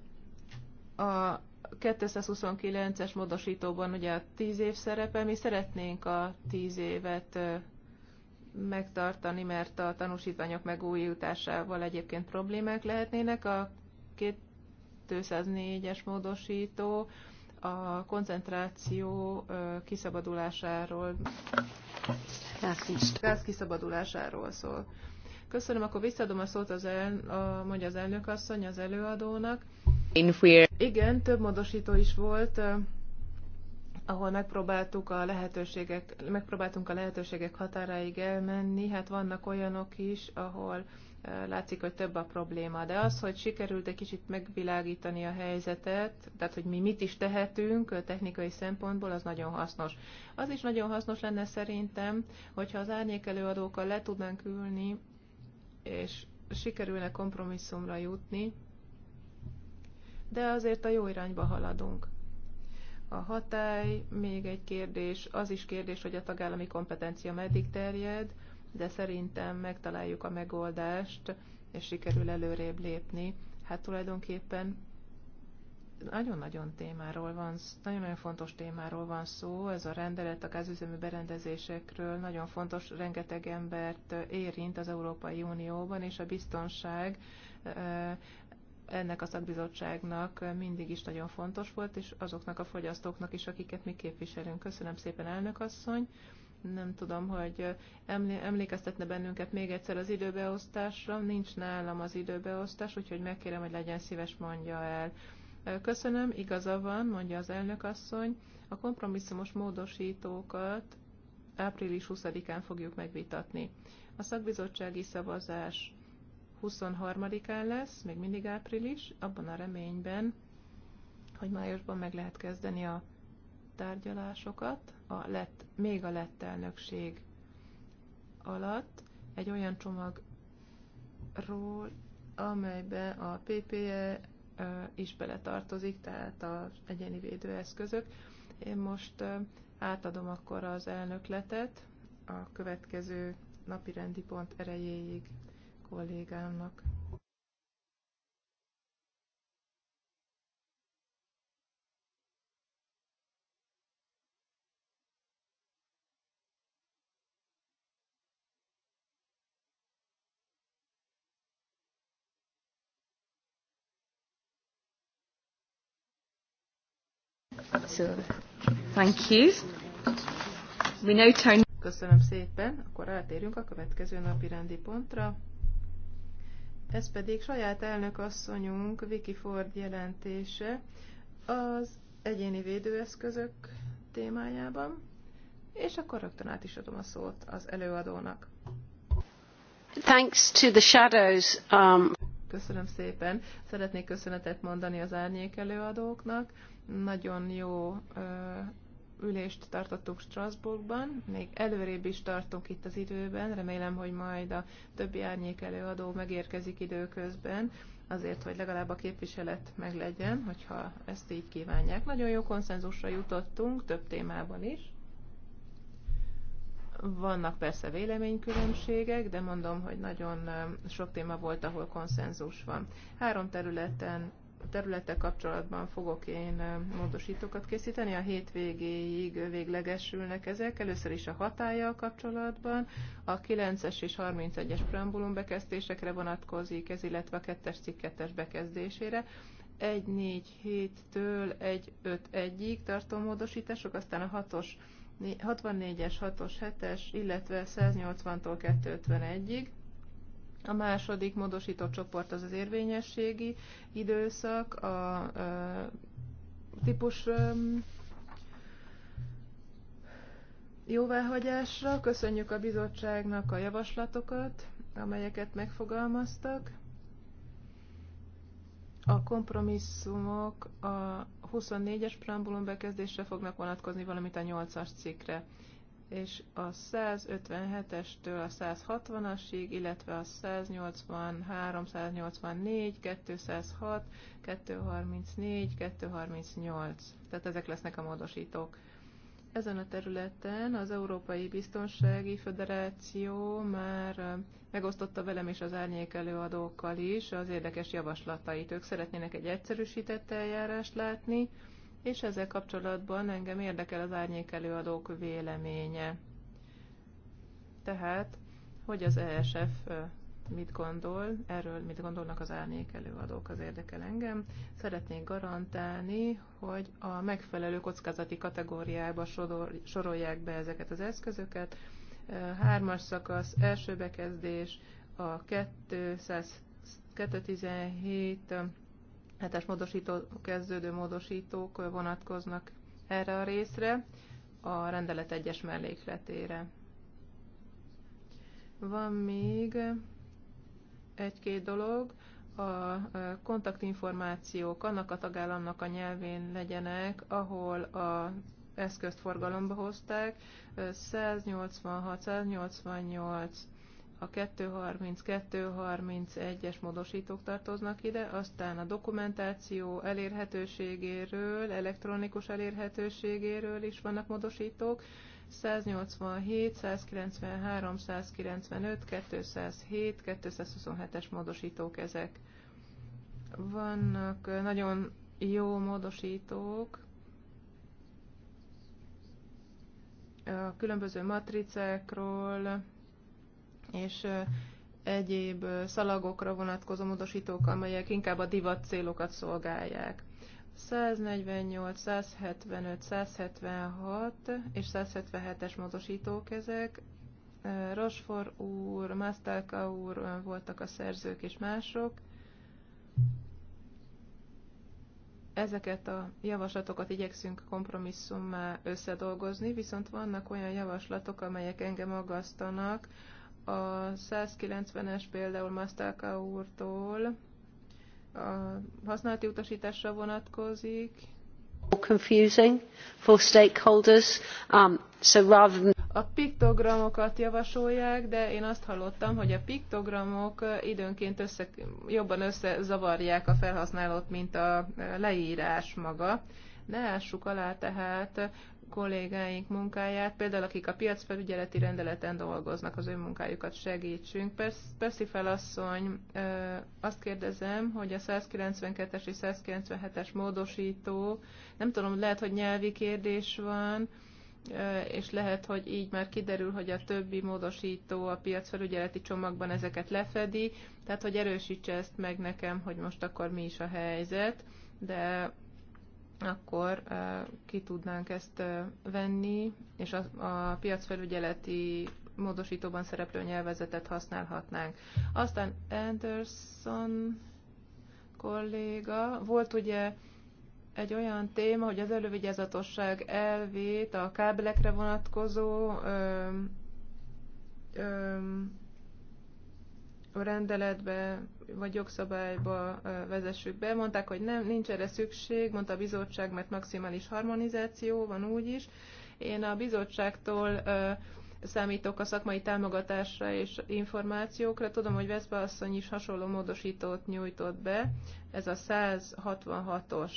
a 229-es módosítóban ugye a 10 év szerepe, mi szeretnénk a 10 évet megtartani, mert a tanúsítványok megújításával egyébként problémák lehetnének. A 204-es módosító a koncentráció kiszabadulásáról, gáz kiszabadulásáról szól. Köszönöm, akkor visszaadom a szót az el, a, mondja az elnök asszony az előadónak. Igen, több módosító is volt, eh, ahol megpróbáltuk a lehetőségek, megpróbáltunk a lehetőségek határáig elmenni. Hát vannak olyanok is, ahol eh, látszik, hogy több a probléma. De az, hogy sikerült egy kicsit megvilágítani a helyzetet, tehát hogy mi mit is tehetünk eh, technikai szempontból, az nagyon hasznos. Az is nagyon hasznos lenne szerintem, hogyha az árnyékelőadókkal le tudnánk ülni és sikerülne kompromisszumra jutni, de azért a jó irányba haladunk. A hatály még egy kérdés, az is kérdés, hogy a tagállami kompetencia meddig terjed, de szerintem megtaláljuk a megoldást, és sikerül előrébb lépni. Hát tulajdonképpen nagyon-nagyon témáról van, nagyon-nagyon fontos témáról van szó, ez a rendelet a gázüzemű berendezésekről nagyon fontos, rengeteg embert érint az Európai Unióban, és a biztonság ennek a szakbizottságnak mindig is nagyon fontos volt, és azoknak a fogyasztóknak is, akiket mi képviselünk. Köszönöm szépen, elnök asszony! nem tudom, hogy emlékeztetne bennünket még egyszer az időbeosztásra. Nincs nálam az időbeosztás, úgyhogy megkérem, hogy legyen szíves, mondja el. Köszönöm, igaza van, mondja az elnök asszony. A kompromisszumos módosítókat április 20-án fogjuk megvitatni. A szakbizottsági szavazás 23-án lesz, még mindig április, abban a reményben, hogy májusban meg lehet kezdeni a tárgyalásokat a lett, még a lett elnökség alatt egy olyan csomagról, amelybe a PPE, is beletartozik, tehát az egyéni védőeszközök. Én most átadom akkor az elnökletet a következő napirendi pont erejéig kollégámnak. thank you. We now turn... Köszönöm szépen. Akkor eltérünk a következő napi rendi pontra. Ez pedig saját elnök asszonyunk Vicky Ford jelentése az egyéni védőeszközök témájában. És akkor rögtön át is adom a szót az előadónak. Thanks to the shadows. Um... Köszönöm szépen. Szeretnék köszönetet mondani az árnyék előadóknak nagyon jó ülést tartottunk Strasbourgban, még előrébb is tartunk itt az időben, remélem, hogy majd a többi árnyék előadó megérkezik időközben, azért, hogy legalább a képviselet meglegyen, hogyha ezt így kívánják. Nagyon jó konszenzusra jutottunk, több témában is. Vannak persze véleménykülönbségek, de mondom, hogy nagyon sok téma volt, ahol konszenzus van. Három területen területe kapcsolatban fogok én módosítókat készíteni. A hétvégéig véglegesülnek ezek. Először is a hatája a kapcsolatban. A 9-es és 31-es preambulum bekezdésekre vonatkozik ez, illetve a 2-es cikk 2 bekezdésére. 1-4-7-től 1-5-1-ig tartó módosítások, aztán a 6-os 64-es, 6-os, 7-es, illetve 180-tól 251-ig a második módosított csoport az az érvényességi időszak, a, a típus jóváhagyásra. Köszönjük a bizottságnak a javaslatokat, amelyeket megfogalmaztak. A kompromisszumok a 24-es preambulum bekezdésre fognak vonatkozni, valamint a 8-as cikkre és a 157-estől a 160-asig, illetve a 183, 184, 206, 234, 238. Tehát ezek lesznek a módosítók. Ezen a területen az Európai Biztonsági Föderáció már megosztotta velem és az árnyék előadókkal is az érdekes javaslatait. Ők szeretnének egy egyszerűsített eljárást látni, és ezzel kapcsolatban engem érdekel az árnyék előadók véleménye. Tehát, hogy az ESF mit gondol, erről mit gondolnak az árnyék előadók, az érdekel engem. Szeretnék garantálni, hogy a megfelelő kockázati kategóriába sorolják be ezeket az eszközöket. Hármas szakasz, első bekezdés, a 217 hetes módosító, kezdődő módosítók vonatkoznak erre a részre, a rendelet egyes mellékletére. Van még egy-két dolog, a kontaktinformációk annak a tagállamnak a nyelvén legyenek, ahol a eszközt forgalomba hozták, 186, 188, a 232-31-es módosítók tartoznak ide, aztán a dokumentáció elérhetőségéről, elektronikus elérhetőségéről is vannak módosítók, 187, 193, 195, 207, 227-es módosítók ezek. Vannak eh, nagyon jó módosítók, a különböző matricákról, és egyéb szalagokra vonatkozó módosítók, amelyek inkább a divat célokat szolgálják. 148, 175, 176 és 177-es módosítók ezek. Rosfor úr, Masztálka úr voltak a szerzők és mások. Ezeket a javaslatokat igyekszünk kompromisszummá összedolgozni, viszont vannak olyan javaslatok, amelyek engem aggasztanak, a 190-es például Masztáka úrtól a használati utasításra vonatkozik. Confusing for stakeholders, um, so rather than... A piktogramokat javasolják, de én azt hallottam, hogy a piktogramok időnként össze, jobban összezavarják a felhasználót, mint a leírás maga. Ne ássuk alá tehát kollégáink munkáját, például akik a piacfelügyeleti rendeleten dolgoznak, az ő munkájukat segítsünk. Persze asszony, azt kérdezem, hogy a 192-es és 197-es módosító, nem tudom, lehet, hogy nyelvi kérdés van, és lehet, hogy így már kiderül, hogy a többi módosító a piacfelügyeleti csomagban ezeket lefedi, tehát hogy erősítse ezt meg nekem, hogy most akkor mi is a helyzet, de akkor ki tudnánk ezt venni, és a, a piacfelügyeleti módosítóban szereplő nyelvezetet használhatnánk. Aztán Anderson kolléga, volt ugye egy olyan téma, hogy az elővigyázatosság elvét a kábelekre vonatkozó öm, öm, rendeletbe vagy jogszabályba vezessük be. Mondták, hogy nem, nincs erre szükség, mondta a bizottság, mert maximális harmonizáció van úgy is. Én a bizottságtól számítok a szakmai támogatásra és információkra. Tudom, hogy Veszpa asszony is hasonló módosítót nyújtott be, ez a 166-os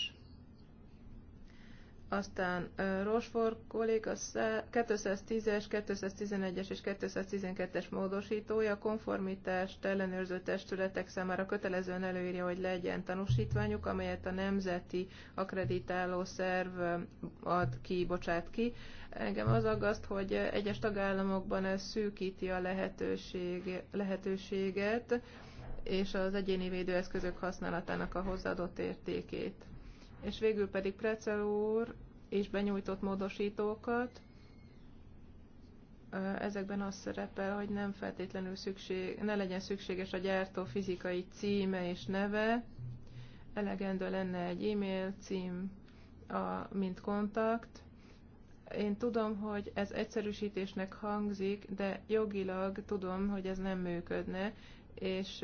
aztán Rosfor kolléga 210-es, 211-es és 212-es módosítója konformitást ellenőrző testületek számára kötelezően előírja, hogy legyen tanúsítványuk, amelyet a nemzeti akreditáló szerv ad ki, bocsát ki. Engem az aggaszt, hogy egyes tagállamokban ez szűkíti a lehetőség, lehetőséget és az egyéni védőeszközök használatának a hozzáadott értékét és végül pedig Precel úr és benyújtott módosítókat. Ezekben az szerepel, hogy nem feltétlenül szükség, ne legyen szükséges a gyártó fizikai címe és neve, elegendő lenne egy e-mail cím, a, mint kontakt. Én tudom, hogy ez egyszerűsítésnek hangzik, de jogilag tudom, hogy ez nem működne, és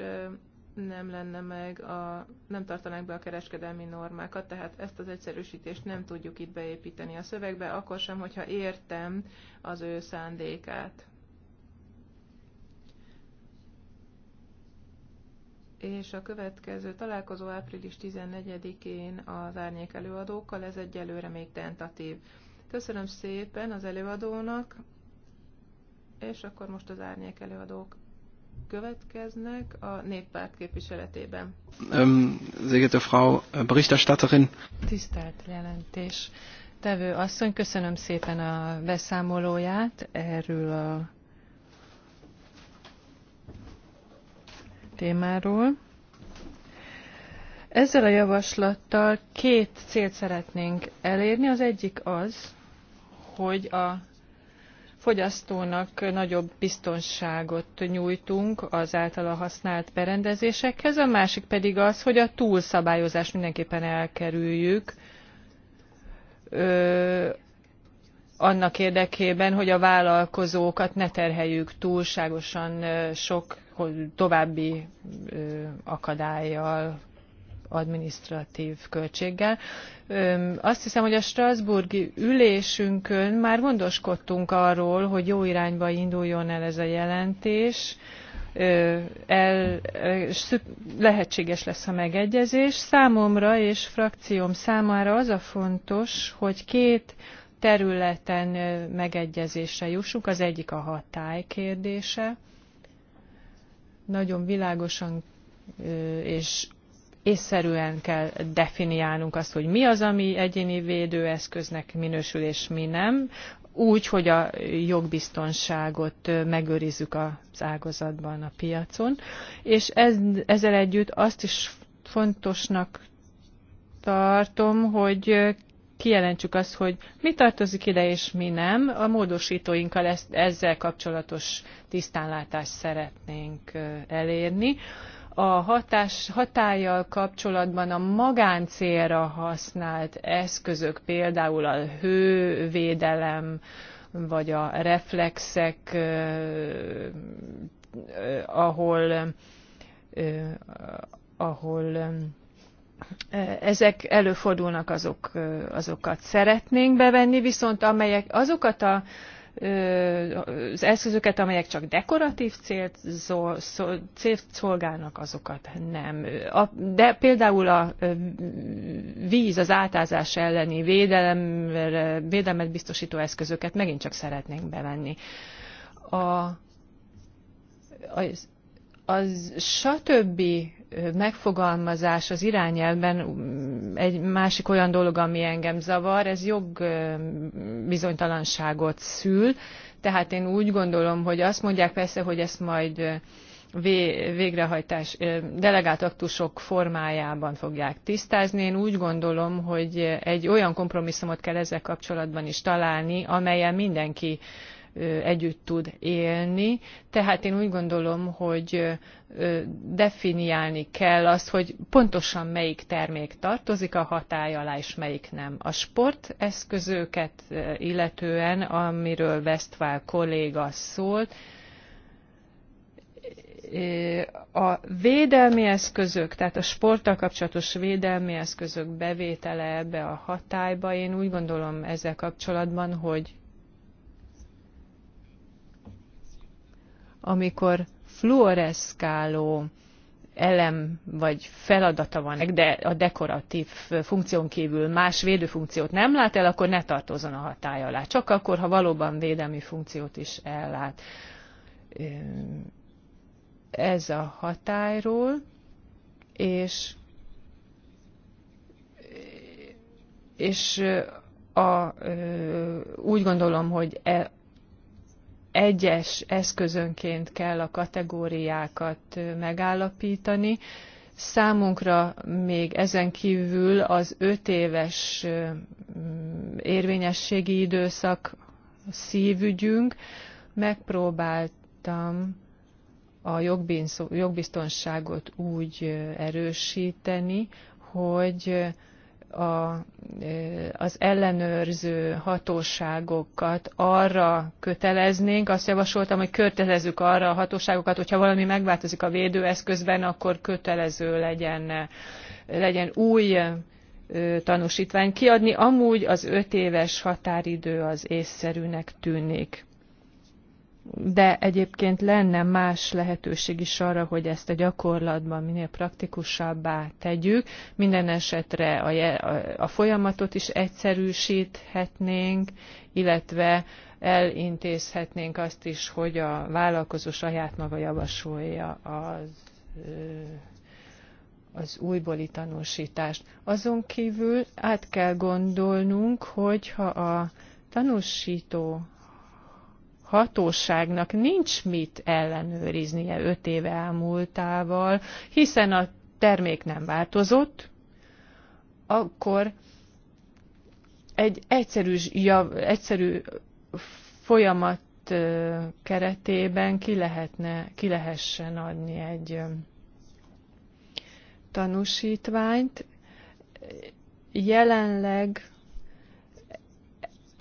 nem lenne meg a, nem tartanák be a kereskedelmi normákat, tehát ezt az egyszerűsítést nem tudjuk itt beépíteni a szövegbe, akkor sem, hogyha értem az ő szándékát. és a következő találkozó április 14-én az árnyék előadókkal, ez egyelőre még tentatív. Köszönöm szépen az előadónak, és akkor most az árnyék előadók következnek a néppárt képviseletében. Ähm, sehr geehrte Frau äh, Berichterstatterin. Tisztelt jelentés. Tevő asszony, köszönöm szépen a beszámolóját erről a témáról. Ezzel a javaslattal két célt szeretnénk elérni. Az egyik az, hogy a fogyasztónak nagyobb biztonságot nyújtunk az általa használt berendezésekhez, a másik pedig az, hogy a túlszabályozást mindenképpen elkerüljük ö, annak érdekében, hogy a vállalkozókat ne terheljük túlságosan sok további akadályjal, administratív költséggel. Azt hiszem, hogy a Strasburgi ülésünkön már gondoskodtunk arról, hogy jó irányba induljon el ez a jelentés, el, lehetséges lesz a megegyezés. Számomra és frakcióm számára az a fontos, hogy két területen megegyezésre jussunk. Az egyik a hatály kérdése. Nagyon világosan és észszerűen kell definiálnunk azt, hogy mi az, ami egyéni védőeszköznek minősül, és mi nem, úgy, hogy a jogbiztonságot megőrizzük az ágazatban, a piacon. És ez, ezzel együtt azt is fontosnak tartom, hogy kijelentsük azt, hogy mi tartozik ide és mi nem. A módosítóinkkal ezzel kapcsolatos tisztánlátást szeretnénk elérni a hatás, hatállyal kapcsolatban a magáncélra használt eszközök, például a hővédelem, vagy a reflexek, ahol, ahol ezek előfordulnak, azok, azokat szeretnénk bevenni, viszont amelyek azokat a az eszközöket, amelyek csak dekoratív célt, célt szolgálnak, azokat nem. De például a víz, az átázás elleni védelem, védelmet biztosító eszközöket megint csak szeretnénk bevenni. A, az, az stb megfogalmazás az irányelben egy másik olyan dolog, ami engem zavar, ez jog bizonytalanságot szül. Tehát én úgy gondolom, hogy azt mondják persze, hogy ezt majd végrehajtás delegált aktusok formájában fogják tisztázni. Én úgy gondolom, hogy egy olyan kompromisszumot kell ezzel kapcsolatban is találni, amelyen mindenki együtt tud élni. Tehát én úgy gondolom, hogy definiálni kell azt, hogy pontosan melyik termék tartozik a hatály alá, és melyik nem. A sporteszközöket illetően, amiről Westphal kolléga szólt, a védelmi eszközök, tehát a sporttal kapcsolatos védelmi eszközök bevétele ebbe a hatályba, én úgy gondolom ezzel kapcsolatban, hogy amikor fluoreszkáló elem vagy feladata van, de a dekoratív funkción kívül más védőfunkciót nem lát el, akkor ne tartozon a hatája alá. Csak akkor, ha valóban védelmi funkciót is ellát. Ez a hatályról, és, és a, úgy gondolom, hogy e, egyes eszközönként kell a kategóriákat megállapítani. Számunkra még ezen kívül az öt éves mm, érvényességi időszak szívügyünk. Megpróbáltam a jogbiztonságot úgy erősíteni, hogy a, az ellenőrző hatóságokat arra köteleznénk, azt javasoltam, hogy kötelezzük arra a hatóságokat, hogyha valami megváltozik a védőeszközben, akkor kötelező legyen, legyen új tanúsítvány kiadni. Amúgy az öt éves határidő az észszerűnek tűnik de egyébként lenne más lehetőség is arra, hogy ezt a gyakorlatban minél praktikusabbá tegyük. Minden esetre a, a, a folyamatot is egyszerűsíthetnénk, illetve elintézhetnénk azt is, hogy a vállalkozó saját maga javasolja az az újbóli tanúsítást. Azon kívül át kell gondolnunk, hogyha a tanúsító hatóságnak nincs mit ellenőriznie öt éve elmúltával, hiszen a termék nem változott, akkor egy egyszerű, jav, egyszerű folyamat keretében ki, lehetne, ki lehessen adni egy tanúsítványt. Jelenleg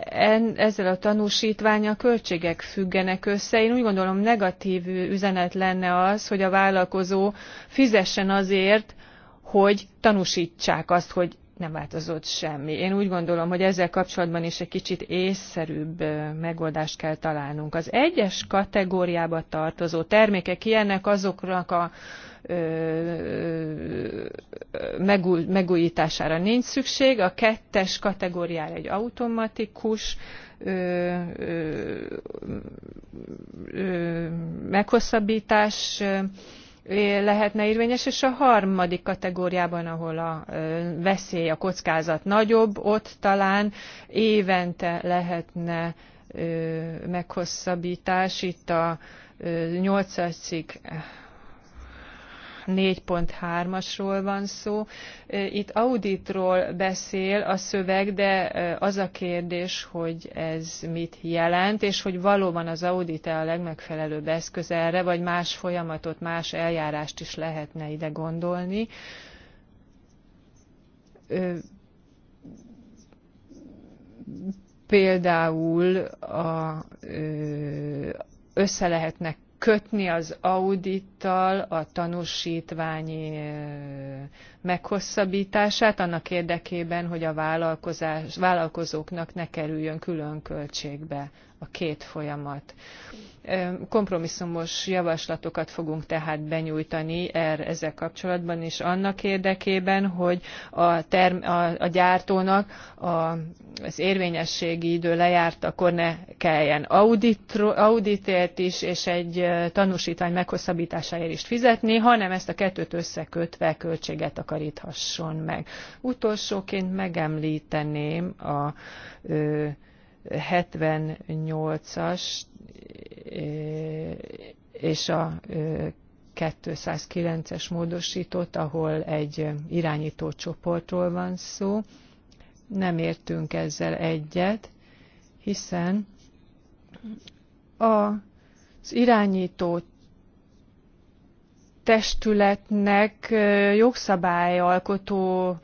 en, ezzel a tanúsítványa költségek függenek össze. Én úgy gondolom negatív üzenet lenne az, hogy a vállalkozó fizessen azért, hogy tanúsítsák azt, hogy nem változott semmi. Én úgy gondolom, hogy ezzel kapcsolatban is egy kicsit észszerűbb megoldást kell találnunk. Az egyes kategóriába tartozó termékek ilyenek azoknak a megújítására nincs szükség. A kettes kategóriára egy automatikus meghosszabbítás lehetne érvényes, és a harmadik kategóriában, ahol a veszély, a kockázat nagyobb, ott talán évente lehetne meghosszabbítás. Itt a 8 cikk 4.3-asról van szó. Itt auditról beszél a szöveg, de az a kérdés, hogy ez mit jelent, és hogy valóban az audit -e a legmegfelelőbb eszköz erre, vagy más folyamatot, más eljárást is lehetne ide gondolni például a, össze lehetnek kötni az audittal a tanúsítványi meghosszabbítását annak érdekében, hogy a vállalkozás, vállalkozóknak ne kerüljön külön költségbe a két folyamat. Kompromisszumos javaslatokat fogunk tehát benyújtani erre ezzel kapcsolatban is annak érdekében, hogy a, term, a, a gyártónak a, az érvényességi idő lejárt, akkor ne kelljen auditro, auditért is és egy tanúsítvány meghosszabbításáért is fizetni, hanem ezt a kettőt összekötve költséget a takaríthasson meg. Utolsóként megemlíteném a 78-as és a 209-es módosított, ahol egy irányító csoportról van szó. Nem értünk ezzel egyet, hiszen a az irányító testületnek jogszabályalkotó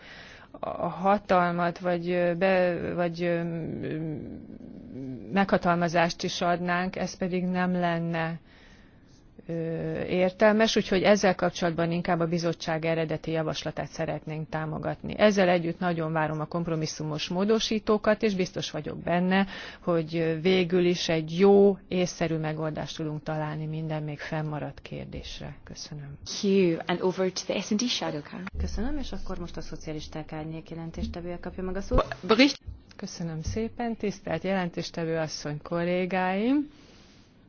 hatalmat vagy, be, vagy meghatalmazást is adnánk, ez pedig nem lenne értelmes, úgyhogy ezzel kapcsolatban inkább a bizottság eredeti javaslatát szeretnénk támogatni. Ezzel együtt nagyon várom a kompromisszumos módosítókat, és biztos vagyok benne, hogy végül is egy jó, észszerű megoldást tudunk találni minden még fennmaradt kérdésre. Köszönöm. and over to the S&D Köszönöm, és akkor most a szocialisták árnyék jelentéstevője kapja meg a szót. Köszönöm szépen, tisztelt jelentéstevő asszony kollégáim.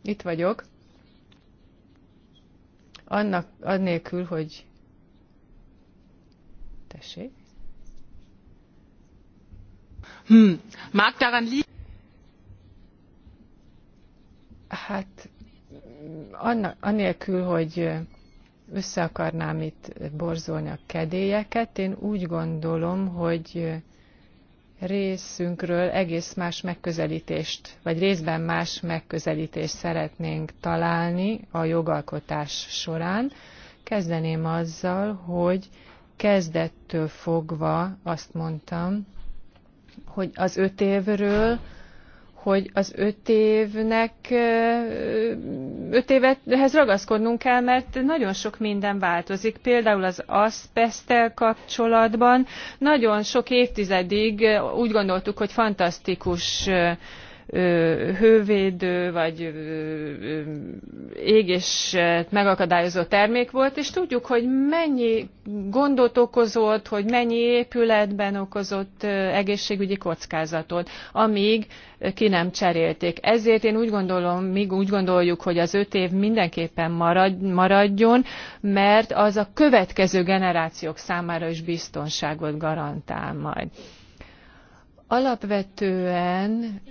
Itt vagyok annak, annélkül, hogy tessék. Hmm. Mag daran li- Hát annak, anélkül, hogy össze akarnám itt borzolni a kedélyeket, én úgy gondolom, hogy részünkről egész más megközelítést, vagy részben más megközelítést szeretnénk találni a jogalkotás során. Kezdeném azzal, hogy kezdettől fogva azt mondtam, hogy az öt évről hogy az öt évnek, öt évethez ragaszkodnunk kell, mert nagyon sok minden változik. Például az aszpesztel kapcsolatban nagyon sok évtizedig úgy gondoltuk, hogy fantasztikus hővédő vagy égéset megakadályozó termék volt, és tudjuk, hogy mennyi gondot okozott, hogy mennyi épületben okozott egészségügyi kockázatot, amíg ki nem cserélték. Ezért én úgy gondolom, még úgy gondoljuk, hogy az öt év mindenképpen maradjon, mert az a következő generációk számára is biztonságot garantál majd. Alapvetően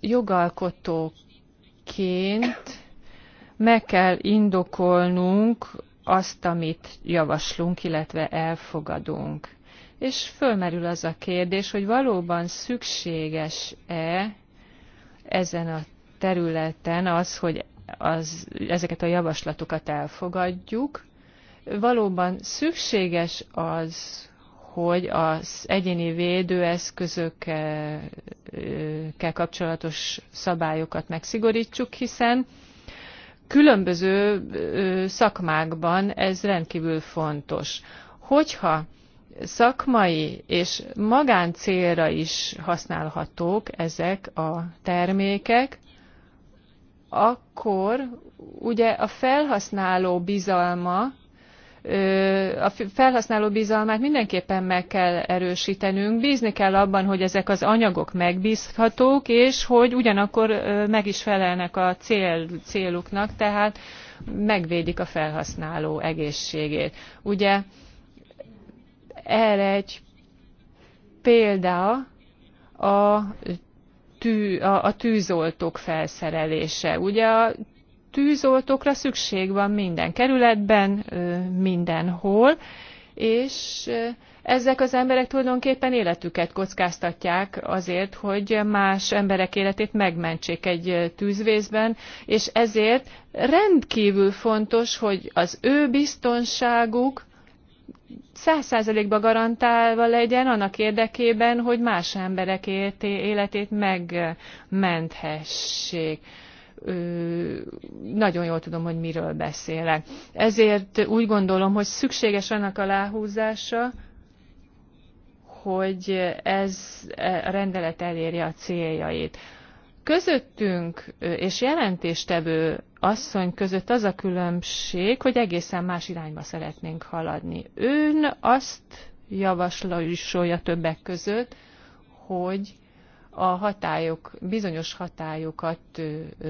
jogalkotóként meg kell indokolnunk azt, amit javaslunk, illetve elfogadunk. És fölmerül az a kérdés, hogy valóban szükséges-e ezen a területen az, hogy az, ezeket a javaslatokat elfogadjuk, valóban szükséges az, hogy az egyéni védőeszközökkel kapcsolatos szabályokat megszigorítsuk, hiszen különböző szakmákban ez rendkívül fontos. Hogyha szakmai és célra is használhatók ezek a termékek, akkor ugye a felhasználó bizalma a felhasználó bizalmát mindenképpen meg kell erősítenünk, bízni kell abban, hogy ezek az anyagok megbízhatók, és hogy ugyanakkor meg is felelnek a cél, céluknak, tehát megvédik a felhasználó egészségét. Ugye erre egy példa a tű, a, a tűzoltók felszerelése. Ugye a tűzoltókra szükség van minden kerületben, mindenhol, és ezek az emberek tulajdonképpen életüket kockáztatják azért, hogy más emberek életét megmentsék egy tűzvészben, és ezért rendkívül fontos, hogy az ő biztonságuk száz százalékba garantálva legyen annak érdekében, hogy más emberek életét megmenthessék nagyon jól tudom, hogy miről beszélek. Ezért úgy gondolom, hogy szükséges annak a láhúzása, hogy ez e, a rendelet elérje a céljait. Közöttünk és jelentéstevő asszony között az a különbség, hogy egészen más irányba szeretnénk haladni. Ön azt javasolja többek között, hogy a hatályok, bizonyos hatályokat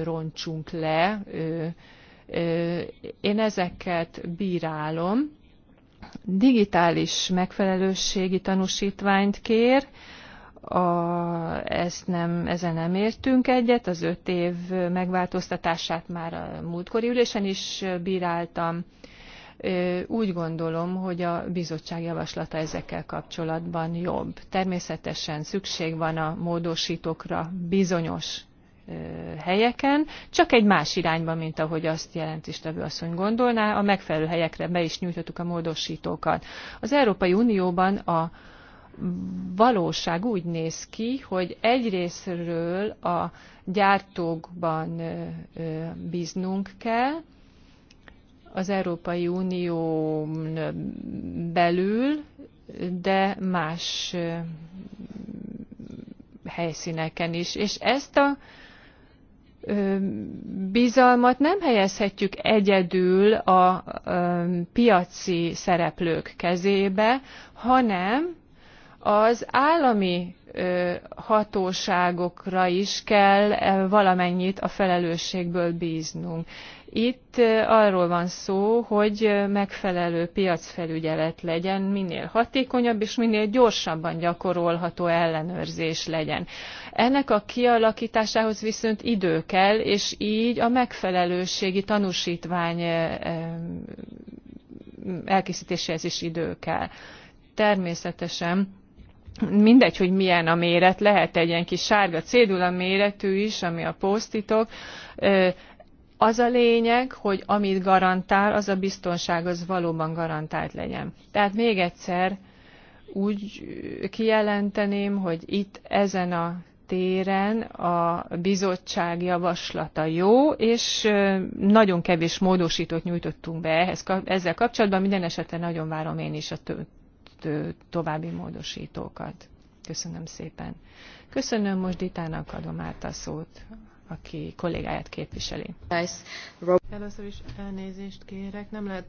roncsunk le. Én ezeket bírálom. Digitális megfelelősségi tanúsítványt kér, a, ezt nem, ezen nem értünk egyet, az öt év megváltoztatását már a múltkori ülésen is bíráltam. Úgy gondolom, hogy a bizottság javaslata ezekkel kapcsolatban jobb. Természetesen szükség van a módosítókra bizonyos helyeken, csak egy más irányba, mint ahogy azt jelentéstevő asszony gondolná, a megfelelő helyekre be is nyújtottuk a módosítókat. Az Európai Unióban a valóság úgy néz ki, hogy egyrésztről a gyártókban bíznunk kell, az Európai Unió belül, de más helyszíneken is. És ezt a bizalmat nem helyezhetjük egyedül a piaci szereplők kezébe, hanem az állami hatóságokra is kell valamennyit a felelősségből bíznunk. Itt arról van szó, hogy megfelelő piacfelügyelet legyen, minél hatékonyabb és minél gyorsabban gyakorolható ellenőrzés legyen. Ennek a kialakításához viszont idő kell, és így a megfelelőségi tanúsítvány elkészítéséhez is idő kell. Természetesen mindegy, hogy milyen a méret, lehet egy ilyen kis sárga cédula méretű is, ami a posztitok, az a lényeg, hogy amit garantál, az a biztonság az valóban garantált legyen. Tehát még egyszer úgy kijelenteném, hogy itt ezen a téren a bizottság javaslata jó, és nagyon kevés módosítót nyújtottunk be ehhez, ezzel kapcsolatban. Minden esetre nagyon várom én is a további módosítókat. Köszönöm szépen. Köszönöm, most Ditának adom át a szót aki kollégáját képviseli. Először is elnézést kérek, nem lehet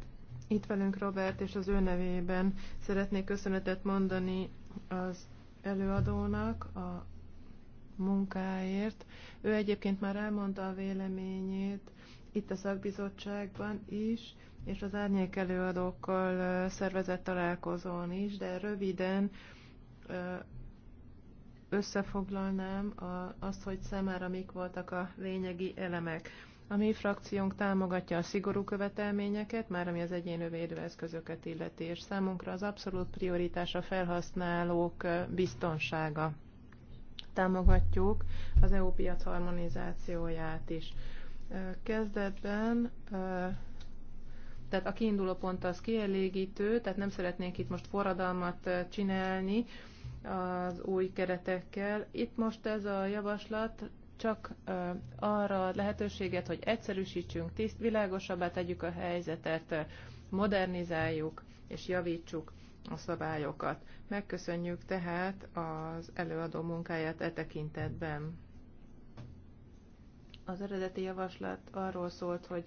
itt velünk Robert, és az ő nevében szeretnék köszönetet mondani az előadónak a munkáért. Ő egyébként már elmondta a véleményét itt a szakbizottságban is, és az árnyék előadókkal szervezett találkozón is, de röviden összefoglalnám a, azt, hogy számára mik voltak a lényegi elemek. A mi frakciónk támogatja a szigorú követelményeket, már ami az egyénő védőeszközöket illeti, és számunkra az abszolút prioritás a felhasználók biztonsága. Támogatjuk az EU piac harmonizációját is. Kezdetben tehát a kiinduló pont az kielégítő, tehát nem szeretnénk itt most forradalmat csinálni, az új keretekkel. Itt most ez a javaslat csak arra ad lehetőséget, hogy egyszerűsítsünk, tiszt, világosabbá tegyük a helyzetet, modernizáljuk és javítsuk a szabályokat. Megköszönjük tehát az előadó munkáját e tekintetben. Az eredeti javaslat arról szólt, hogy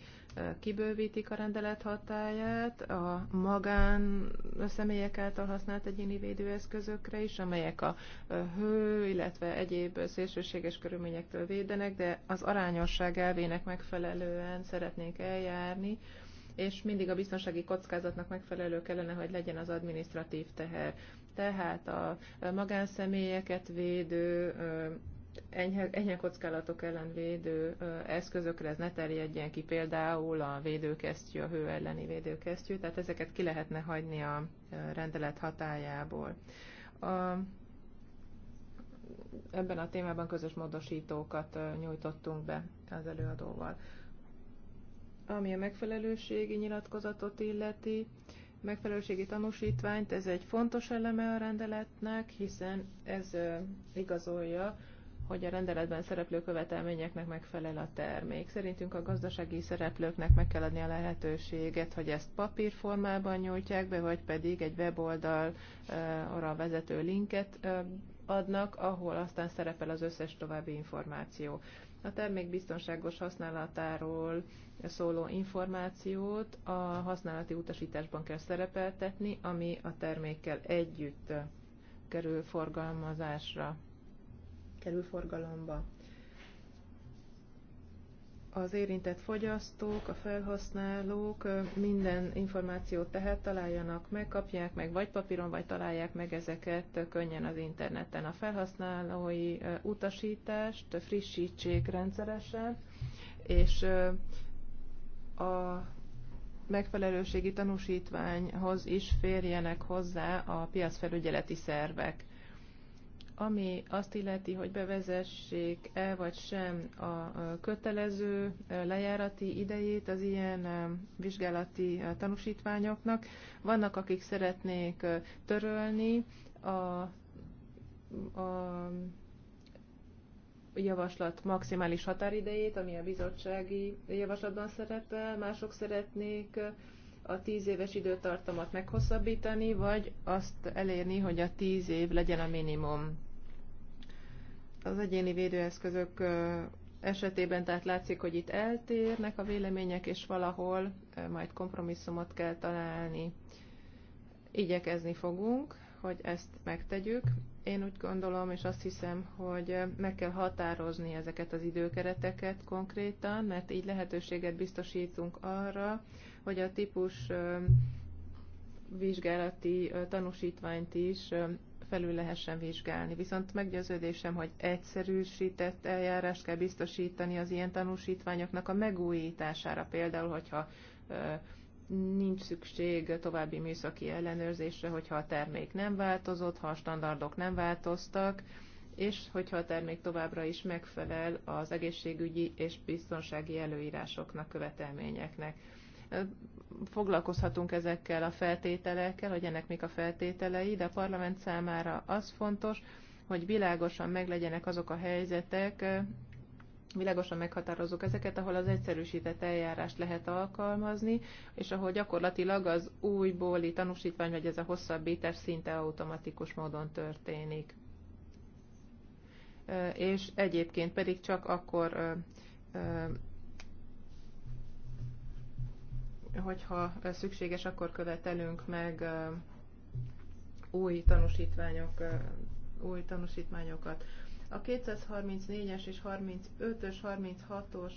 kibővítik a rendelet hatáját a magán személyek által használt egyéni védőeszközökre is, amelyek a hő, illetve egyéb szélsőséges körülményektől védenek, de az arányosság elvének megfelelően szeretnénk eljárni, és mindig a biztonsági kockázatnak megfelelő kellene, hogy legyen az administratív teher. Tehát a magánszemélyeket védő enyhe, enyhe kockálatok ellen védő eszközökre ez ne terjedjen ki, például a védőkesztyű, a hő elleni védőkesztyű, tehát ezeket ki lehetne hagyni a rendelet hatájából. A, ebben a témában közös módosítókat nyújtottunk be az előadóval. Ami a megfelelőségi nyilatkozatot illeti, megfelelőségi tanúsítványt, ez egy fontos eleme a rendeletnek, hiszen ez igazolja, hogy a rendeletben szereplő követelményeknek megfelel a termék. Szerintünk a gazdasági szereplőknek meg kell adni a lehetőséget, hogy ezt papírformában nyújtják be, vagy pedig egy weboldalra eh, vezető linket eh, adnak, ahol aztán szerepel az összes további információ. A termék biztonságos használatáról szóló információt a használati utasításban kell szerepeltetni, ami a termékkel együtt kerül forgalmazásra kerül forgalomba. Az érintett fogyasztók, a felhasználók minden információt tehát találjanak, megkapják meg, vagy papíron, vagy találják meg ezeket könnyen az interneten. A felhasználói utasítást frissítsék rendszeresen, és a megfelelőségi tanúsítványhoz is férjenek hozzá a piacfelügyeleti szervek. Ami azt illeti, hogy bevezessék el vagy sem a kötelező e, lejárati idejét az ilyen e, vizsgálati e, tanúsítványoknak, vannak, akik szeretnék törölni a, a javaslat maximális határidejét, ami a bizottsági javaslatban szerepel, mások szeretnék a tíz éves időtartamat meghosszabbítani, vagy azt elérni, hogy a tíz év legyen a minimum az egyéni védőeszközök esetében tehát látszik, hogy itt eltérnek a vélemények, és valahol majd kompromisszumot kell találni. Igyekezni fogunk, hogy ezt megtegyük. Én úgy gondolom, és azt hiszem, hogy meg kell határozni ezeket az időkereteket konkrétan, mert így lehetőséget biztosítunk arra, hogy a típus vizsgálati tanúsítványt is felül lehessen vizsgálni. Viszont meggyőződésem, hogy egyszerűsített eljárást kell biztosítani az ilyen tanúsítványoknak a megújítására, például, hogyha nincs szükség további műszaki ellenőrzésre, hogyha a termék nem változott, ha a standardok nem változtak, és hogyha a termék továbbra is megfelel az egészségügyi és biztonsági előírásoknak, követelményeknek foglalkozhatunk ezekkel a feltételekkel, hogy ennek mik a feltételei, de a parlament számára az fontos, hogy világosan meglegyenek azok a helyzetek, világosan meghatározzuk ezeket, ahol az egyszerűsített eljárást lehet alkalmazni, és ahol gyakorlatilag az újbóli tanúsítvány, vagy ez a hosszabbítás szinte automatikus módon történik. És egyébként pedig csak akkor hogyha szükséges, akkor követelünk meg új tanúsítványok, új tanúsítványokat. A 234-es és 35-ös, 36-os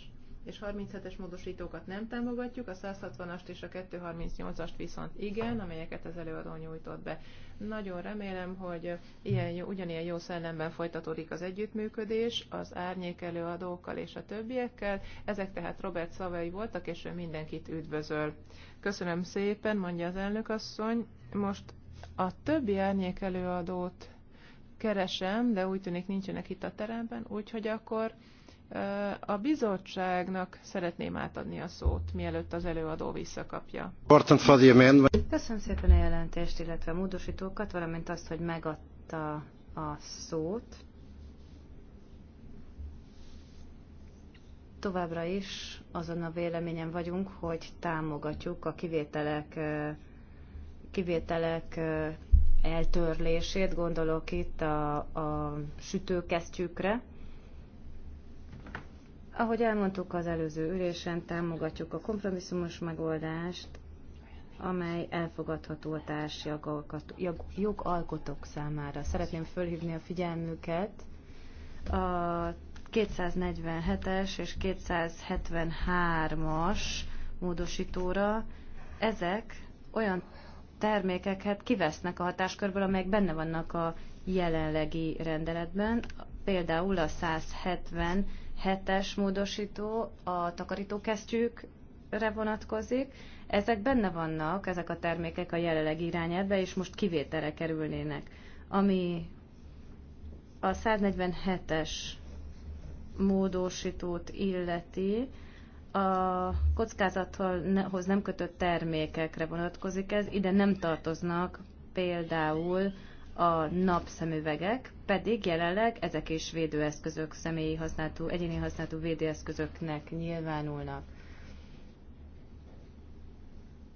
és 37-es módosítókat nem támogatjuk, a 160-ast és a 238-ast viszont igen, amelyeket az előadó nyújtott be. Nagyon remélem, hogy ilyen, jó, ugyanilyen jó szellemben folytatódik az együttműködés az árnyék előadókkal és a többiekkel. Ezek tehát Robert szavai voltak, és ő mindenkit üdvözöl. Köszönöm szépen, mondja az asszony. Most a többi árnyék előadót keresem, de úgy tűnik nincsenek itt a teremben, úgyhogy akkor a bizottságnak szeretném átadni a szót, mielőtt az előadó visszakapja. Köszönöm szépen a jelentést, illetve a módosítókat, valamint azt, hogy megadta a szót. Továbbra is azon a véleményen vagyunk, hogy támogatjuk a kivételek, kivételek eltörlését, gondolok itt a, a sütőkesztyűkre, ahogy elmondtuk az előző ülésen, támogatjuk a kompromisszumos megoldást, amely elfogadható a jogalkotók számára. Szeretném fölhívni a figyelmüket a 247-es és 273-as módosítóra. Ezek olyan termékeket kivesznek a hatáskörből, amelyek benne vannak a jelenlegi rendeletben, például a 170 hetes módosító a takarítókesztyűkre vonatkozik. Ezek benne vannak, ezek a termékek a jelenleg irányelve, és most kivételre kerülnének. Ami a 147-es módosítót illeti, a kockázathoz nem kötött termékekre vonatkozik ez, ide nem tartoznak például a napszemüvegek, pedig jelenleg ezek is védőeszközök, személyi használatú, egyéni használatú védőeszközöknek nyilvánulnak.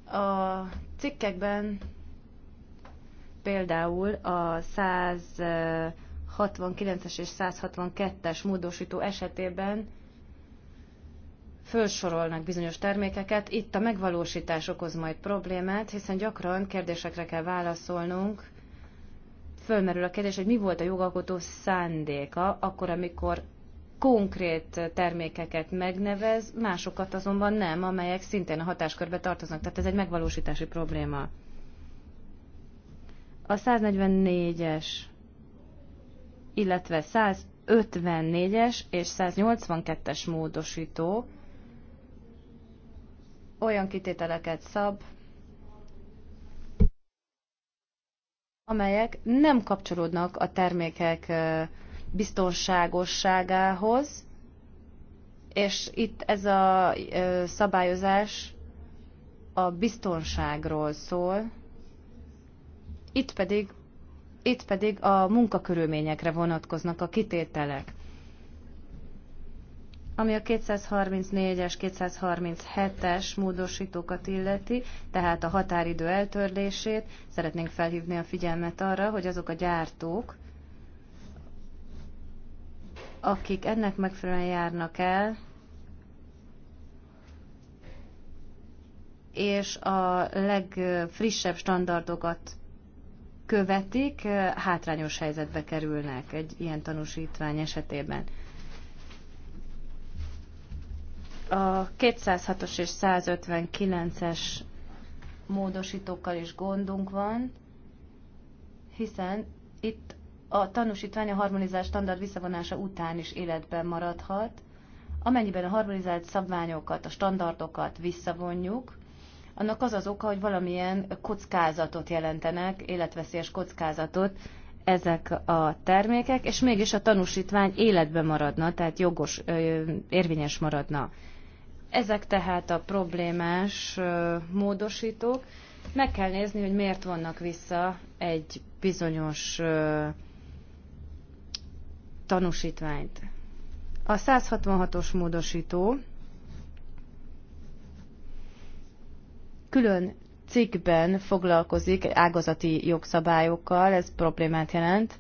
A cikkekben például a 169-es és 162-es módosító esetében fölsorolnak bizonyos termékeket. Itt a megvalósítás okoz majd problémát, hiszen gyakran kérdésekre kell válaszolnunk, fölmerül a kérdés, hogy mi volt a jogalkotó szándéka akkor, amikor konkrét termékeket megnevez, másokat azonban nem, amelyek szintén a hatáskörbe tartoznak. Tehát ez egy megvalósítási probléma. A 144-es, illetve 154-es és 182-es módosító olyan kitételeket szab, amelyek nem kapcsolódnak a termékek biztonságosságához, és itt ez a szabályozás a biztonságról szól, itt pedig, itt pedig a munkakörülményekre vonatkoznak a kitételek. Ami a 234-es, 237-es módosítókat illeti, tehát a határidő eltörlését, szeretnénk felhívni a figyelmet arra, hogy azok a gyártók, akik ennek megfelelően járnak el, és a legfrissebb standardokat követik, hátrányos helyzetbe kerülnek egy ilyen tanúsítvány esetében. A 206-os és 159-es módosítókkal is gondunk van, hiszen itt a tanúsítvány a harmonizált standard visszavonása után is életben maradhat, amennyiben a harmonizált szabványokat, a standardokat visszavonjuk, annak az az oka, hogy valamilyen kockázatot jelentenek, életveszélyes kockázatot ezek a termékek, és mégis a tanúsítvány életben maradna, tehát jogos, érvényes maradna. Ezek tehát a problémás módosítók. Meg kell nézni, hogy miért vannak vissza egy bizonyos tanúsítványt. A 166-os módosító külön cikkben foglalkozik ágazati jogszabályokkal, ez problémát jelent.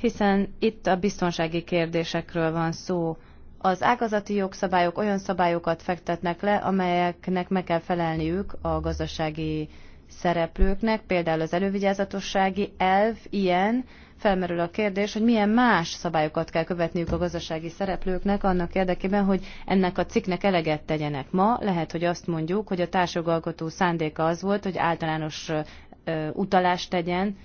hiszen itt a biztonsági kérdésekről van szó. Az ágazati jogszabályok olyan szabályokat fektetnek le, amelyeknek meg kell felelniük a gazdasági szereplőknek, például az elővigyázatossági elv ilyen, felmerül a kérdés, hogy milyen más szabályokat kell követniük a gazdasági szereplőknek annak érdekében, hogy ennek a cikknek eleget tegyenek. Ma lehet, hogy azt mondjuk, hogy a társjogalkotó szándéka az volt, hogy általános utalást tegyen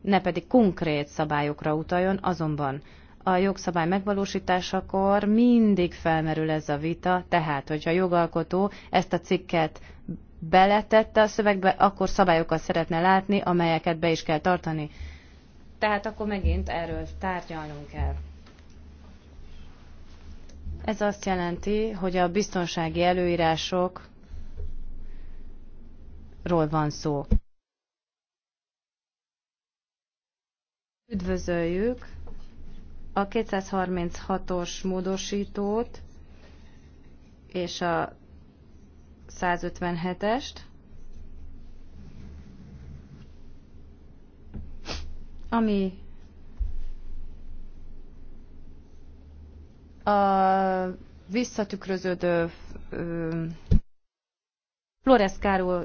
ne pedig konkrét szabályokra utaljon, azonban a jogszabály megvalósításakor mindig felmerül ez a vita, tehát hogyha a jogalkotó ezt a cikket beletette a szövegbe, akkor szabályokat szeretne látni, amelyeket be is kell tartani. Tehát akkor megint erről tárgyalnunk kell. Ez azt jelenti, hogy a biztonsági előírásokról van szó. Üdvözöljük a 236-os módosítót és a 157-est, ami a visszatükröződő fluoreszkáró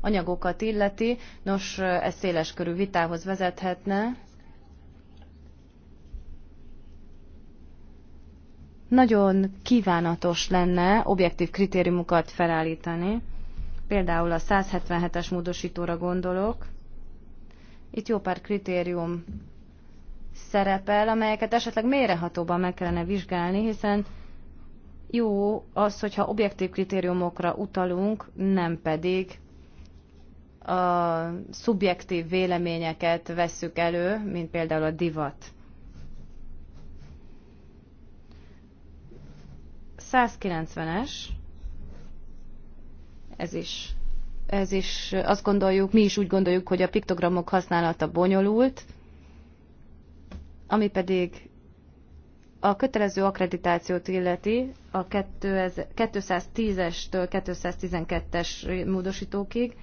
anyagokat illeti, nos, ez széleskörű vitához vezethetne. Nagyon kívánatos lenne objektív kritériumokat felállítani, például a 177-es módosítóra gondolok. Itt jó pár kritérium szerepel, amelyeket esetleg mélyrehatóban meg kellene vizsgálni, hiszen jó az, hogyha objektív kritériumokra utalunk, nem pedig a szubjektív véleményeket vesszük elő, mint például a divat. 190-es, ez is, ez is azt gondoljuk, mi is úgy gondoljuk, hogy a piktogramok használata bonyolult, ami pedig a kötelező akkreditációt illeti a 210-estől 212-es módosítókig.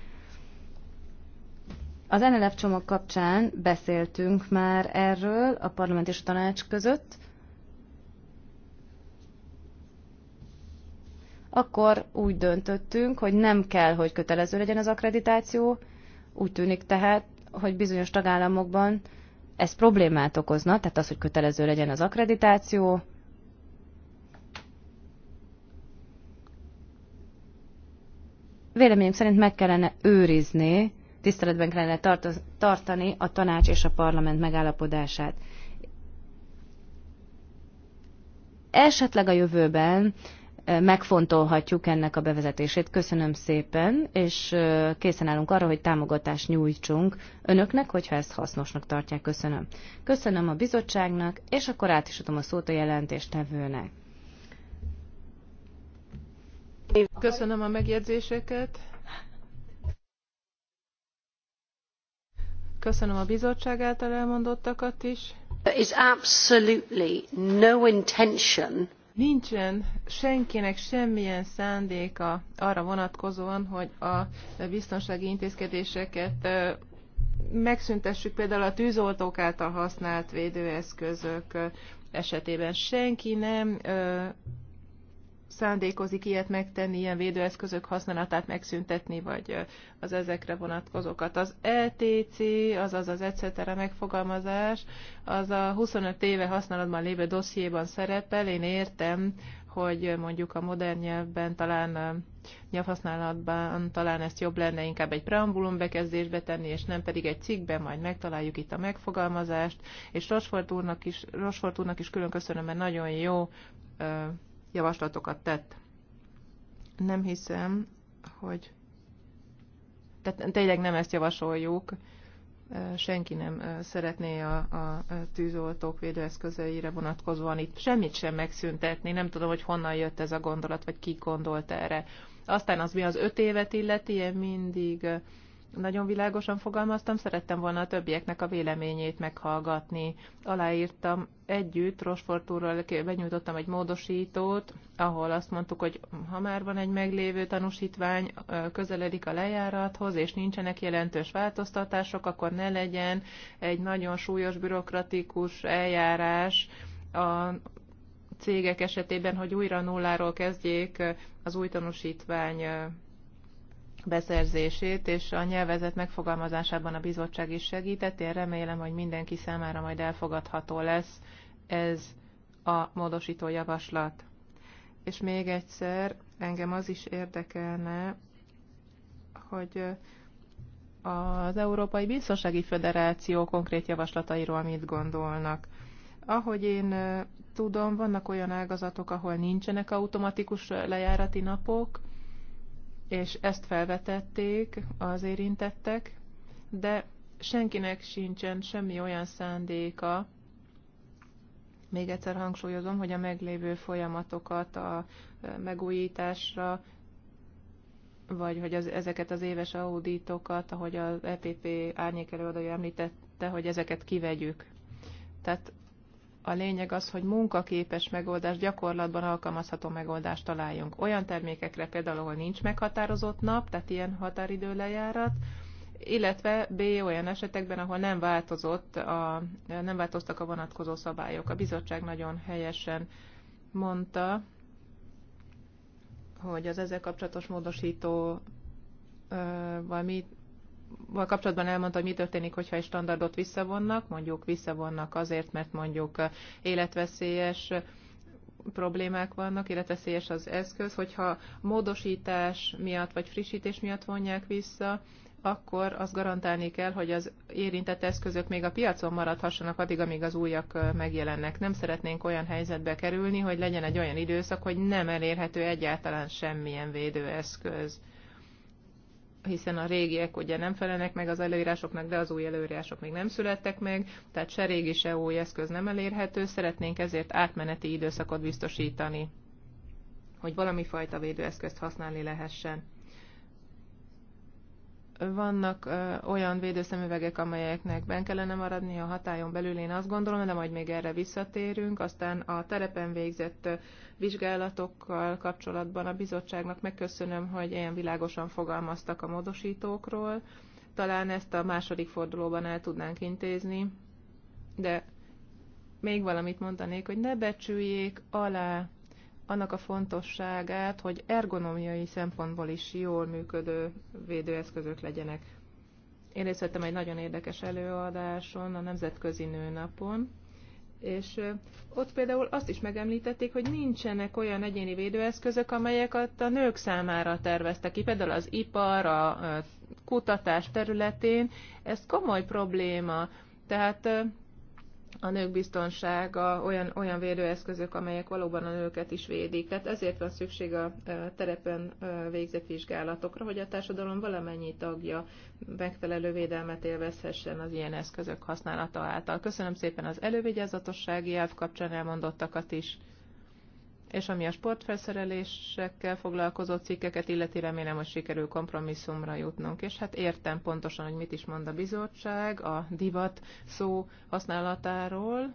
Az NLF csomag kapcsán beszéltünk már erről a parlament és a tanács között. Akkor úgy döntöttünk, hogy nem kell, hogy kötelező legyen az akkreditáció. Úgy tűnik tehát, hogy bizonyos tagállamokban ez problémát okozna, tehát az, hogy kötelező legyen az akkreditáció, véleményem szerint meg kellene őrizni, tiszteletben kellene tartani a tanács és a parlament megállapodását. Esetleg a jövőben megfontolhatjuk ennek a bevezetését. Köszönöm szépen, és készen állunk arra, hogy támogatást nyújtsunk önöknek, hogyha ezt hasznosnak tartják. Köszönöm. Köszönöm a bizottságnak, és akkor át is adom a szót a jelentéstevőnek. Köszönöm a megjegyzéseket. Köszönöm a bizottság által elmondottakat is. There is absolutely no intention Nincsen senkinek semmilyen szándéka arra vonatkozóan, hogy a biztonsági intézkedéseket megszüntessük például a tűzoltók által használt védőeszközök esetében. Senki nem szándékozik ilyet megtenni, ilyen védőeszközök használatát megszüntetni, vagy az ezekre vonatkozókat. Az ETC, azaz az etc. megfogalmazás, az a 25 éve használatban lévő dossziéban szerepel. Én értem, hogy mondjuk a modern nyelvben talán nyelvhasználatban talán ezt jobb lenne inkább egy preambulum bekezdésbe tenni, és nem pedig egy cikkben, majd megtaláljuk itt a megfogalmazást, és Rosford úrnak is, Rosford úrnak is külön köszönöm, mert nagyon jó javaslatokat tett. Nem hiszem, hogy tehát tényleg nem ezt javasoljuk, senki nem szeretné a, a tűzoltók védőeszközeire vonatkozóan itt semmit sem megszüntetni, nem tudom, hogy honnan jött ez a gondolat, vagy ki gondolt erre. Aztán az mi az öt évet illeti, én mindig nagyon világosan fogalmaztam, szerettem volna a többieknek a véleményét meghallgatni. Aláírtam együtt, Rosfort úrral benyújtottam egy módosítót, ahol azt mondtuk, hogy ha már van egy meglévő tanúsítvány, közeledik a lejárathoz, és nincsenek jelentős változtatások, akkor ne legyen egy nagyon súlyos bürokratikus eljárás a cégek esetében, hogy újra nulláról kezdjék az új tanúsítvány beszerzését, és a nyelvezet megfogalmazásában a bizottság is segített. Én remélem, hogy mindenki számára majd elfogadható lesz ez a módosító javaslat. És még egyszer, engem az is érdekelne, hogy az Európai Biztonsági Föderáció konkrét javaslatairól mit gondolnak. Ahogy én tudom, vannak olyan ágazatok, ahol nincsenek automatikus lejárati napok, és ezt felvetették az érintettek, de senkinek sincsen semmi olyan szándéka, még egyszer hangsúlyozom, hogy a meglévő folyamatokat a megújításra, vagy hogy az, ezeket az éves auditokat, ahogy az EPP árnyék előadója említette, hogy ezeket kivegyük. Tehát a lényeg az, hogy munkaképes megoldás, gyakorlatban alkalmazható megoldást találjunk. Olyan termékekre például, ahol nincs meghatározott nap, tehát ilyen határidő lejárat, illetve B olyan esetekben, ahol nem, változott a, nem változtak a vonatkozó szabályok. A bizottság nagyon helyesen mondta, hogy az ezzel kapcsolatos módosító vagy mi kapcsolatban elmondta, hogy mi történik, hogyha egy standardot visszavonnak, mondjuk visszavonnak azért, mert mondjuk eh, életveszélyes eh, problémák vannak, életveszélyes az eszköz, hogyha módosítás miatt vagy frissítés miatt vonják vissza, akkor azt garantálni kell, hogy az érintett eszközök még a piacon maradhassanak addig, amíg az újak eh, megjelennek. Nem szeretnénk olyan helyzetbe kerülni, hogy legyen egy olyan időszak, hogy nem elérhető egyáltalán semmilyen védőeszköz hiszen a régiek ugye nem felelnek meg az előírásoknak, de az új előírások még nem születtek meg, tehát se régi, se új eszköz nem elérhető, szeretnénk ezért átmeneti időszakot biztosítani, hogy valami fajta védőeszközt használni lehessen vannak olyan védőszemüvegek, amelyeknek ben kellene maradni a hatályon belül, én azt gondolom, de majd még erre visszatérünk. Aztán a terepen végzett vizsgálatokkal kapcsolatban a bizottságnak megköszönöm, hogy ilyen világosan fogalmaztak a módosítókról. Talán ezt a második fordulóban el tudnánk intézni, de még valamit mondanék, hogy ne becsüljék alá annak a fontosságát, hogy ergonomiai szempontból is jól működő védőeszközök legyenek. Én részt vettem egy nagyon érdekes előadáson a Nemzetközi Nőnapon, és ott például azt is megemlítették, hogy nincsenek olyan egyéni védőeszközök, amelyeket a nők számára terveztek ki, például az ipar, a kutatás területén. Ez komoly probléma. Tehát a nők biztonsága, olyan, olyan védőeszközök, amelyek valóban a nőket is védik. Tehát ezért van szükség a terepen végzett vizsgálatokra, hogy a társadalom valamennyi tagja megfelelő védelmet élvezhessen az ilyen eszközök használata által. Köszönöm szépen az elővigyázatossági elv kapcsán elmondottakat is. És ami a sportfelszerelésekkel foglalkozó cikkeket illeti, remélem, hogy sikerül kompromisszumra jutnunk. És hát értem pontosan, hogy mit is mond a bizottság a divat szó használatáról.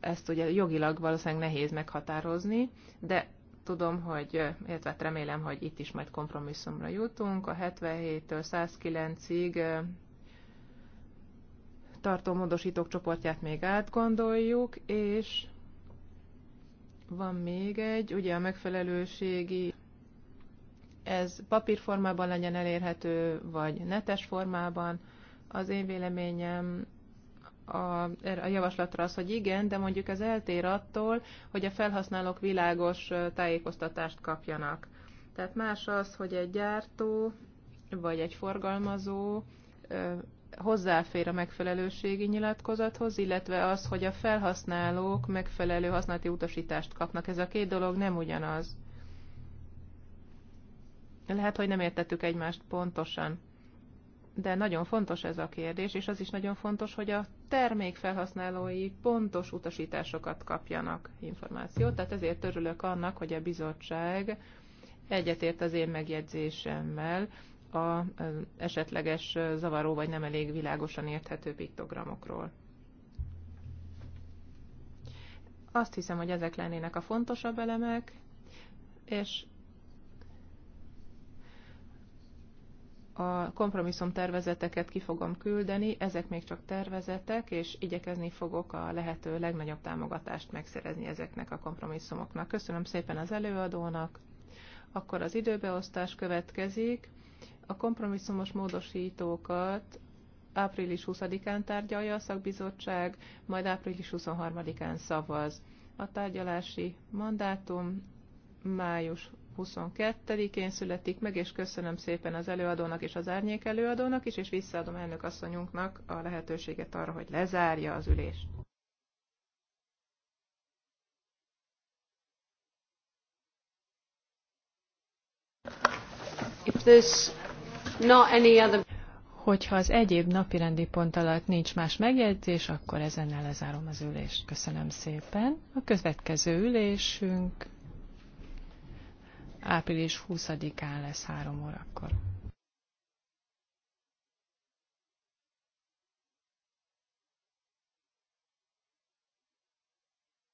Ezt ugye jogilag valószínűleg nehéz meghatározni, de tudom, hogy, illetve hát remélem, hogy itt is majd kompromisszumra jutunk. A 77-től 109-ig tartó módosítók csoportját még átgondoljuk, és van még egy, ugye a megfelelőségi, ez papírformában legyen elérhető, vagy netes formában. Az én véleményem a, a javaslatra az, hogy igen, de mondjuk ez eltér attól, hogy a felhasználók világos tájékoztatást kapjanak. Tehát más az, hogy egy gyártó vagy egy forgalmazó hozzáfér a megfelelőségi nyilatkozathoz, illetve az, hogy a felhasználók megfelelő használati utasítást kapnak. Ez a két dolog nem ugyanaz. Lehet, hogy nem értettük egymást pontosan. De nagyon fontos ez a kérdés, és az is nagyon fontos, hogy a termék felhasználói pontos utasításokat kapjanak információt. Tehát ezért örülök annak, hogy a bizottság egyetért az én megjegyzésemmel, a esetleges zavaró vagy nem elég világosan érthető piktogramokról. Azt hiszem, hogy ezek lennének a fontosabb elemek, és a kompromisszum tervezeteket ki fogom küldeni, ezek még csak tervezetek, és igyekezni fogok a lehető legnagyobb támogatást megszerezni ezeknek a kompromisszumoknak. Köszönöm szépen az előadónak. Akkor az időbeosztás következik. A kompromisszumos módosítókat április 20-án tárgyalja a szakbizottság, majd április 23-án szavaz. A tárgyalási mandátum május 22-én születik meg, és köszönöm szépen az előadónak és az árnyék előadónak is, és visszaadom elnök asszonyunknak a lehetőséget arra, hogy lezárja az ülést. If Hogyha az egyéb napirendi pont alatt nincs más megjegyzés, akkor ezennel lezárom az ülést. Köszönöm szépen. A következő ülésünk április 20-án lesz 3 órakor.